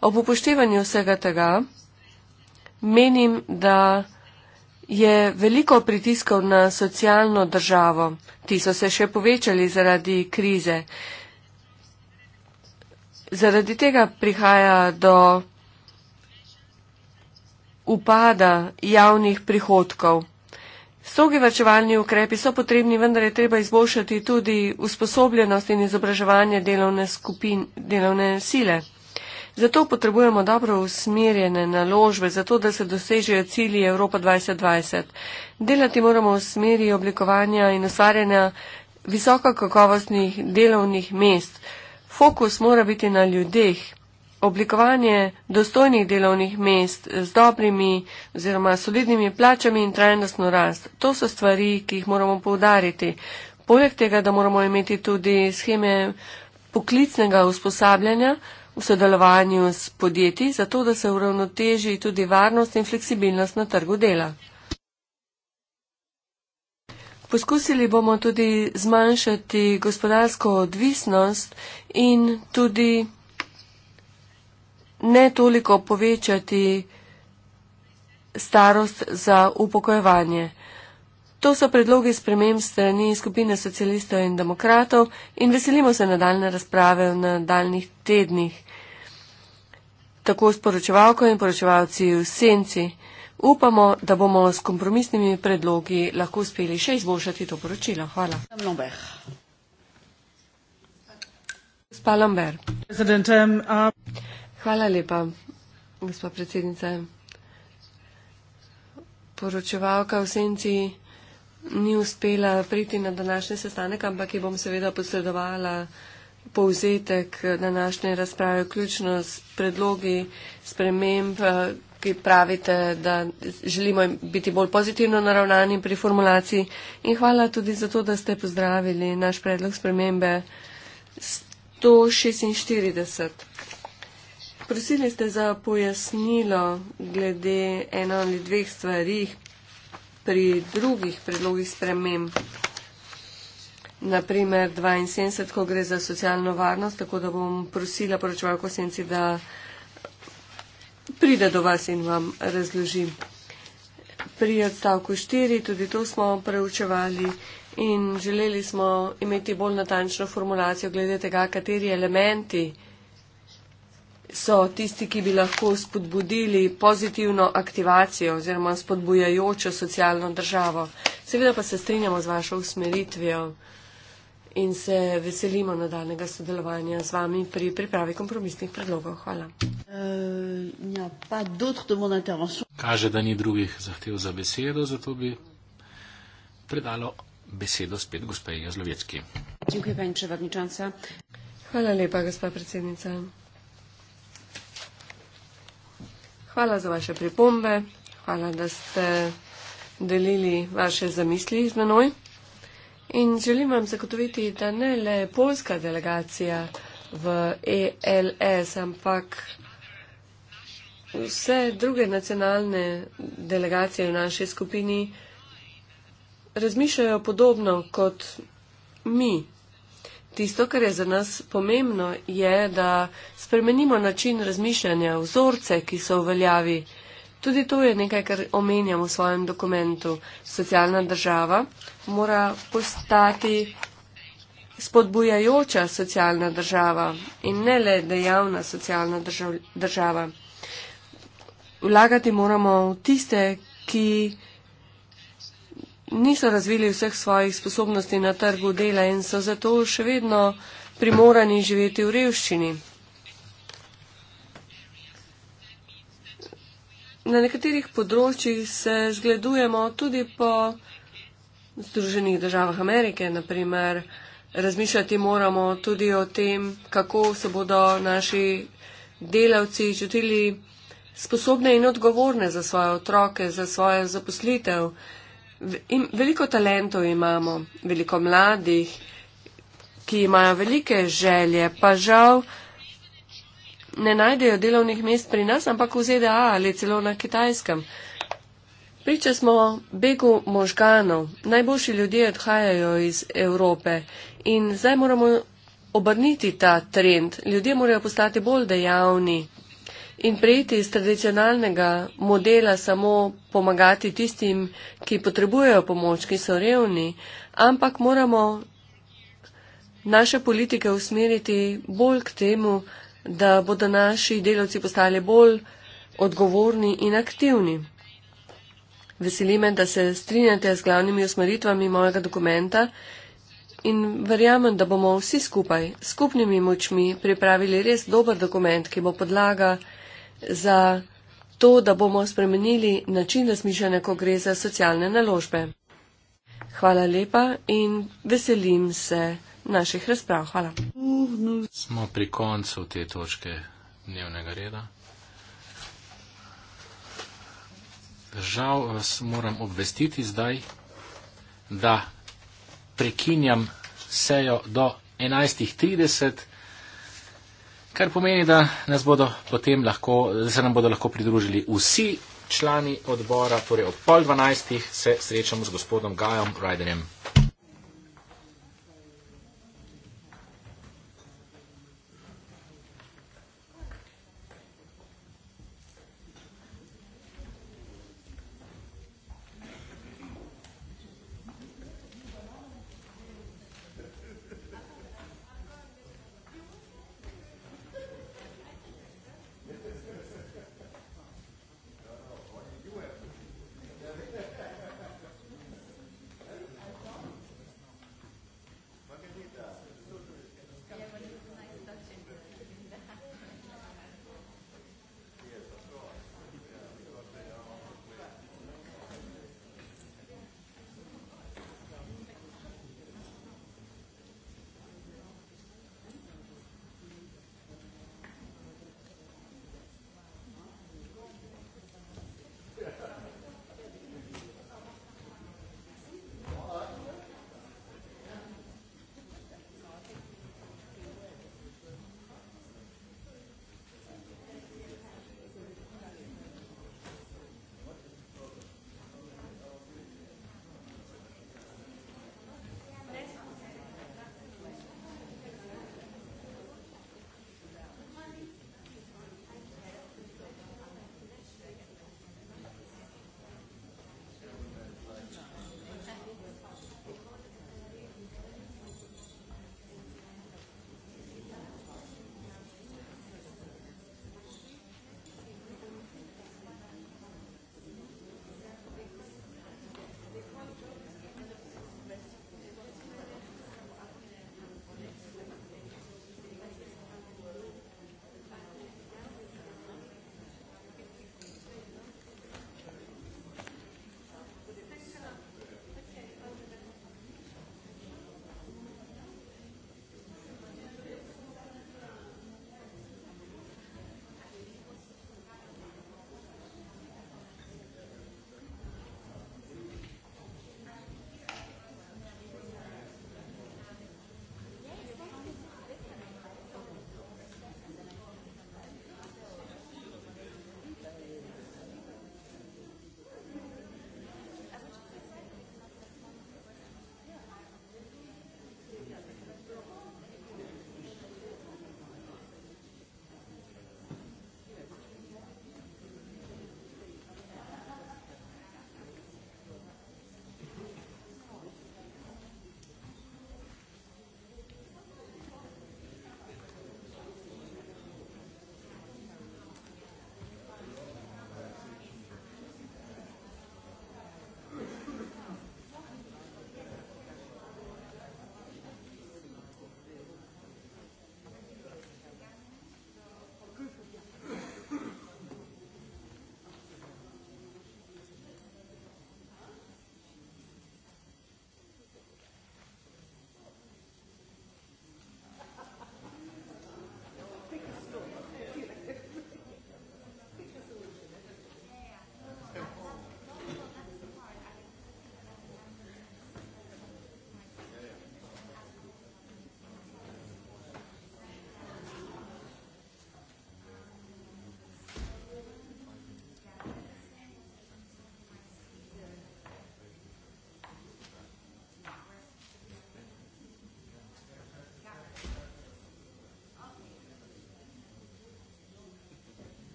Ob upoštevanju vsega tega menim, da je veliko pritiskov na socialno državo. Ti so se še povečali zaradi krize. Zaradi tega prihaja do upada javnih prihodkov. Strogi varčevalni ukrepi so potrebni, vendar je treba izboljšati tudi usposobljenost in izobraževanje delovne, skupin, delovne sile. Zato potrebujemo dobro usmerjene naložbe, zato da se dosežejo cilji Evropa 2020. Delati moramo v smeri oblikovanja in ustvarjanja visokokakovostnih delovnih mest. Fokus mora biti na ljudeh oblikovanje dostojnih delovnih mest z dobrimi oziroma solidnimi plačami in trajnostno rast. To so stvari, ki jih moramo poudariti. Poleg tega, da moramo imeti tudi scheme poklicnega usposabljanja v sodelovanju s podjetji, zato da se uravnoteži tudi varnost in fleksibilnost na trgu dela. Poskusili bomo tudi zmanjšati gospodarsko odvisnost in tudi ne toliko povečati starost za upokojevanje. To so predlogi sprememb strani skupine socialistov in demokratov in veselimo se na daljne razprave v nadaljnih tednih. Tako sporočevalko in poročevalci v senci upamo, da bomo s kompromisnimi predlogi lahko uspeli še izboljšati to poročilo. Hvala. Spalomber. Hvala lepa, gospa predsednica. Poročevalka v senci ni uspela priti na današnji sestanek, ampak ji bom seveda posredovala povzetek današnje razprave, vključno s predlogi sprememb, eh, ki pravite, da želimo biti bolj pozitivno naravnani pri formulaciji. In hvala tudi za to, da ste pozdravili naš predlog spremembe 146. Prosili ste za pojasnilo glede eno ali dveh stvari pri drugih predlogih spremem. Naprimer 72, ko gre za socialno varnost, tako da bom prosila poročevalko Senci, da pride do vas in vam razloži. Pri odstavku 4 tudi to smo preučevali in želeli smo imeti bolj natančno formulacijo glede tega, kateri elementi so tisti, ki bi lahko spodbudili pozitivno aktivacijo oziroma spodbujajočo socialno državo. Seveda pa se strinjamo z vašo usmeritvijo in se veselimo nadaljnega sodelovanja z vami pri pripravi kompromisnih predlogov. Hvala. Uh, Kaže, da ni drugih zahtev za besedo, zato bi predalo besedo spet gospe Jazlovecki. Hvala lepa, gospa predsednica. Hvala za vaše pripombe, hvala, da ste delili vaše zamisli z menoj. In želim vam zagotoviti, da ne le polska delegacija v ELS, ampak vse druge nacionalne delegacije v naši skupini razmišljajo podobno kot mi. Tisto, kar je za nas pomembno, je, da spremenimo način razmišljanja, vzorce, ki so v veljavi. Tudi to je nekaj, kar omenjam v svojem dokumentu. Socialna država mora postati spodbujajoča socialna država in ne le dejavna socialna držav, država. Vlagati moramo v tiste, ki niso razvili vseh svojih sposobnosti na trgu dela in so zato še vedno primorani živeti v revščini. Na nekaterih področjih se zgledujemo tudi po Združenih državah Amerike, naprimer razmišljati moramo tudi o tem, kako se bodo naši delavci čutili sposobne in odgovorne za svoje otroke, za svojo zaposlitev veliko talentov imamo, veliko mladih, ki imajo velike želje, pa žal ne najdejo delovnih mest pri nas, ampak v ZDA ali celo na kitajskem. Priča smo begu možganov. Najboljši ljudje odhajajo iz Evrope in zdaj moramo obrniti ta trend. Ljudje morajo postati bolj dejavni in prejiti iz tradicionalnega modela samo pomagati tistim, ki potrebujejo pomoč, ki so revni, ampak moramo naše politike usmeriti bolj k temu, da bodo naši delavci postali bolj odgovorni in aktivni. Veseli me, da se strinjate z glavnimi usmeritvami mojega dokumenta in verjamem, da bomo vsi skupaj, skupnimi močmi, pripravili res dober dokument, ki bo podlaga za to, da bomo spremenili način razmišljanja, ko gre za socialne naložbe. Hvala lepa in veselim se naših razprav. Hvala. Smo pri koncu te točke dnevnega reda. Žal vas moram obvestiti zdaj, da prekinjam sejo do 11.30 kar pomeni, da, lahko, da se nam bodo lahko pridružili vsi člani odbora, torej ob pol dvanajstih se srečamo z gospodom Gajom Ryderjem.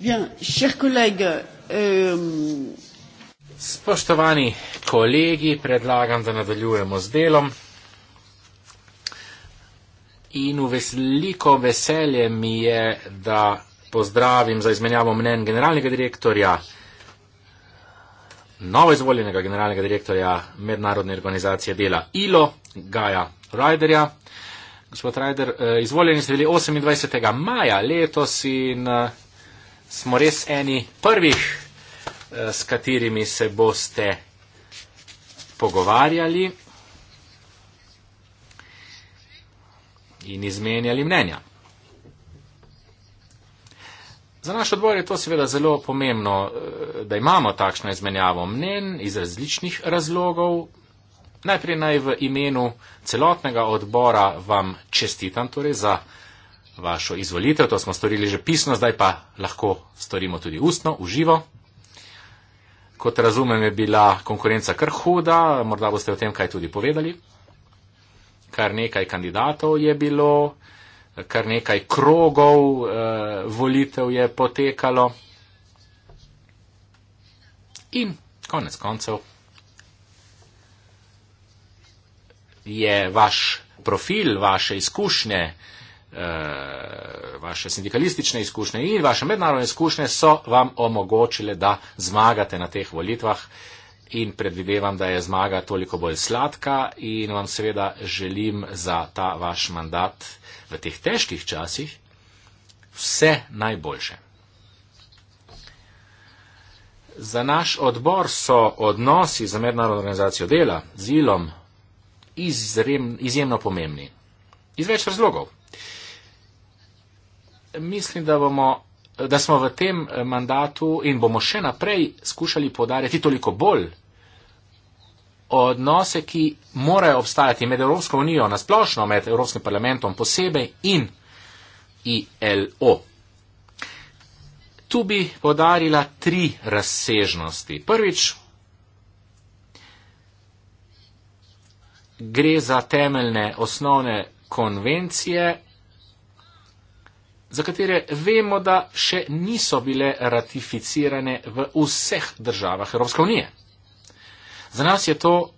Bien, collègue, euh... Spoštovani kolegi, predlagam, da nadaljujemo z delom. In v veliko veselje mi je, da pozdravim za izmenjavo mnen generalnega direktorja, novo izvoljenega generalnega direktorja mednarodne organizacije dela ILO, Gaja Ryderja. Gospod Ryder, eh, izvoljeni ste bili 28. maja letos in eh, smo res eni prvih, eh, s katerimi se boste pogovarjali in izmenjali mnenja. Za naš odbor je to seveda zelo pomembno, eh, da imamo takšno izmenjavo mnen iz različnih razlogov. Najprej naj v imenu celotnega odbora vam čestitam torej za vašo izvolitev. To smo storili že pisno, zdaj pa lahko storimo tudi ustno, uživo. Kot razumem, je bila konkurenca kar huda, morda boste o tem kaj tudi povedali. Kar nekaj kandidatov je bilo, kar nekaj krogov eh, volitev je potekalo. In konec koncev je vaš profil, vaše izkušnje eh, Eh, vaše sindikalistične izkušnje in vaše mednarodne izkušnje so vam omogočile, da zmagate na teh volitvah in predvidevam, da je zmaga toliko bolj sladka in vam seveda želim za ta vaš mandat v teh težkih časih vse najboljše. Za naš odbor so odnosi za mednarodno organizacijo dela z ILOM izjemno pomembni. Iz več razlogov mislim, da bomo. Da smo v tem eh, mandatu in bomo še naprej skušali podarjati toliko bolj odnose, ki morajo obstajati med Evropsko unijo, nasplošno med Evropskim parlamentom posebej in ILO. Tu bi podarila tri razsežnosti. Prvič, gre za temeljne osnovne konvencije za katere vemo, da še niso bile ratificirane v vseh državah Evropske unije. Za nas je to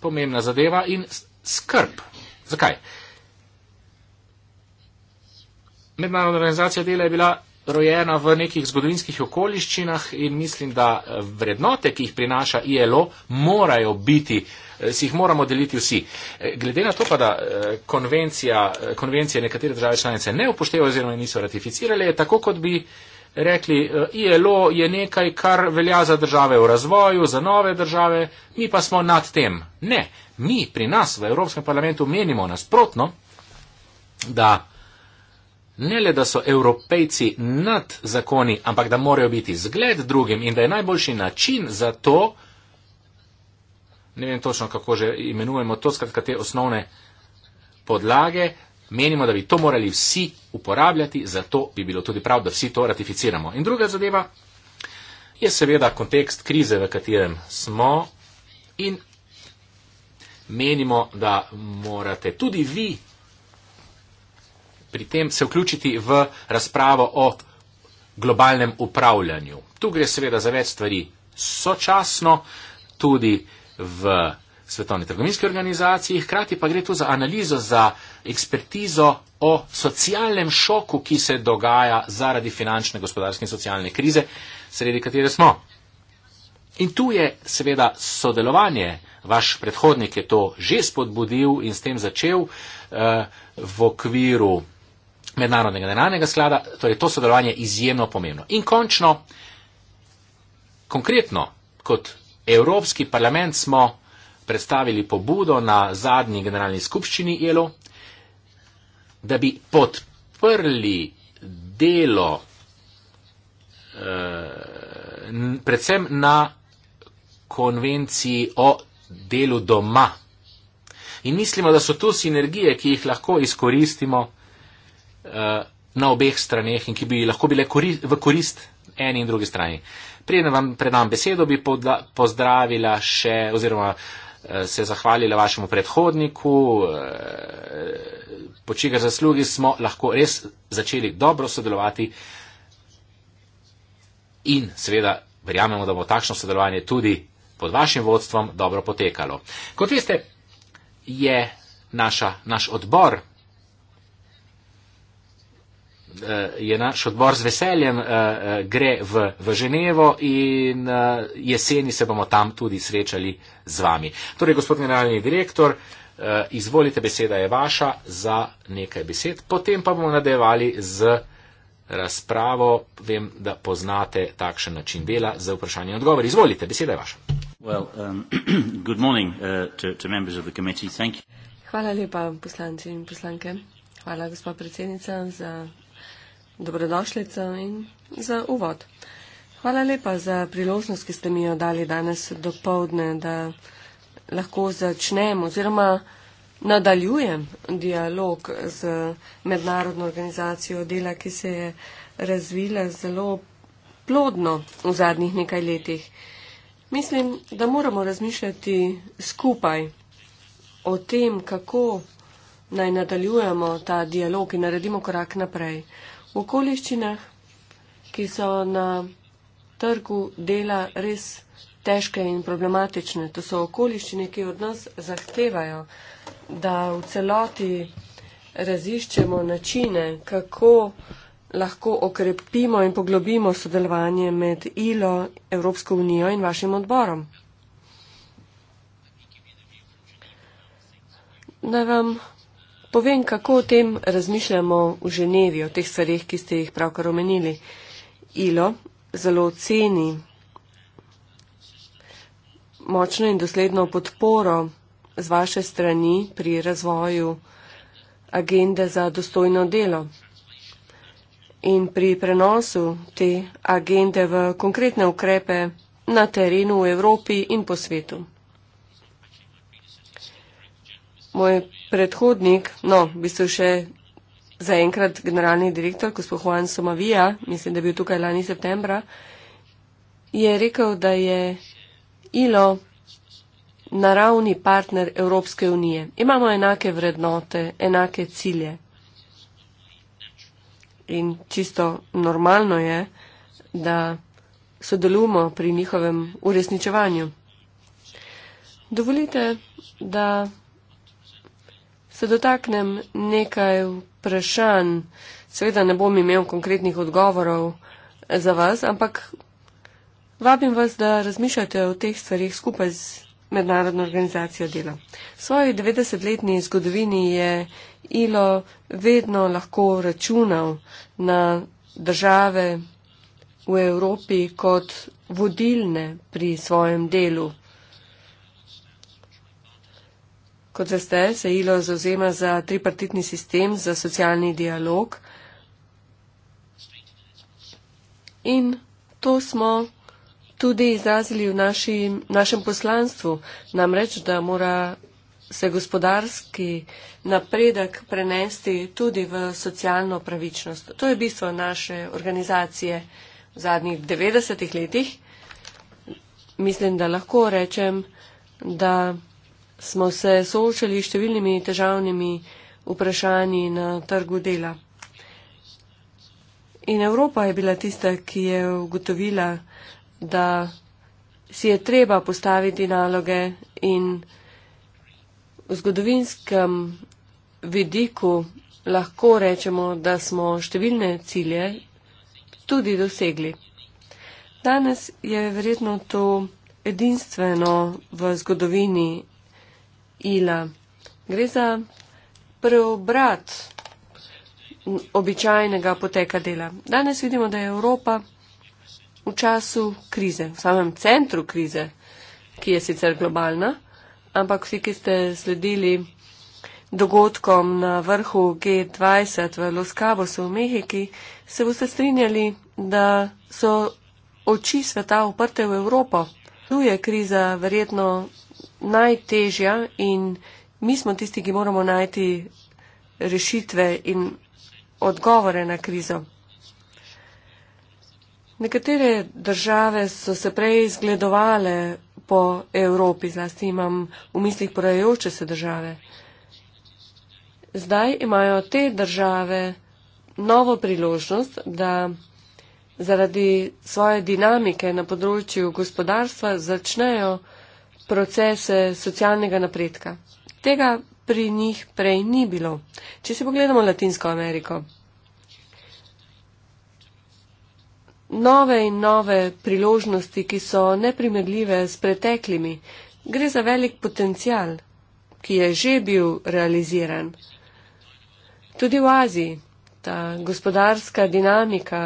pomembna zadeva in skrb. Zakaj? Mednarodna organizacija dela je bila rojena v nekih zgodovinskih okoliščinah in mislim, da vrednote, ki jih prinaša ILO, morajo biti uh, Eh, si jih moramo deliti vsi. Eh, glede na to pa, da eh, konvencija, konvencije nekatere države članice ne upoštevajo oziroma niso ratificirale, je tako, kot bi rekli, ILO je nekaj, kar velja za države v razvoju, za nove države, mi pa smo nad tem. Ne, mi pri nas v Evropskem parlamentu menimo nasprotno, da ne le, da so evropejci nad zakoni, ampak da morajo biti zgled drugim in da je najboljši način za to, da ne vem točno, kako že imenujemo to, skratka te osnovne podlage, menimo, da bi to morali vsi uporabljati, zato bi bilo tudi prav, da vsi to ratificiramo. In druga zadeva je seveda kontekst krize, v katerem smo in menimo, da morate tudi vi pri tem se vključiti v razpravo o globalnem upravljanju. Tu gre seveda za več stvari sočasno, tudi v svetovni trgovinski organizaciji, hkrati pa gre tu za analizo, za ekspertizo o socialnem šoku, ki se dogaja zaradi finančne, gospodarske in socialne krize, sredi katere smo. In tu je seveda sodelovanje, vaš predhodnik je to že spodbudil in s tem začel eh, v okviru mednarodnega denarnega sklada, torej to sodelovanje je izjemno pomembno. In končno, konkretno, kot Evropski parlament smo predstavili pobudo na zadnji generalni skupščini ILO, da bi podprli delo eh, predvsem na konvenciji o delu doma. In mislimo, da so tu sinergije, ki jih lahko izkoristimo eh, na obeh straneh in ki bi lahko bile v korist eni in drugi strani. Preden vam predam besedo, bi podla, pozdravila še oziroma eh, se zahvalila vašemu predhodniku, eh, po čigar zaslugi smo lahko res začeli dobro sodelovati in seveda verjamemo, da bo takšno sodelovanje tudi pod vašim vodstvom dobro potekalo. Kot veste, je naša, naš odbor Eh, je naš odbor z veseljem, eh, eh, gre v, v Ženevo in jeseni se bomo tam tudi srečali z vami. Torej, gospod generalni direktor, izvolite, beseda je vaša za nekaj besed, potem pa bomo nadaljevali z razpravo. Vem, da poznate takšen način dela za vprašanje in odgovor. Izvolite, beseda je vaša. Well, um, *clears throat* morning, uh, to, to Hvala lepa, poslanci in poslanke. Hvala, gospod predsednica, za dobrodošlico in za uvod. Hvala lepa za priložnost, ki ste mi jo dali danes do povdne, da lahko začnem oziroma nadaljujem dialog z mednarodno organizacijo dela, ki se je razvila zelo plodno v zadnjih nekaj letih. Mislim, da moramo razmišljati skupaj o tem, kako naj nadaljujemo ta dialog in naredimo korak naprej v okoliščinah, ki so na trgu dela res težke in problematične. To so okoliščine, ki od nas zahtevajo, da v celoti raziščemo načine, kako lahko okrepimo in poglobimo sodelovanje med ILO, Evropsko unijo in vašim odborom. Naj vam Povem, kako o tem razmišljamo v Ženevi, o teh stvarih, ki ste jih pravkar omenili. ILO zelo ceni močno in dosledno podporo z vaše strani pri razvoju agende za dostojno delo in pri prenosu te agende v konkretne ukrepe na terenu v Evropi in po svetu. Moje predhodnik, no, v bistvu še zaenkrat generalni direktor, gospod Juan Somavija, mislim, da je bil tukaj lani septembra, je rekel, da je ILO naravni partner Evropske unije. Imamo enake vrednote, enake cilje. In čisto normalno je, da sodelujemo pri njihovem uresničevanju. Dovolite, da se dotaknem nekaj vprašanj. Seveda ne bom imel konkretnih odgovorov eh, za vas, ampak vabim vas, da razmišljate o teh stvarih skupaj z mednarodno organizacijo dela. V svoji 90-letni zgodovini je ILO vedno lahko računal na države v Evropi kot vodilne pri svojem delu. Kot veste, se ILO zauzema za tripartitni sistem, za socialni dialog. In to smo tudi izrazili v naši, našem poslanstvu, namreč, da mora se gospodarski napredek prenesti tudi v socialno pravičnost. To je bistvo naše organizacije v zadnjih 90 letih. Mislim, da lahko rečem, da smo se soočali številnimi težavnimi vprašanji na trgu dela. In Evropa je bila tista, ki je ugotovila, da si je treba postaviti naloge in v zgodovinskem vidiku lahko rečemo, da smo številne cilje tudi dosegli. Danes je verjetno to edinstveno v zgodovini ila. Gre za preobrat običajnega poteka dela. Danes vidimo, da je Evropa v času krize, v samem centru krize, ki je sicer globalna, ampak vsi, ki ste sledili dogodkom na vrhu G20 v Los Cabosu v Mehiki, se boste strinjali, da so oči sveta uprte v Evropo. Tu je kriza verjetno najtežja in mi smo tisti, ki moramo najti rešitve in odgovore na krizo. Nekatere države so se prej zgledovale po Evropi, zlasti imam v mislih porajajoče se države. Zdaj imajo te države novo priložnost, da zaradi svoje dinamike na področju gospodarstva začnejo procese socialnega napredka. Tega pri njih prej ni bilo. Če si pogledamo Latinsko Ameriko, nove in nove priložnosti, ki so neprimerljive s preteklimi, gre za velik potencial, ki je že bil realiziran. Tudi v Aziji ta gospodarska dinamika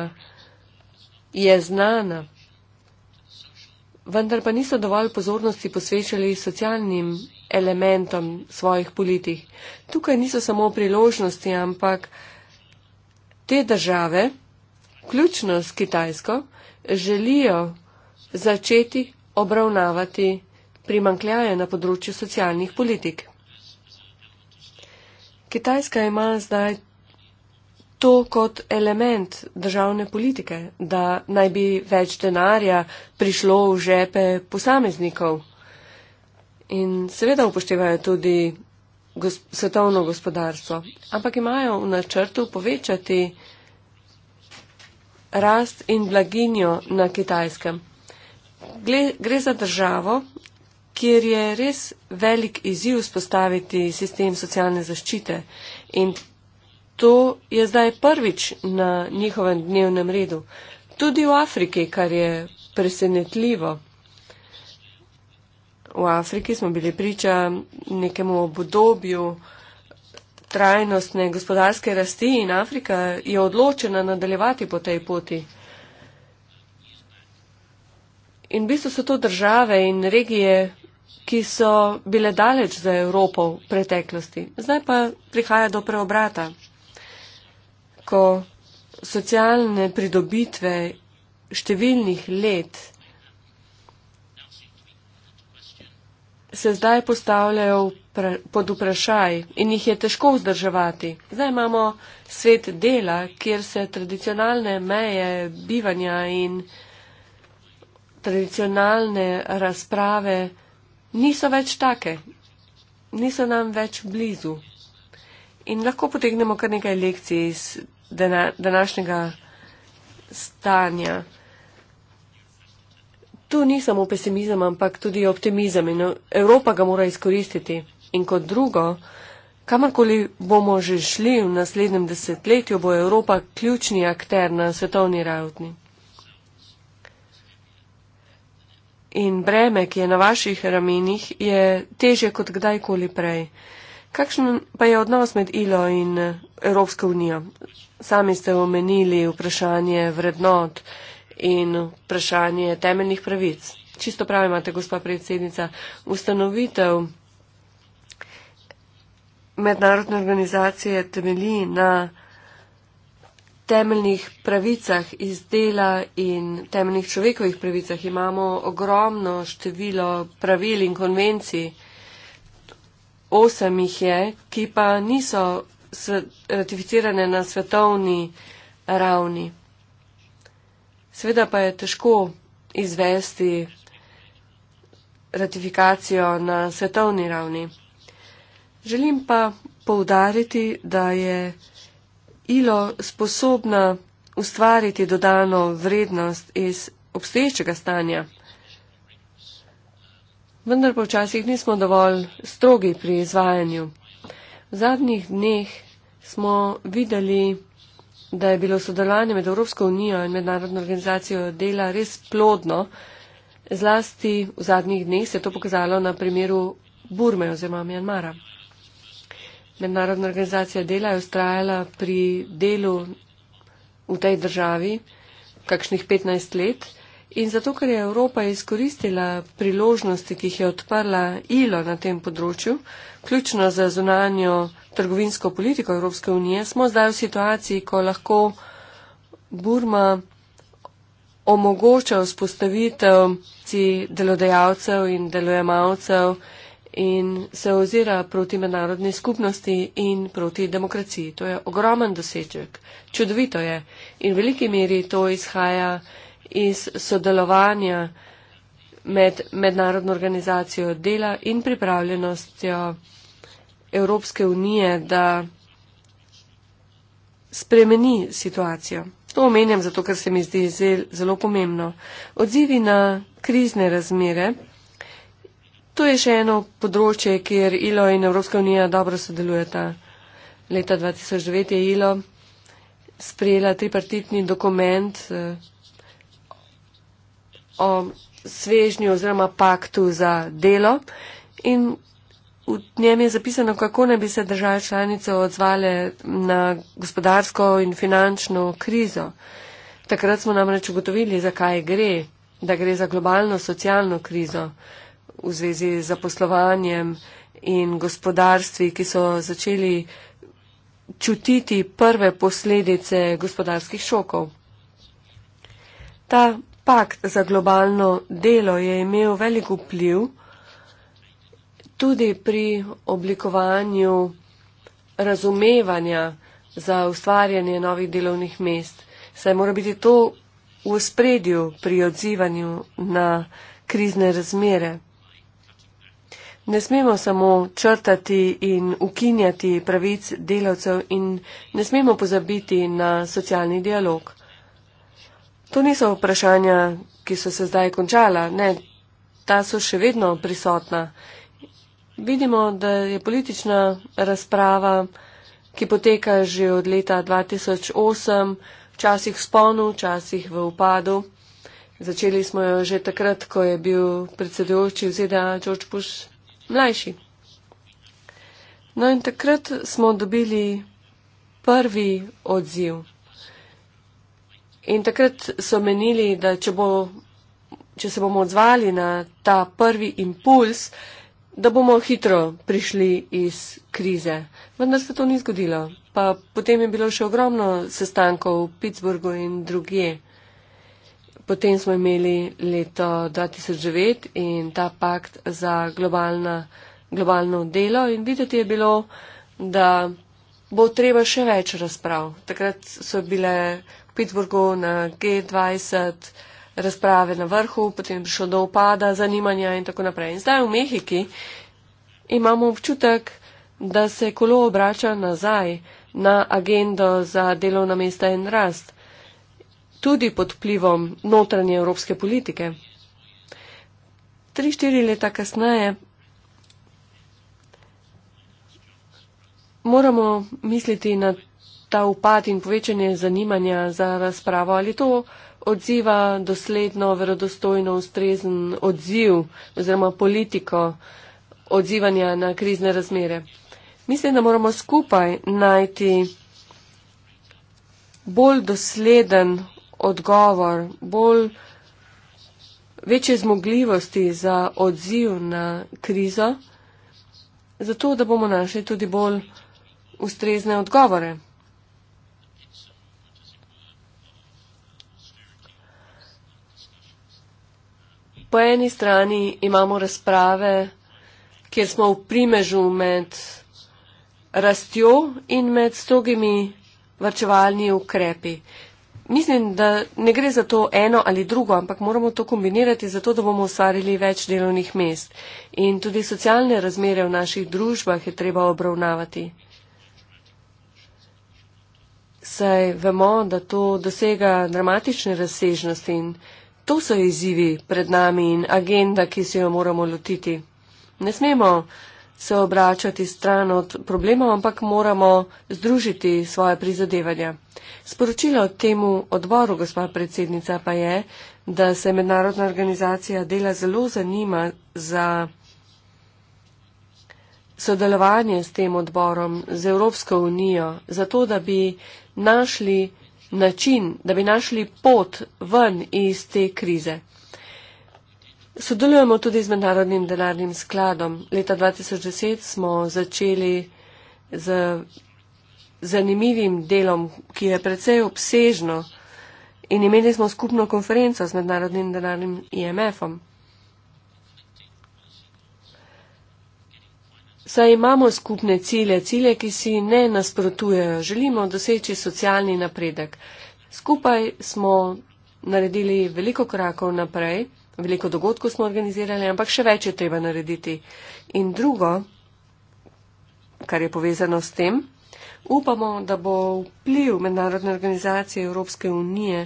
je znana, vendar pa niso dovolj pozornosti posvečali socialnim elementom svojih politik. Tukaj niso samo priložnosti, ampak te države, vključno s Kitajsko, želijo začeti obravnavati primankljaje na področju socialnih politik. Kitajska ima zdaj to kot element državne politike, da naj bi več denarja prišlo v žepe posameznikov. In seveda upoštevajo tudi gos svetovno gospodarstvo, ampak imajo v načrtu povečati rast in blaginjo na kitajskem. Gle gre za državo, kjer je res velik izziv spostaviti sistem socialne zaščite in To je zdaj prvič na njihovem dnevnem redu. Tudi v Afriki, kar je presenetljivo. V Afriki smo bili priča nekemu obdobju trajnostne gospodarske rasti in Afrika je odločena nadaljevati po tej poti. In v bistvu so to države in regije, ki so bile daleč za Evropo v preteklosti. Zdaj pa prihaja do preobrata ko socialne pridobitve številnih let se zdaj postavljajo pod vprašaj in jih je težko vzdrževati. Zdaj imamo svet dela, kjer se tradicionalne meje bivanja in tradicionalne razprave niso več take, niso nam več blizu in lahko potegnemo kar nekaj lekcij iz dana, današnjega stanja. Tu ni samo pesimizem, ampak tudi optimizem in Evropa ga mora izkoristiti. In kot drugo, kamorkoli bomo že šli v naslednjem desetletju, bo Evropa ključni akter na svetovni ravni. In breme, ki je na vaših ramenih, je težje kot kdajkoli prej. Kakšen pa je odnos med ILO in eh, Evropsko unijo? Sami ste omenili vprašanje vrednot in vprašanje temeljnih pravic. Čisto prav imate, gospa predsednica, ustanovitev mednarodne organizacije temelji na temeljnih pravicah iz dela in temeljnih človekovih pravicah. Imamo ogromno število pravil in konvencij osem jih je, ki pa niso ratificirane na svetovni ravni. Sveda pa je težko izvesti ratifikacijo na svetovni ravni. Želim pa poudariti, da je ILO sposobna ustvariti dodano vrednost iz obstoječega stanja vendar pa včasih nismo dovolj strogi pri izvajanju. V zadnjih dneh smo videli, da je bilo sodelovanje med Evropsko unijo in mednarodno organizacijo dela res plodno. Zlasti v zadnjih dneh se je to pokazalo na primeru Burme oziroma Mjanmara. Mednarodna organizacija dela je ustrajala pri delu v tej državi kakšnih 15 let. In zato, ker je Evropa izkoristila priložnosti, ki jih je odprla ILO na tem področju, ključno za zunanjo trgovinsko politiko Evropske unije, smo zdaj v situaciji, ko lahko Burma omogoča vzpostavitev delodajalcev in delojemalcev in se ozira proti mednarodni skupnosti in proti demokraciji. To je ogromen dosežek. Čudovito je. In v veliki meri to izhaja iz sodelovanja med mednarodno organizacijo dela in pripravljenostjo Evropske unije, da spremeni situacijo. To omenjam zato, ker se mi zdi zelo pomembno. Odzivi na krizne razmere. To je še eno področje, kjer ILO in Evropska unija dobro sodelujeta. Leta 2009 je ILO sprejela tripartitni dokument eh, o svežnju oziroma paktu za delo in v njem je zapisano, kako ne bi se države članice odzvale na gospodarsko in finančno krizo. Takrat smo namreč ugotovili, zakaj gre, da gre za globalno socialno krizo v zvezi z zaposlovanjem in gospodarstvi, ki so začeli čutiti prve posledice gospodarskih šokov. Ta Pakt za globalno delo je imel velik vpliv tudi pri oblikovanju razumevanja za ustvarjanje novih delovnih mest. Saj mora biti to v spredju pri odzivanju na krizne razmere. Ne smemo samo črtati in ukinjati pravic delavcev in ne smemo pozabiti na socialni dialog. To niso vprašanja, ki so se zdaj končala, ne, ta so še vedno prisotna. Vidimo, da je politična razprava, ki poteka že od leta 2008, včasih v sponu, včasih v upadu. Začeli smo jo že takrat, ko je bil predsedujoči v ZDA George Bush mlajši. No in takrat smo dobili prvi odziv. In takrat so menili, da če, bo, če se bomo odzvali na ta prvi impuls, da bomo hitro prišli iz krize. Vendar se to ni zgodilo. Pa potem je bilo še ogromno sestankov v Pittsburghu in druge. Potem smo imeli leto 2009 in ta pakt za globalna, globalno delo in videti je bilo, da bo treba še več razprav. Takrat so bile Pittsburghu na G20 razprave na vrhu, potem je prišlo do upada zanimanja in tako naprej. In zdaj v Mehiki imamo občutek, da se kolo obrača nazaj na agendo za delovna mesta in rast, tudi pod plivom notranje evropske politike. Tri, štiri leta kasneje moramo misliti na ta upad in povečanje zanimanja za razpravo, ali to odziva dosledno, verodostojno, ustrezen odziv oziroma politiko odzivanja na krizne razmere. Mislim, da moramo skupaj najti bolj dosleden odgovor, bolj večje zmogljivosti za odziv na krizo, zato da bomo našli tudi bolj ustrezne odgovore. po eni strani imamo razprave, kjer smo v primežu med rastjo in med strogimi varčevalni ukrepi. Mislim, da ne gre za to eno ali drugo, ampak moramo to kombinirati zato, da bomo ustvarili več delovnih mest. In tudi socialne razmere v naših družbah je treba obravnavati. Saj vemo, da to dosega dramatične razsežnosti in To so izzivi pred nami in agenda, ki se jo moramo lotiti. Ne smemo se obračati stran od problemov, ampak moramo združiti svoje prizadevanja. Sporočilo temu odboru, gospa predsednica, pa je, da se mednarodna organizacija dela zelo zanima za sodelovanje s tem odborom, z Evropsko unijo, zato da bi našli način, da bi našli pot ven iz te krize. Sodelujemo tudi z Mednarodnim denarnim skladom. Leta 2010 smo začeli z zanimivim delom, ki je precej obsežno in imeli smo skupno konferenco z Mednarodnim denarnim IMF-om. Saj imamo skupne cilje, cilje, ki si ne nasprotujejo. Želimo doseči socialni napredek. Skupaj smo naredili veliko korakov naprej, veliko dogodkov smo organizirali, ampak še več je treba narediti. In drugo, kar je povezano s tem, upamo, da bo vpliv mednarodne organizacije Evropske unije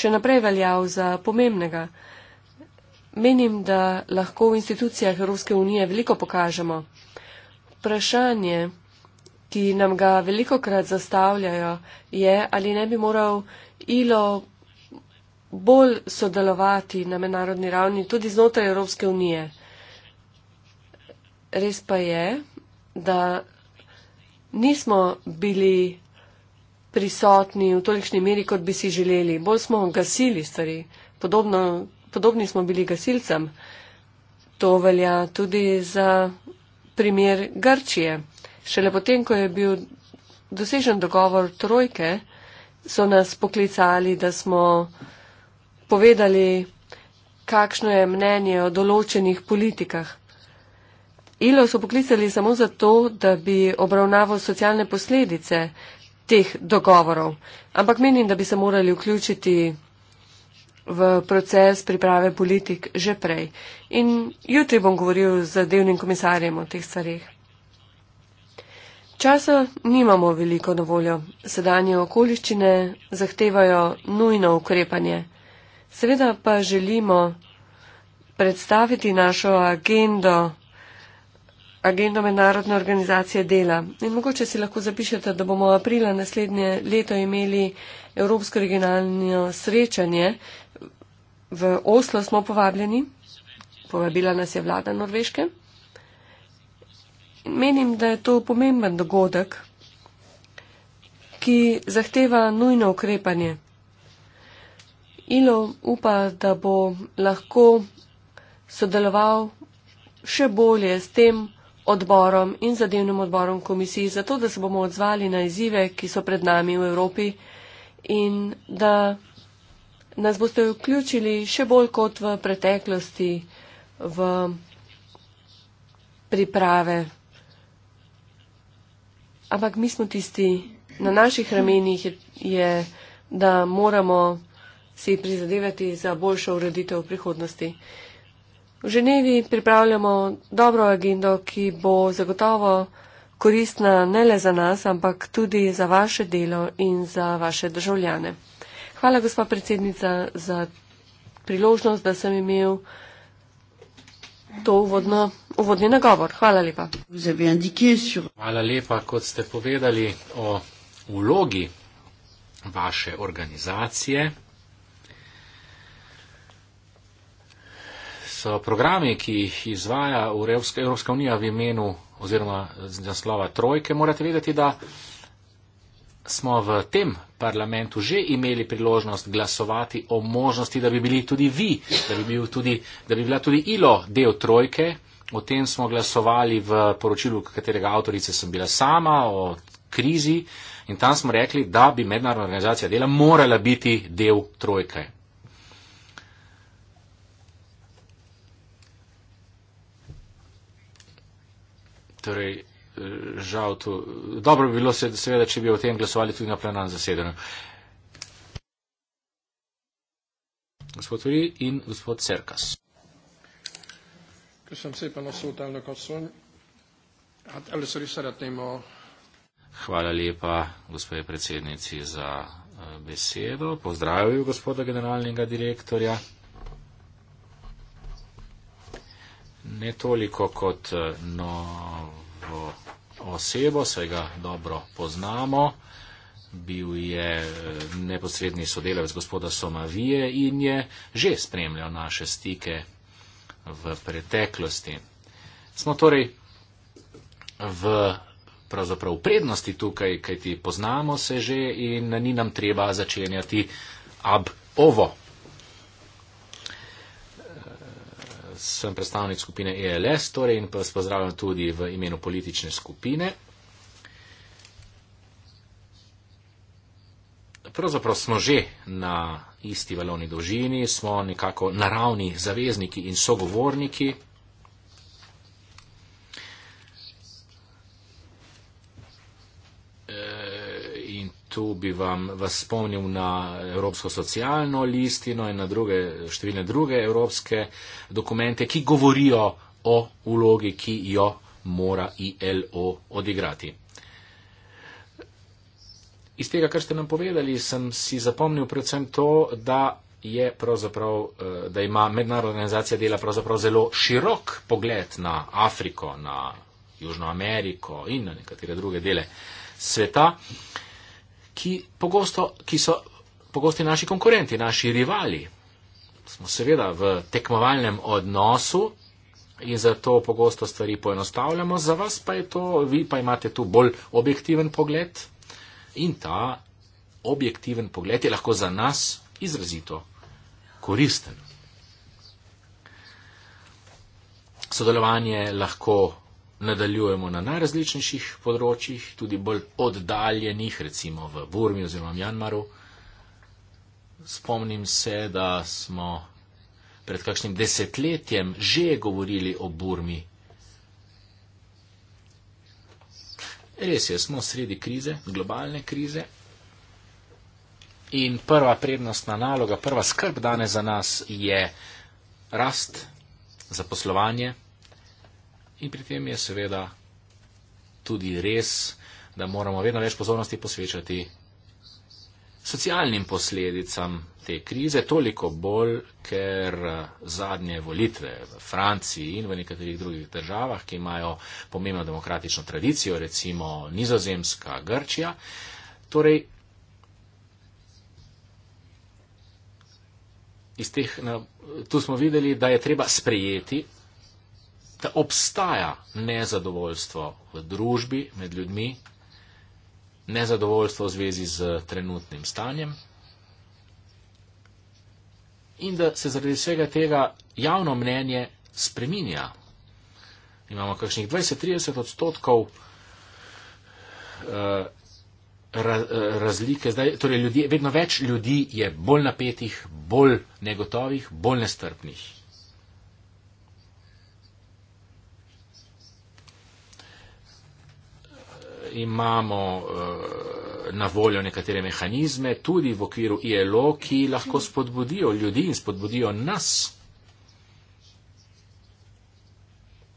še naprej veljal za pomembnega. Menim, da lahko v institucijah Evropske unije veliko pokažemo vprašanje, ki nam ga veliko krat zastavljajo, je, ali ne bi moral ILO bolj sodelovati na mednarodni ravni, tudi znotraj Evropske unije. Res pa je, da nismo bili prisotni v tolikšni meri, kot bi si želeli. Bolj smo gasili stvari. Podobno, podobni smo bili gasilcem. To velja tudi za primer Grčije. Šele potem, ko je bil dosežen dogovor trojke, so nas poklicali, da smo povedali, kakšno je mnenje o določenih politikah. Ilo so poklicali samo zato, da bi obravnaval socialne posledice teh dogovorov. Ampak menim, da bi se morali vključiti v proces priprave politik že prej. In jutri bom govoril z delnim komisarjem o teh stvarih. Časa nimamo veliko na voljo. Sedanje okoliščine zahtevajo nujno ukrepanje. Seveda pa želimo predstaviti našo agendo, agendo mednarodne organizacije dela. In mogoče si lahko zapišete, da bomo aprila naslednje leto imeli Evropsko regionalno srečanje, V Oslo smo povabljeni, povabila nas je vlada Norveške. In menim, da je to pomemben dogodek, ki zahteva nujno ukrepanje. Ilo upa, da bo lahko sodeloval še bolje s tem odborom in zadevnim odborom komisiji, zato da se bomo odzvali na izzive, ki so pred nami v Evropi in da nas boste vključili še bolj kot v preteklosti v priprave. Ampak mi smo tisti, na naših ramenih je, da moramo si prizadevati za boljšo ureditev v prihodnosti. V Ženevi pripravljamo dobro agendo, ki bo zagotovo koristna ne le za nas, ampak tudi za vaše delo in za vaše državljane. Hvala, gospa predsednica, za priložnost, da sem imel to uvodno, uvodni nagovor. Hvala lepa. Hvala lepa, kot ste povedali o vlogi vaše organizacije. So programi, ki jih izvaja Evropska, Evropska unija v imenu oziroma z naslova trojke, morate vedeti, da smo v tem parlamentu že imeli priložnost glasovati o možnosti, da bi bili tudi vi, da bi, bil tudi, da bi bila tudi ILO del trojke. O tem smo glasovali v poročilu, katerega avtorice sem bila sama, o krizi in tam smo rekli, da bi mednarodna organizacija dela morala biti del trojke. Torej, žal to. Dobro bi bilo se, seveda, če bi o tem glasovali tudi na plenarnem zasedanju. Gospod Uri in gospod Cerkas. Ker sem se pa nosil tam na kosonj, ali se res rad nemo. Hvala lepa, gospod predsednici, za eh, besedo. Pozdravljam gospoda generalnega direktorja. Ne toliko kot eh, novo osebo, saj ga dobro poznamo. Bil je eh, neposredni sodelavec gospoda Somavije in je že spremljal naše stike v preteklosti. Smo torej v pravzaprav prednosti tukaj, kajti poznamo se že in ni nam treba začenjati ab ovo. sem predstavnik skupine ELS, torej in pa vas pozdravljam tudi v imenu politične skupine. Pravzaprav smo že na isti valovni dolžini, smo nekako naravni zavezniki in sogovorniki. tu bi vam vas spomnil na Evropsko socialno listino in na druge, številne druge evropske dokumente, ki govorijo o ulogi, ki jo mora ILO odigrati. Iz tega, kar ste nam povedali, sem si zapomnil predvsem to, da, eh, da ima mednarodna organizacija dela zelo širok pogled na Afriko, na Južno Ameriko in na nekatere druge dele sveta. Uh, ki, pogosto, ki so pogosti naši konkurenti, naši rivali. Smo seveda v tekmovalnem odnosu in zato pogosto stvari poenostavljamo, za vas pa je to, vi pa imate tu bolj objektiven pogled in ta objektiven pogled je lahko za nas izrazito koristen. Sodelovanje lahko nadaljujemo na najrazličnejših področjih, tudi bolj oddaljenih, recimo v Burmi oziroma Mjanmaru. Spomnim se, da smo pred kakšnim desetletjem že govorili o Burmi. Res je, smo sredi krize, globalne krize. In prva prednostna naloga, prva skrb danes za nas je rast, zaposlovanje, In pri tem je seveda tudi res, da moramo vedno več pozornosti posvečati socialnim posledicam te krize, toliko bolj, ker eh, zadnje volitve v Franciji in v nekaterih drugih državah, ki imajo pomembno demokratično tradicijo, recimo Nizozemska, Grčija, torej iz teh, tu smo videli, da je treba sprejeti da obstaja nezadovoljstvo v družbi, med ljudmi, nezadovoljstvo v zvezi z trenutnim stanjem in da se zaradi vsega tega javno mnenje spreminja. Imamo kakšnih 20-30 odstotkov eh, eh, razlike. Zdaj, torej ljudje, vedno več ljudi je bolj napetih, bolj negotovih, bolj nestrpnih. imamo eh, na voljo nekatere mehanizme, tudi v okviru ILO, ki lahko spodbudijo ljudi in spodbudijo nas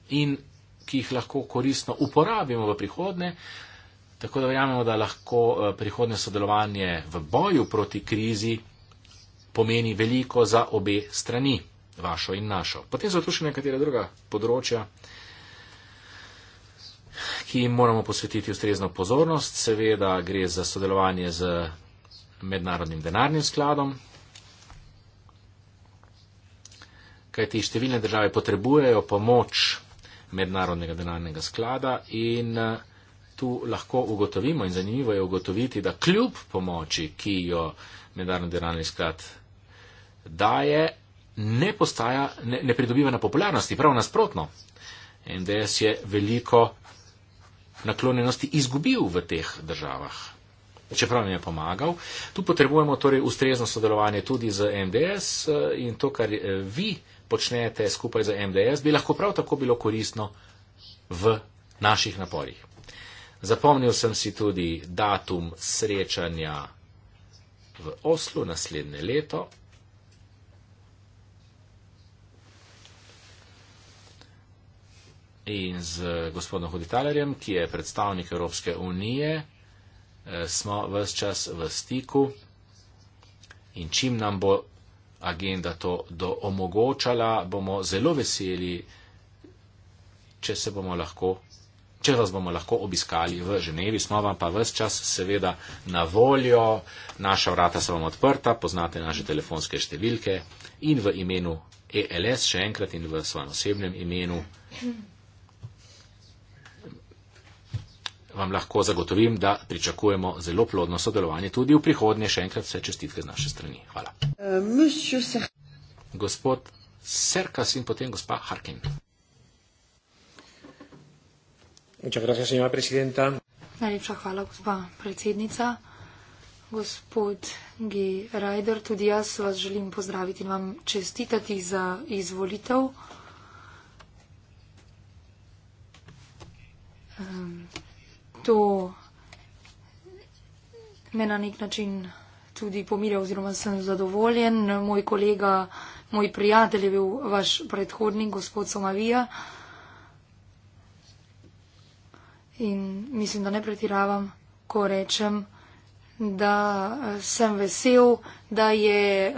in ki jih lahko koristno uporabimo v prihodne. Tako da verjamemo, da lahko eh, prihodne sodelovanje v boju proti krizi pomeni veliko za obe strani, vašo in našo. Potem so tu še nekatera druga področja ki jim moramo posvetiti ustrezno pozornost. Seveda gre za sodelovanje z mednarodnim denarnim skladom, kajti številne države potrebujejo pomoč mednarodnega denarnega sklada in eh, tu lahko ugotovimo in zanimivo je ugotoviti, da kljub pomoči, ki jo mednarodni denarni sklad daje, ne, postaja, ne, ne pridobiva na popularnosti, prav nasprotno. MDS je veliko naklonjenosti izgubil v teh državah. Čeprav jim je pomagal. Tu potrebujemo torej ustrezno sodelovanje tudi z MDS eh, in to, kar eh, vi počnete skupaj z MDS, bi lahko prav tako bilo koristno v naših naporih. Zapomnil sem si tudi datum srečanja v Oslu naslednje leto, in z gospodom Huditalerjem, ki je predstavnik Evropske unije, eh, smo vse čas v stiku in čim nam bo agenda to omogočala, bomo zelo veseli, če se bomo lahko. Če vas bomo lahko obiskali v Ženevi, smo vam pa vse čas seveda na voljo, naša vrata so vam odprta, poznate naše telefonske številke in v imenu ELS še enkrat in v svojem osebnem imenu vam lahko zagotovim, da pričakujemo zelo plodno sodelovanje tudi v prihodnje. Še enkrat vse čestitke z naše strani. Hvala. Gospod Serkas in potem gospa Harkin. Najlepša hvala, gospa predsednica. Gospod G. Rajder, tudi jaz vas želim pozdraviti in vam čestitati za izvolitev. Um, to me na nek način tudi pomirja oziroma sem zadovoljen. Moj kolega, moj prijatelj je bil vaš predhodnik, gospod Somavija. In mislim, da ne pretiravam, ko rečem, da eh, sem vesel, da je eh,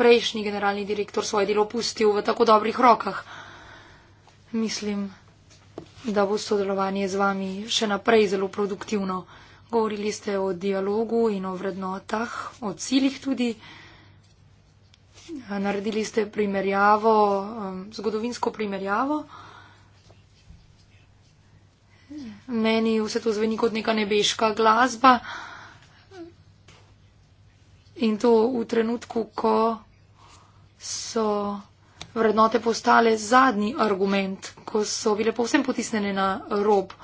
prejšnji generalni direktor svoje delo pustil v tako dobrih rokah. Mislim da bo sodelovanje z vami še naprej zelo produktivno. Govorili ste o dialogu in o vrednotah, o ciljih tudi. Naredili ste primerjavo, um, zgodovinsko primerjavo. Meni vse to zveni kot neka nebeška glasba. In to v trenutku, ko so vrednote postale zadnji argument, ko so bile povsem potisnjene na rob. Eh,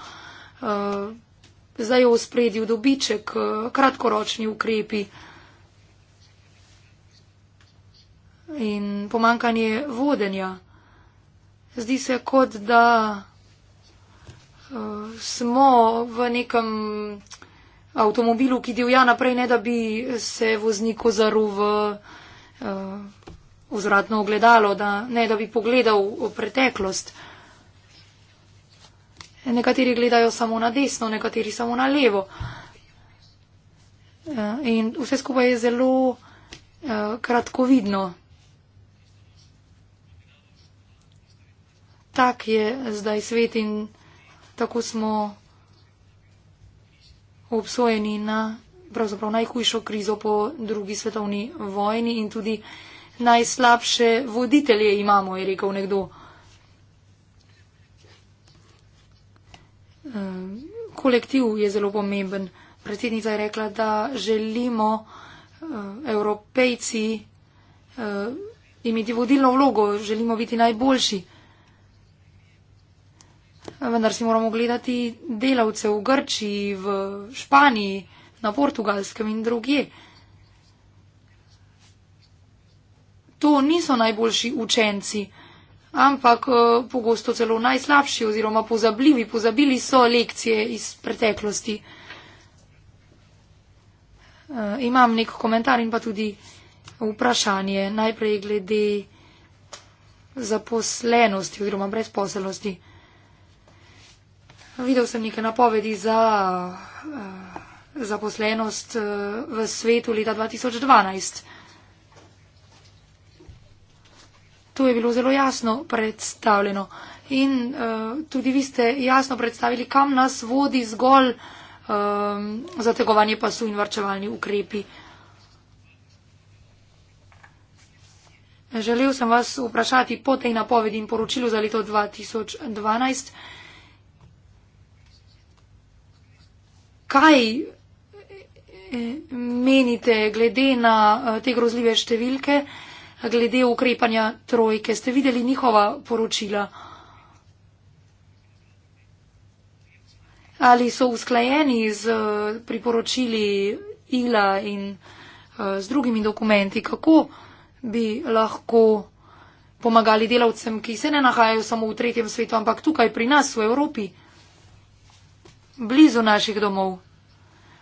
zdaj je v spredju dobiček, eh, kratkoročni ukrepi in pomankanje vodenja. Zdi se, kot da eh, smo v nekem avtomobilu, ki divja naprej, ne da bi se vozniku zaru v vzradno ogledalo, da ne, da bi pogledal v preteklost. Nekateri gledajo samo na desno, nekateri samo na levo. Eh, in vse skupaj je zelo eh, kratkovidno. Tak je zdaj svet in tako smo obsojeni na pravzaprav najhujšo krizo po drugi svetovni vojni in tudi Najslabše voditelje imamo, je rekel nekdo. Eh, kolektiv je zelo pomemben. Predsednica je rekla, da želimo eh, evropejci eh, imeti vodilno vlogo, želimo biti najboljši. Vendar si moramo gledati delavce v Grčiji, v Španiji, na Portugalskem in drugje. to niso najboljši učenci, ampak eh, pogosto celo najslabši oziroma pozabljivi. Pozabili so lekcije iz preteklosti. Eh, imam nek komentar in pa tudi vprašanje. Najprej glede zaposlenosti oziroma brezposelnosti. Videl sem neke napovedi za uh, zaposlenost uh, v svetu leta 2012. Tu je bilo zelo jasno predstavljeno in uh, tudi vi ste jasno predstavili, kam nas vodi zgolj um, zategovanje pasu in varčevalni ukrepi. Želel sem vas vprašati po tej napovedi in poročilu za leto 2012. Kaj eh, menite glede na eh, te grozljive številke? glede ukrepanja trojke. Ste videli njihova poročila? Ali so usklajeni z eh, priporočili ILA in eh, z drugimi dokumenti? Kako bi lahko pomagali delavcem, ki se ne nahajajo samo v tretjem svetu, ampak tukaj pri nas v Evropi, blizu naših domov?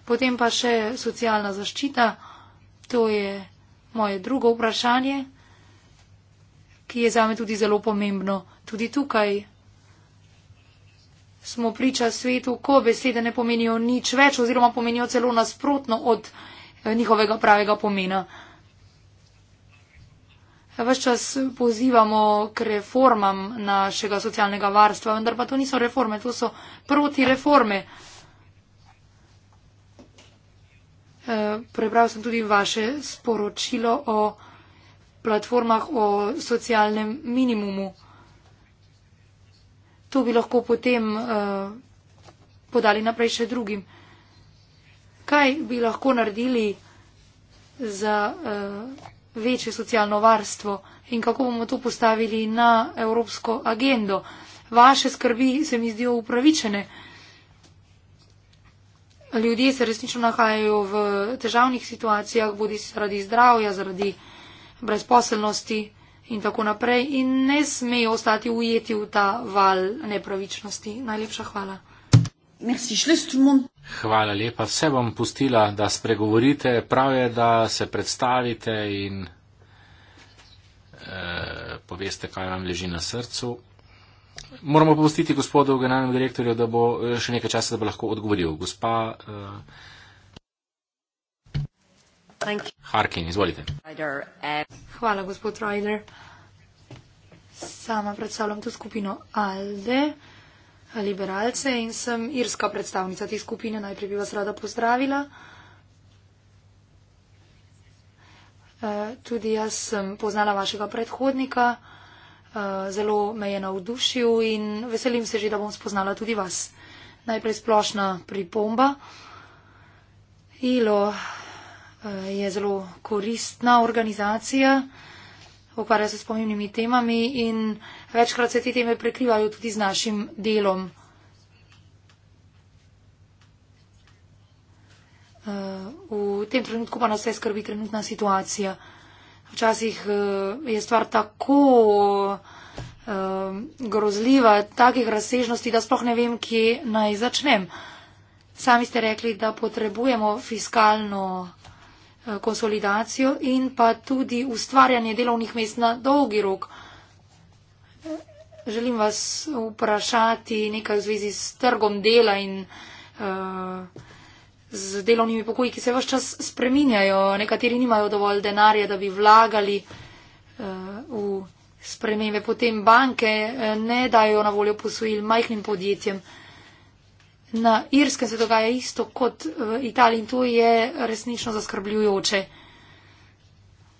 Potem pa še socialna zaščita, to je moje drugo vprašanje, ki je zame tudi zelo pomembno. Tudi tukaj smo priča svetu, ko besede ne pomenijo nič več oziroma pomenijo celo nasprotno od eh, njihovega pravega pomena. Ves čas pozivamo k reformam našega socialnega varstva, vendar pa to niso reforme, to so proti reforme. Eh, prebral sem tudi vaše sporočilo o platformah o socialnem minimumu. To bi lahko potem uh, podali naprej še drugim. Kaj bi lahko naredili za uh, večje socialno varstvo in kako bomo to postavili na evropsko agendo? Vaše skrbi se mi zdijo upravičene. Uh, ljudje se resnično nahajajo v težavnih situacijah, bodi se zaradi zdravja, zaradi brezposelnosti in tako naprej in ne smejo ostati ujeti v ta val nepravičnosti. Najlepša hvala. Hvala lepa. Vse bom pustila, da spregovorite. Prav je, da se predstavite in eh, poveste, kaj vam leži na srcu. Moramo popustiti gospodu generalnemu direktorju, da bo eh, še nekaj časa, da bo lahko odgovoril. Gospa uh, Harkin, izvolite. Eh. Hvala, gospod Ryder. Sama predstavljam to skupino ALDE, liberalce in sem irska predstavnica te skupine. Najprej bi vas rada pozdravila. Uh, tudi jaz sem poznala vašega predhodnika. Eh, zelo me je navdušil in veselim se že, da bom spoznala tudi vas. Najprej splošna pripomba. ILO eh, je zelo koristna organizacija, ukvarja se s pomembnimi temami in večkrat se te teme prekrivajo tudi z našim delom. Eh, v tem trenutku pa nas vse skrbi trenutna situacija. Včasih eh, je stvar tako eh, grozljiva, takih razsežnosti, da sploh ne vem, kje naj začnem. Sami ste rekli, da potrebujemo fiskalno eh, konsolidacijo in pa tudi ustvarjanje delovnih mest na dolgi rok. Želim vas vprašati nekaj v zvezi s trgom dela in uh, z delovnimi pokoji, ki se vse čas spreminjajo. Nekateri nimajo dovolj denarja, da bi vlagali uh, v spremembe. Potem banke eh, ne dajo na voljo posojil majhnim podjetjem. Na Irskem se dogaja isto kot v Italiji in to je resnično zaskrbljujoče.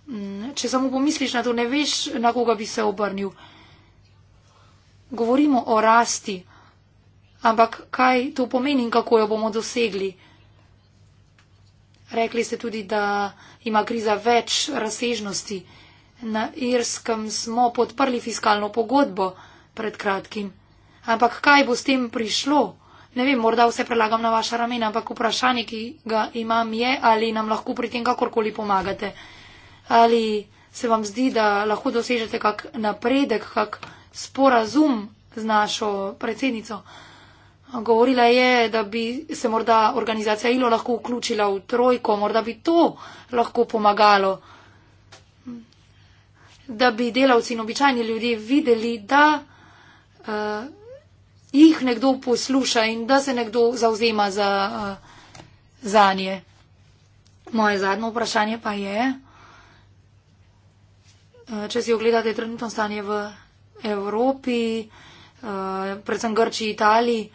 Mm, če samo pomisliš na to, ne veš, na koga bi se obrnil. Govorimo o rasti, ampak kaj to pomeni in kako jo bomo dosegli? Rekli ste tudi, da ima kriza več razsežnosti. Na Irskem smo podprli fiskalno pogodbo pred kratkim. Ampak kaj bo s tem prišlo? Ne vem, morda vse prelagam na vaša ramena, ampak vprašanje, ki ga imam, je, ali nam lahko pri tem kakorkoli pomagate. Ali se vam zdi, da lahko dosežete kak napredek, kak sporazum z našo predsednico? Govorila je, da bi se morda organizacija ILO lahko vključila v trojko, morda bi to lahko pomagalo, da bi delavci in običajni ljudje videli, da uh, jih nekdo posluša in da se nekdo zauzema za, uh, eh, za nje. Moje zadnje vprašanje pa je, eh, če si ogledate trenutno stanje v Evropi, predvsem Grči, Italiji,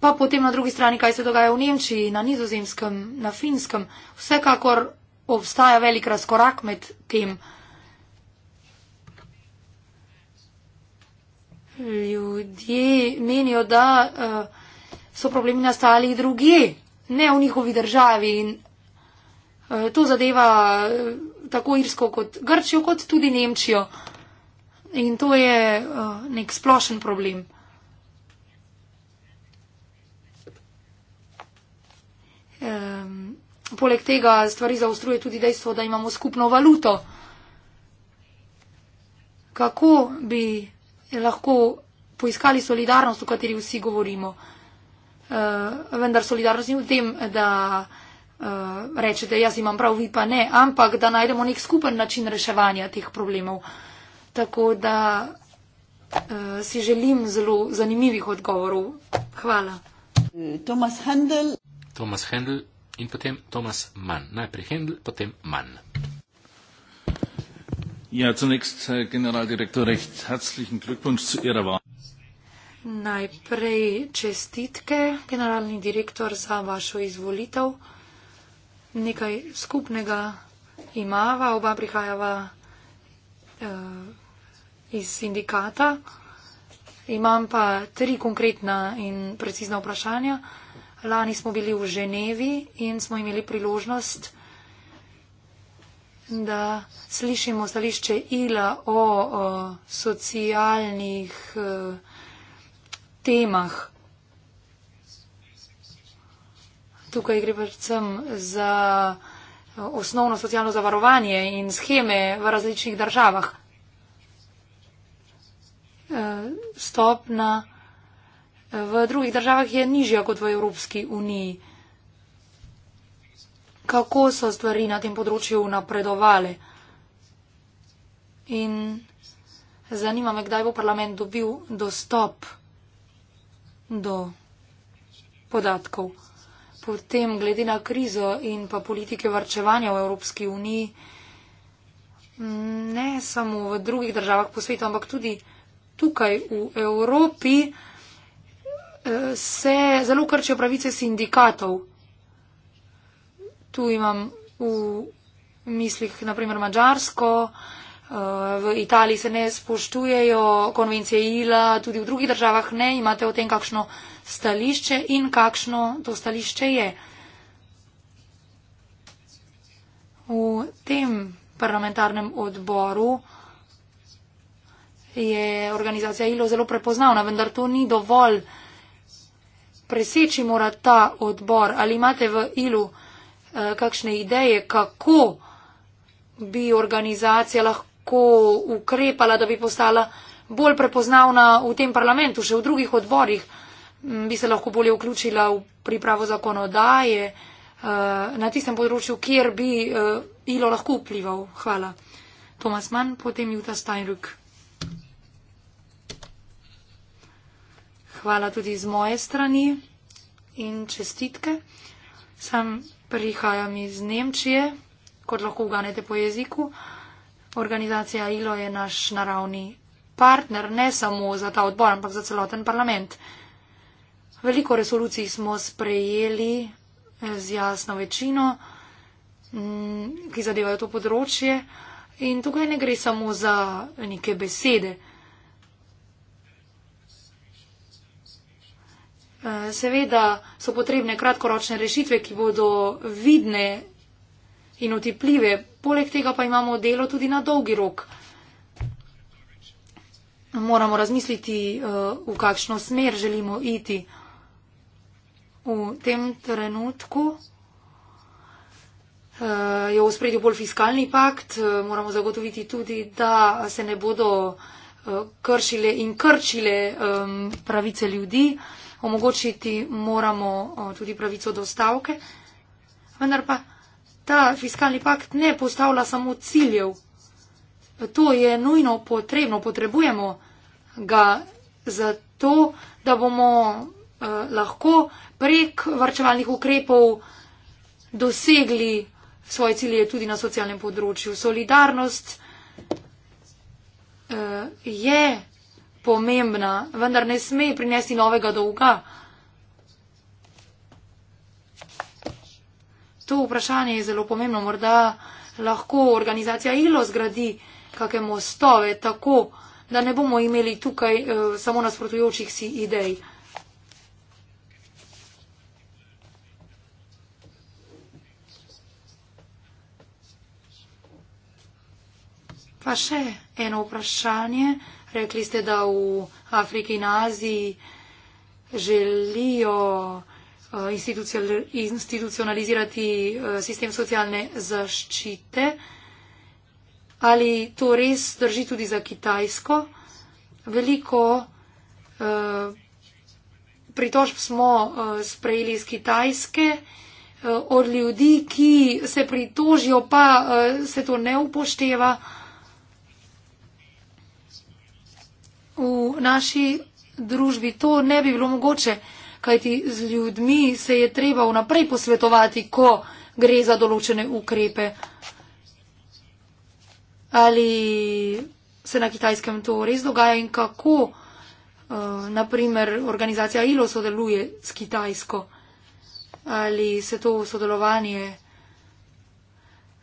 pa potem na drugi strani, kaj se dogaja v Nemčiji, na nizozemskem, na finskem, vsekakor obstaja velik razkorak med tem. Ljudje menijo, da uh, so problemi nastali drugi, ne v njihovi državi in uh, to zadeva uh, tako Irsko kot Grčijo, kot tudi Nemčijo. In to je uh, nek splošen problem. poleg tega stvari zaostruje tudi dejstvo, da imamo skupno valuto. Kako bi lahko poiskali solidarnost, o kateri vsi govorimo? Uh, vendar solidarnost ni v tem, da uh, rečete, jaz imam prav, vi pa ne, ampak da najdemo nek skupen način reševanja teh problemov. Tako da uh, si želim zelo zanimivih odgovorov. Hvala. Thomas Handel. Thomas Handel in potem Thomas Mann. Najprej Hendl, potem Mann. Ja, zunächst, äh, generaldirektor, recht herzlichen Glückwunsch zu Ihrer Wahl. Najprej čestitke, generalni direktor, za vašo izvolitev. Nekaj skupnega imava, oba prihajava eh, iz sindikata. Imam pa tri konkretna in precizna vprašanja. Eh, Lani smo bili v Ženevi in smo imeli priložnost, da slišimo stališče ILA o, o socialnih o, e, temah. Tukaj gre predvsem za osnovno socialno zavarovanje in scheme v različnih državah. E, stopna v drugih državah je nižja kot v Evropski uniji. Kako so stvari na tem področju napredovale? In zanima me, kdaj bo parlament dobil dostop do podatkov. Potem, glede na krizo in pa politike varčevanja v Evropski uniji, ne samo v drugih državah po svetu, ampak tudi tukaj v Evropi, se zelo krčijo pravice sindikatov. Tu imam v mislih naprimer Mačarsko, eh, v Italiji se ne spoštujejo konvencije ILA, tudi v drugih državah ne. Imate o tem, kakšno stališče in kakšno to stališče je. V tem parlamentarnem odboru je organizacija ILO zelo prepoznavna, vendar to ni dovolj preseči mora ta odbor. Ali imate v ilu eh, kakšne ideje, kako bi organizacija lahko ukrepala, da bi postala bolj prepoznavna v tem parlamentu, še v drugih odborih, mm, bi se lahko bolje vključila v pripravo zakonodaje eh, na tistem področju, kjer bi eh, ilo lahko vplival. Hvala. Tomas Mann, potem Juta Steinruck. hvala tudi z moje strani in čestitke. Sem prihajam iz Nemčije, kot lahko uganete po jeziku. Organizacija ILO je naš naravni partner, ne samo za ta odbor, ampak za celoten parlament. Veliko resolucij smo sprejeli eh, z jasno večino, mm, ki zadevajo to področje. In tukaj ne gre samo za neke besede. Eh, seveda so potrebne kratkoročne rešitve, ki bodo vidne in otipljive, poleg tega pa imamo delo tudi na dolgi rok. Moramo razmisliti, eh, v kakšno smer želimo iti. V tem trenutku eh, je v spredju bolj fiskalni pakt. Moramo zagotoviti tudi, da se ne bodo kršile in krčile pravice ljudi omogočiti moramo tudi pravico do stavke. Vendar pa ta fiskalni pakt ne postavlja samo ciljev. To je nujno potrebno, potrebujemo ga zato, da bomo eh, lahko prek varčevalnih ukrepov dosegli svoje cilje tudi na socialnem področju. Solidarnost eh, je pomembna, vendar ne sme prinesti novega dolga. To vprašanje je zelo pomembno. Morda lahko organizacija ILO zgradi kakšne mostove tako, da ne bomo imeli tukaj uh, samo nasprotujočih si idej. Pa še eno vprašanje. Rekli ste, da v Afriki in Aziji želijo eh, institucionalizirati eh, sistem socialne zaščite. Ali to res drži tudi za Kitajsko? Veliko eh, pritožb smo sprejeli iz Kitajske od ljudi, ki se pritožijo, pa se to ne upošteva. v naši družbi to ne bi bilo mogoče, kajti z ljudmi se je treba vnaprej posvetovati, ko gre za določene ukrepe. Ali se na kitajskem to res dogaja in kako, uh, eh, naprimer, organizacija ILO sodeluje s kitajsko? Ali se to sodelovanje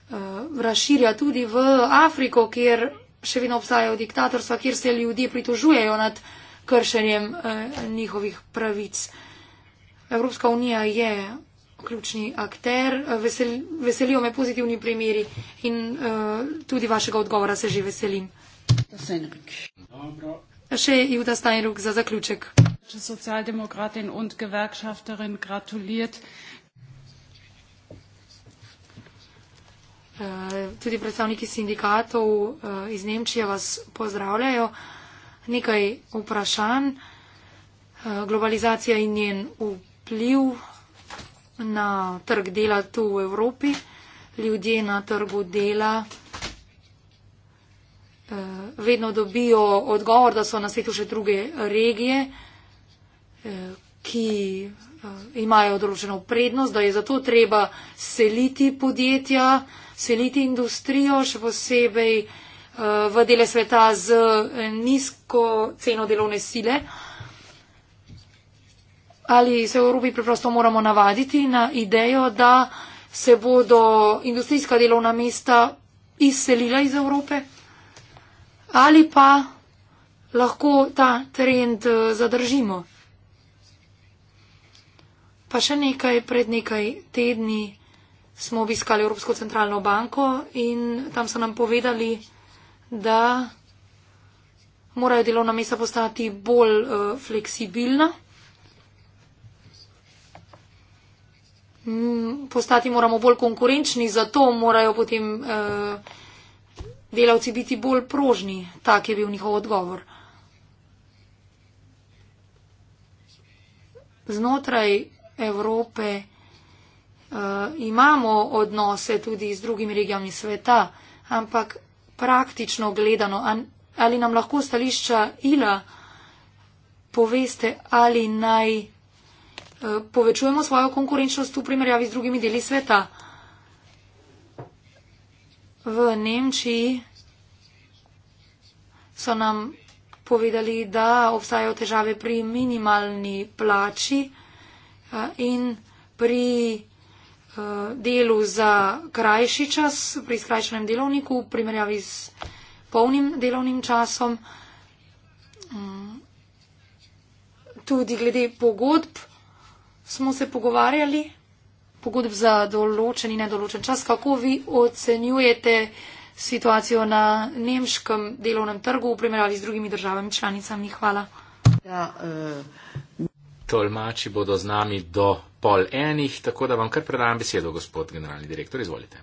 uh, razširja tudi v Afriko, kjer še vedno obstajajo diktatorstva, kjer se ljudje pritožujejo nad kršenjem eh, njihovih pravic. Evropska unija je ključni akter, Vesel, veselijo me pozitivni primeri in eh, tudi vašega odgovora se že veselim. Še Juda Steinruck za zaključek. Socialdemokratin und Gewerkschafterin gratuliert. Eh, tudi predstavniki sindikatov eh, iz Nemčije vas pozdravljajo. Nekaj vprašanj. Eh, globalizacija in njen vpliv na trg dela tu v Evropi, ljudje na trgu dela vedno dobijo odgovor, da so na svetu še druge regije, ki imajo določeno prednost, da je zato treba seliti podjetja seliti industrijo, še posebej eh, v dele sveta z eh, nizko ceno delovne sile. Ali se v Evropi preprosto moramo navaditi na idejo, da se bodo industrijska delovna mesta izselila iz Evrope? Ali pa lahko ta trend eh, zadržimo? Pa še nekaj pred nekaj tedni smo obiskali Evropsko centralno banko in tam so nam povedali, da morajo delovna mesta postati bolj uh, fleksibilna. Postati moramo bolj konkurenčni, zato morajo potem uh, delavci biti bolj prožni. Tak je bil njihov odgovor. Znotraj Evrope Eh, imamo odnose tudi z drugimi regijami sveta, ampak praktično gledano, ali nam lahko stališča ILA poveste, ali naj eh, povečujemo svojo konkurenčnost v primerjavi z drugimi deli sveta. V Nemčiji so nam povedali, da obstajajo težave pri minimalni plači eh, in pri Eh, delu za krajši čas pri skrajšanem delovniku v primerjavi z polnim delovnim časom. Mm. Tudi glede pogodb smo se pogovarjali, pogodb za določen in nedoločen čas. Kako vi ocenjujete situacijo na nemškem delovnem trgu v primerjavi z drugimi državami članicami? Hvala. Ja, uh tolmači bodo z nami do pol enih, tako da vam kar predajam besedo, gospod generalni direktor, izvolite.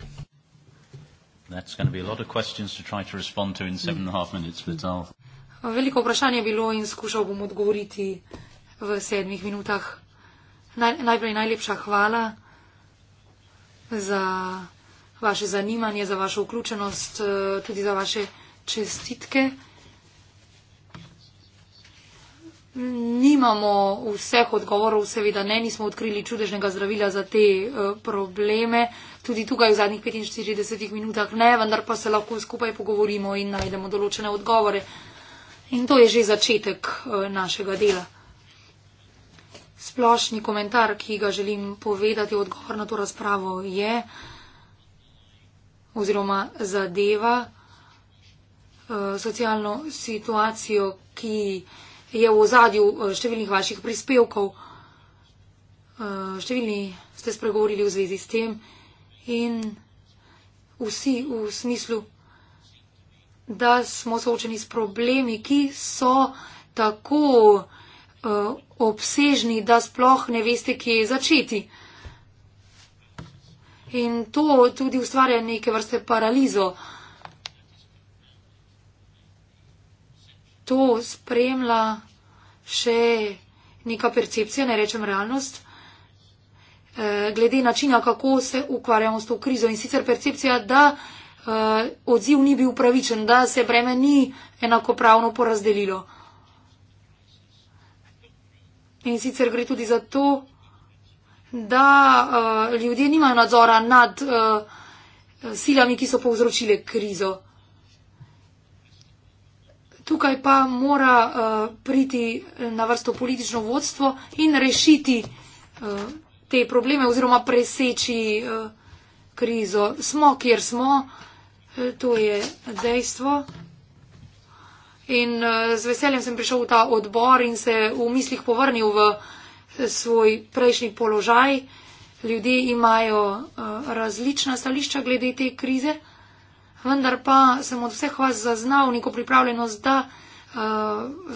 Veliko vprašanje je bilo in skušal bom odgovoriti v sedmih minutah. Najprej najlepša hvala za vaše zanimanje, za vašo vključenost, eh, tudi za vaše čestitke nimamo vseh odgovorov, seveda ne, nismo odkrili čudežnega zdravila za te uh, probleme, tudi tukaj v zadnjih 45 minutah ne, vendar pa se lahko skupaj pogovorimo in najdemo določene odgovore. In to je že začetek uh, našega dela. Splošni komentar, ki ga želim povedati, odgovor na to razpravo je oziroma zadeva uh, socialno situacijo, ki je v ozadju eh, številnih vaših prispevkov. Eh, številni ste spregovorili v zvezi s tem in vsi v smislu, da smo soočeni s problemi, ki so tako eh, obsežni, da sploh ne veste, kje začeti. In to tudi ustvarja neke vrste paralizo. Uh, to spremlja še neka percepcija, ne rečem realnost, eh, glede načina, kako se ukvarjamo s to krizo in sicer percepcija, da eh, odziv ni bil pravičen, da se breme ni enakopravno porazdelilo. In sicer gre tudi za to, da eh, ljudje nimajo nadzora nad silami, ki so povzročile krizo. Tukaj pa mora uh, priti na vrsto politično vodstvo in rešiti uh, te probleme oziroma preseči uh, krizo. Smo, kjer smo, to je dejstvo. In uh, z veseljem sem prišel v ta odbor in se v mislih povrnil v svoj prejšnji položaj. Ljudje imajo uh, različna stališča glede te krize vendar pa sem od vseh vas zaznal neko pripravljenost, da uh,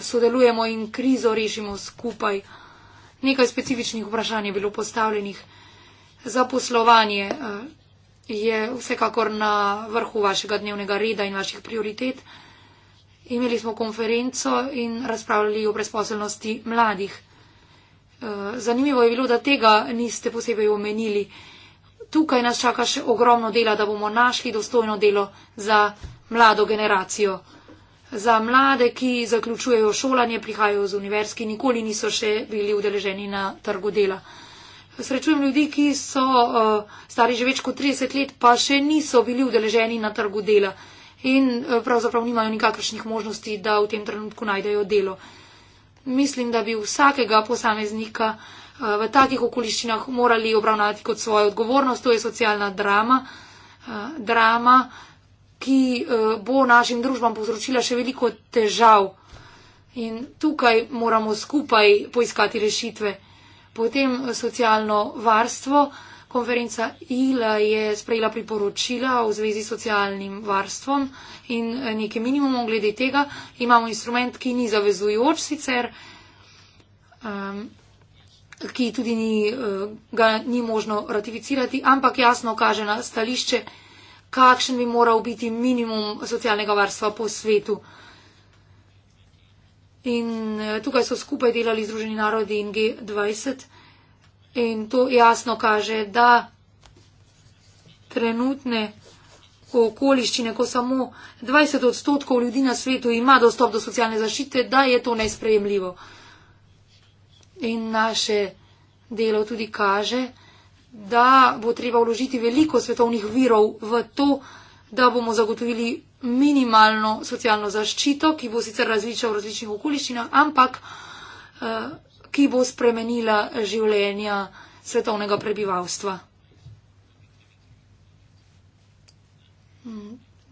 sodelujemo in krizo rešimo skupaj. Nekaj specifičnih vprašanj je bilo postavljenih. Zaposlovanje uh, eh, je vsekakor na vrhu vašega dnevnega reda in vaših prioritet. Imeli smo konferenco in razpravljali o brezposelnosti mladih. Uh, zanimivo je bilo, da tega niste posebej omenili. Uh, tukaj nas čaka še ogromno dela, da bomo našli dostojno delo za mlado generacijo. Za mlade, ki zaključujejo šolanje, prihajajo z univerz, ki nikoli niso še bili udeleženi na trgu dela. Srečujem ljudi, ki so uh, stari že več kot 30 let, pa še niso bili udeleženi na trgu dela in uh, pravzaprav nimajo nikakršnih možnosti, da v tem trenutku najdejo delo. Mislim, da bi vsakega posameznika uh, Eh, v takih okoliščinah morali obravnavati kot svojo odgovornost. To je socialna drama, eh, drama ki eh, bo našim družbam povzročila še veliko težav. In tukaj moramo skupaj poiskati rešitve. Potem socialno varstvo. Konferenca ILA je sprejela priporočila v zvezi s socialnim varstvom in nekaj minimumov glede tega. Imamo instrument, ki ni zavezujoč sicer. Um, ki tudi ni, eh, ga ni možno ratificirati, ampak jasno kaže na stališče, kakšen bi moral biti minimum socialnega varstva po svetu. In eh, tukaj so skupaj delali Združeni narodi in G20 in to jasno kaže, da trenutne okoliščine, ko samo 20 odstotkov ljudi na svetu ima dostop do socialne zašite, da je to nesprejemljivo in naše delo tudi kaže, da bo treba vložiti veliko svetovnih virov v to, da bomo zagotovili minimalno socialno zaščito, ki bo sicer različna v različnih okoliščinah, ampak eh, ki bo spremenila življenja svetovnega prebivalstva. Hm,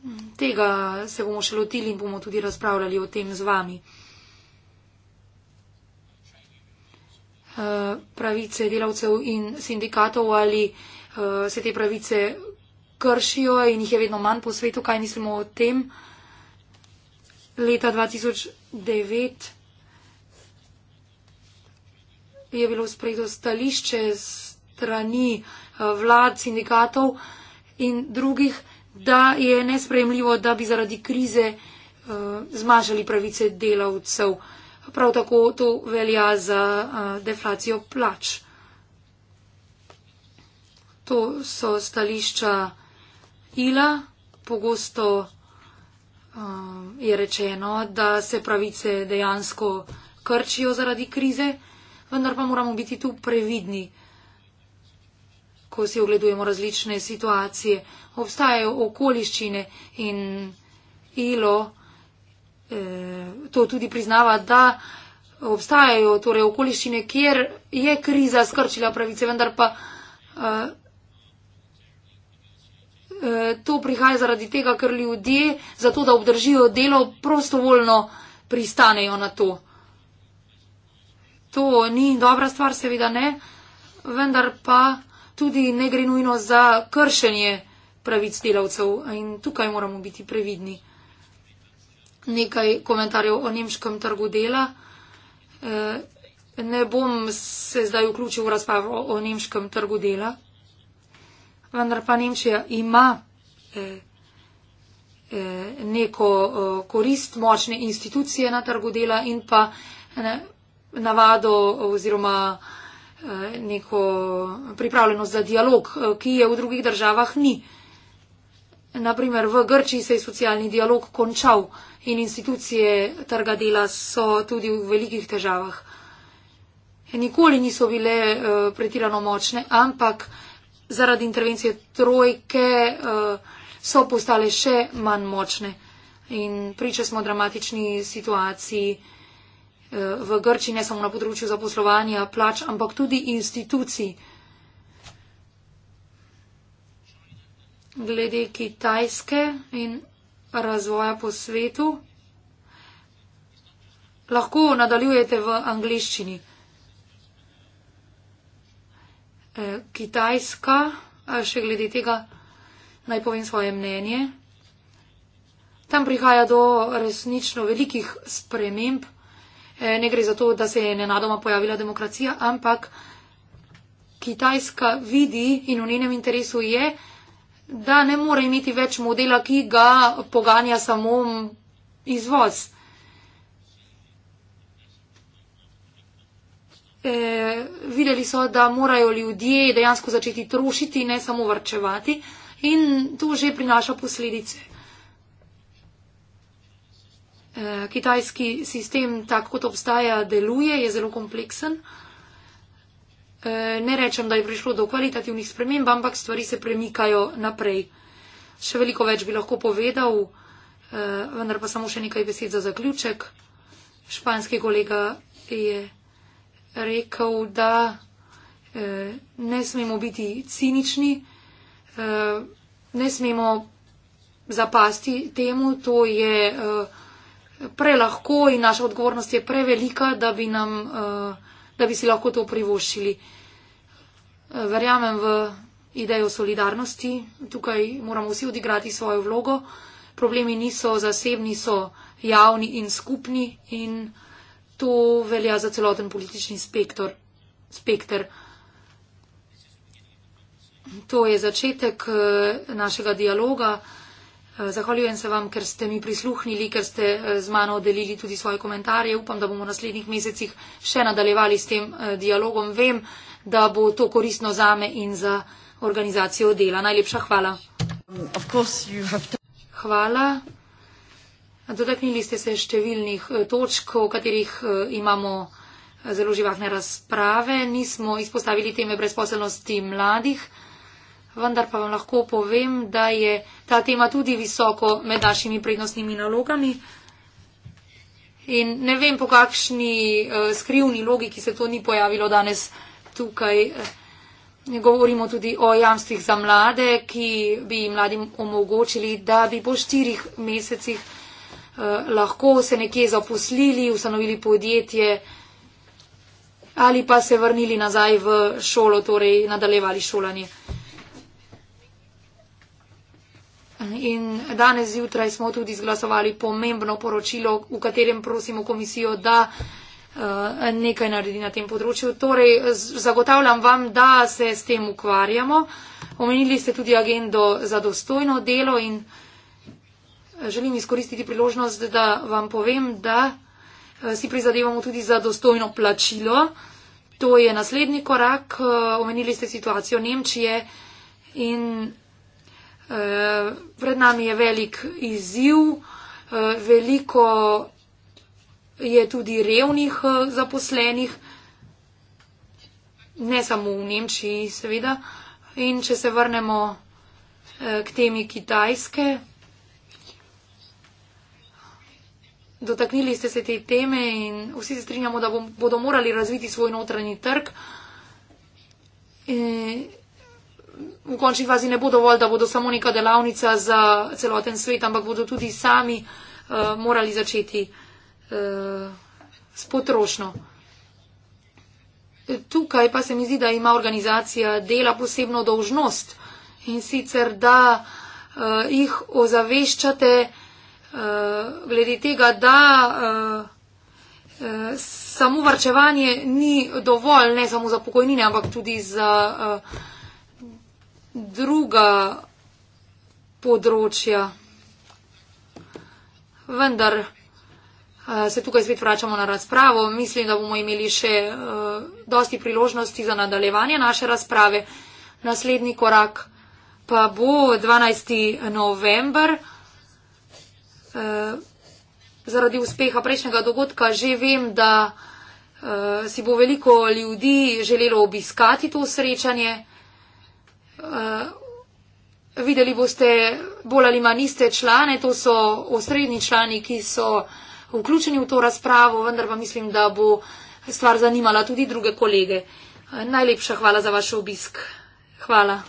hm, tega se bomo še lotili in bomo tudi razpravljali o tem z vami. Eh, pravice delavcev in sindikatov ali eh, se te pravice kršijo in jih je vedno manj po svetu. Kaj mislimo o tem? Leta 2009 je bilo sprejeto stališče strani eh, vlad, sindikatov in drugih, da je nespremljivo, da bi zaradi krize zmažali pravice delavcev. Prav tako to velja za deflacijo plač. To so stališča ila. Pogosto je rečeno, da se pravice dejansko krčijo zaradi krize, vendar pa moramo biti tu previdni, ko si ogledujemo različne situacije. Obstajajo okoliščine in ilo. Eh, to tudi priznava, da obstajajo torej, okoliščine, kjer je kriza skrčila pravice, vendar pa eh, eh, to prihaja zaradi tega, ker ljudje, zato da obdržijo delo, prostovoljno pristanejo na to. To ni dobra stvar, seveda ne, vendar pa tudi ne gre nujno za kršenje pravic delavcev in tukaj moramo biti previdni nekaj komentarjev o nemškem trgu dela. Ne bom se zdaj vključil v razpravo o nemškem trgu dela, vendar pa Nemčija ima e, e, neko e, korist močne institucije na trgu dela in pa navado oziroma neko pripravljenost za dialog, ki je v drugih državah ni. Naprimer, v Grčiji se je socialni dialog končal in institucije trga dela so tudi v velikih težavah. Nikoli niso bile uh, pretirano močne, ampak zaradi intervencije trojke uh, so postale še manj močne. In priča smo dramatični situaciji uh, v Grčiji, ne samo na področju zaposlovanja, plač, ampak tudi institucij. Uh, glede Kitajske in razvoja po svetu. Lahko nadaljujete v angliščini. E, Kitajska, še glede tega, naj povem svoje mnenje. Tam prihaja do resnično velikih sprememb. E, ne gre za to, da se je nenadoma pojavila demokracija, ampak Kitajska vidi in v njenem interesu je, da ne more imeti več modela, ki ga poganja samo izvoz. E, videli so, da morajo ljudje dejansko začeti trošiti, ne samo varčevati in to že prinaša posledice. E, kitajski sistem, tako kot obstaja, deluje, je zelo kompleksen. E, Eh, ne rečem, da je prišlo do kvalitativnih sprememb, ampak stvari se premikajo naprej. Še veliko več bi lahko povedal, eh, vendar pa samo še nekaj besed za zaključek. Španski kolega je rekel, da eh, ne smemo biti cinični, ne smemo zapasti temu, to je prelahko in naša odgovornost je prevelika, da bi nam da bi si lahko to privoščili. Verjamem v idejo solidarnosti, tukaj moramo vsi odigrati svojo vlogo. Problemi niso zasebni, so javni in skupni in to velja za celoten politični spektr. spektr. To je začetek eh, našega dialoga. Eh, zahvaljujem se vam, ker ste mi prisluhnili, ker ste eh, z mano delili tudi svoje komentarje. Upam, da bomo v naslednjih mesecih še nadaljevali s tem eh, dialogom. Vem, da bo to koristno za me in za organizacijo dela. Najlepša hvala. Hvala. Dotaknili ste se številnih točk, o katerih imamo zelo živahne razprave. Nismo izpostavili teme brezposelnosti mladih vendar pa vam lahko povem, da je ta tema tudi visoko med našimi prednostnimi nalogami. In ne vem, po kakšni uh, skrivni logiki se to ni pojavilo danes tukaj. Eh, govorimo tudi o jamstvih za mlade, ki bi mladim omogočili, da bi po štirih mesecih uh, lahko se nekje zaposlili, ustanovili podjetje ali pa se vrnili nazaj v šolo, torej nadaljevali šolanje. Uh, In danes zjutraj smo tudi izglasovali pomembno poročilo, v katerem prosimo komisijo, da eh, nekaj naredi na tem področju. Torej, zagotavljam vam, da se s tem ukvarjamo. Omenili ste tudi agendo za dostojno delo in eh, želim izkoristiti priložnost, da vam povem, da eh, si prizadevamo tudi za dostojno plačilo. To je naslednji korak. Omenili ste situacijo Nemčije in Pred nami je velik izziv, veliko je tudi revnih eh, zaposlenih, ne samo v Nemčiji, seveda. In če se vrnemo eh, k temi kitajske, dotaknili ste se te teme in vsi se strinjamo, da bodo morali razviti svoj notranji trg. Eh, v končni fazi ne bo dovolj, da bodo samo neka delavnica za celoten svet, ampak bodo tudi sami uh, morali začeti uh, s potrošnjo. Tukaj pa se mi zdi, da ima organizacija dela posebno dolžnost in sicer, da uh, jih ozaveščate uh, glede tega, da uh, uh, samo varčevanje ni dovolj, ne samo za pokojnine, ampak tudi za. Uh, druga področja. Vendar eh, se tukaj spet vračamo na razpravo. Mislim, da bomo imeli še eh, dosti priložnosti za nadaljevanje naše razprave. Naslednji korak pa bo 12. november. Eh, zaradi uspeha prejšnjega dogodka že vem, da si bo veliko ljudi želelo obiskati to srečanje. Eh, videli boste bolj ali manj iste člane, to so osrednji člani, ki so vključeni v to razpravo, vendar pa mislim, da bo stvar zanimala tudi druge kolege. Eh, najlepša hvala za vaš obisk. Hvala.